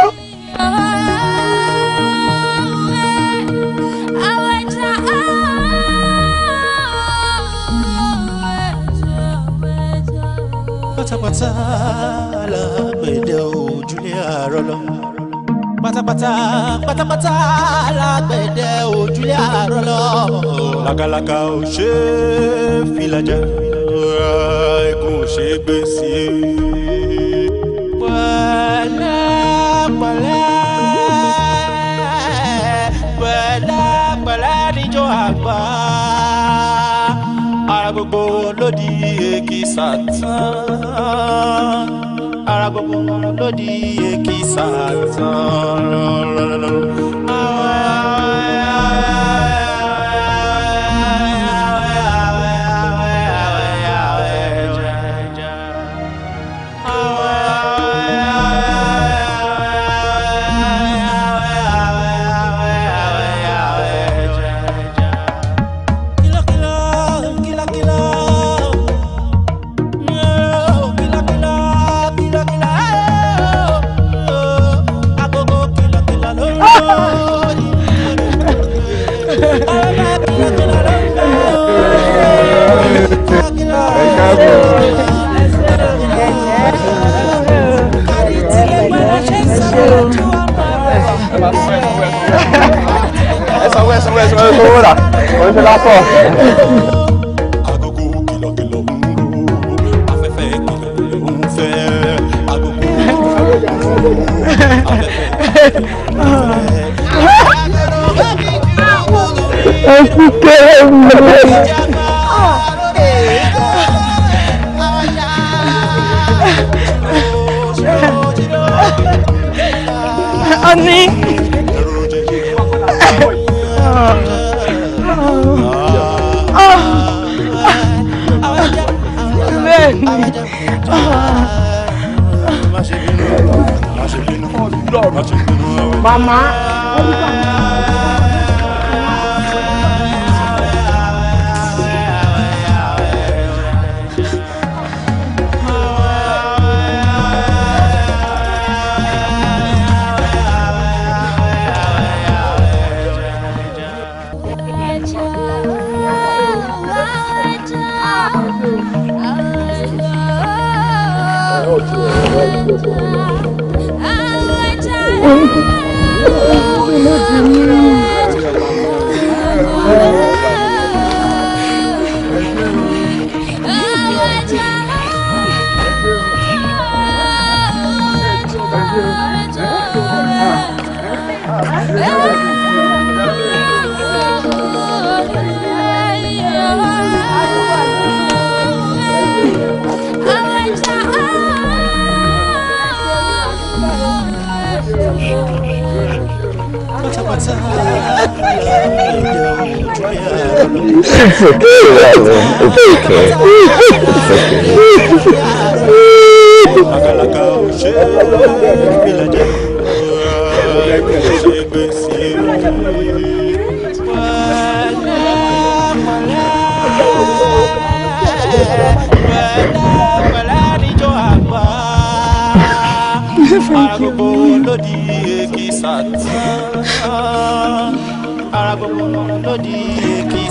pátápátá alágbẹ̀dẹ òjúlé àárọ̀ lọ. pátápátá pátápátá alágbẹ̀dẹ òjúlé àárọ̀ lọ. làkàlàkà ò ṣe é filajà ikùn ò ṣe é gbèsè pẹ̀lẹ́ pẹ̀lẹ́ pẹ̀lẹ́ pẹ̀lẹ́ níjó àgbà ara gbogbo lodi eki èkìsà ara gbogbo lodi eki èkìsà tán. fowó rà òun ti lásọ̀. agogo mm, mm. Mm, Mama. Oh, my God. It's okay, Robin. It's okay. It's okay. Thank you sàtà ara gbogbo lòdì èkì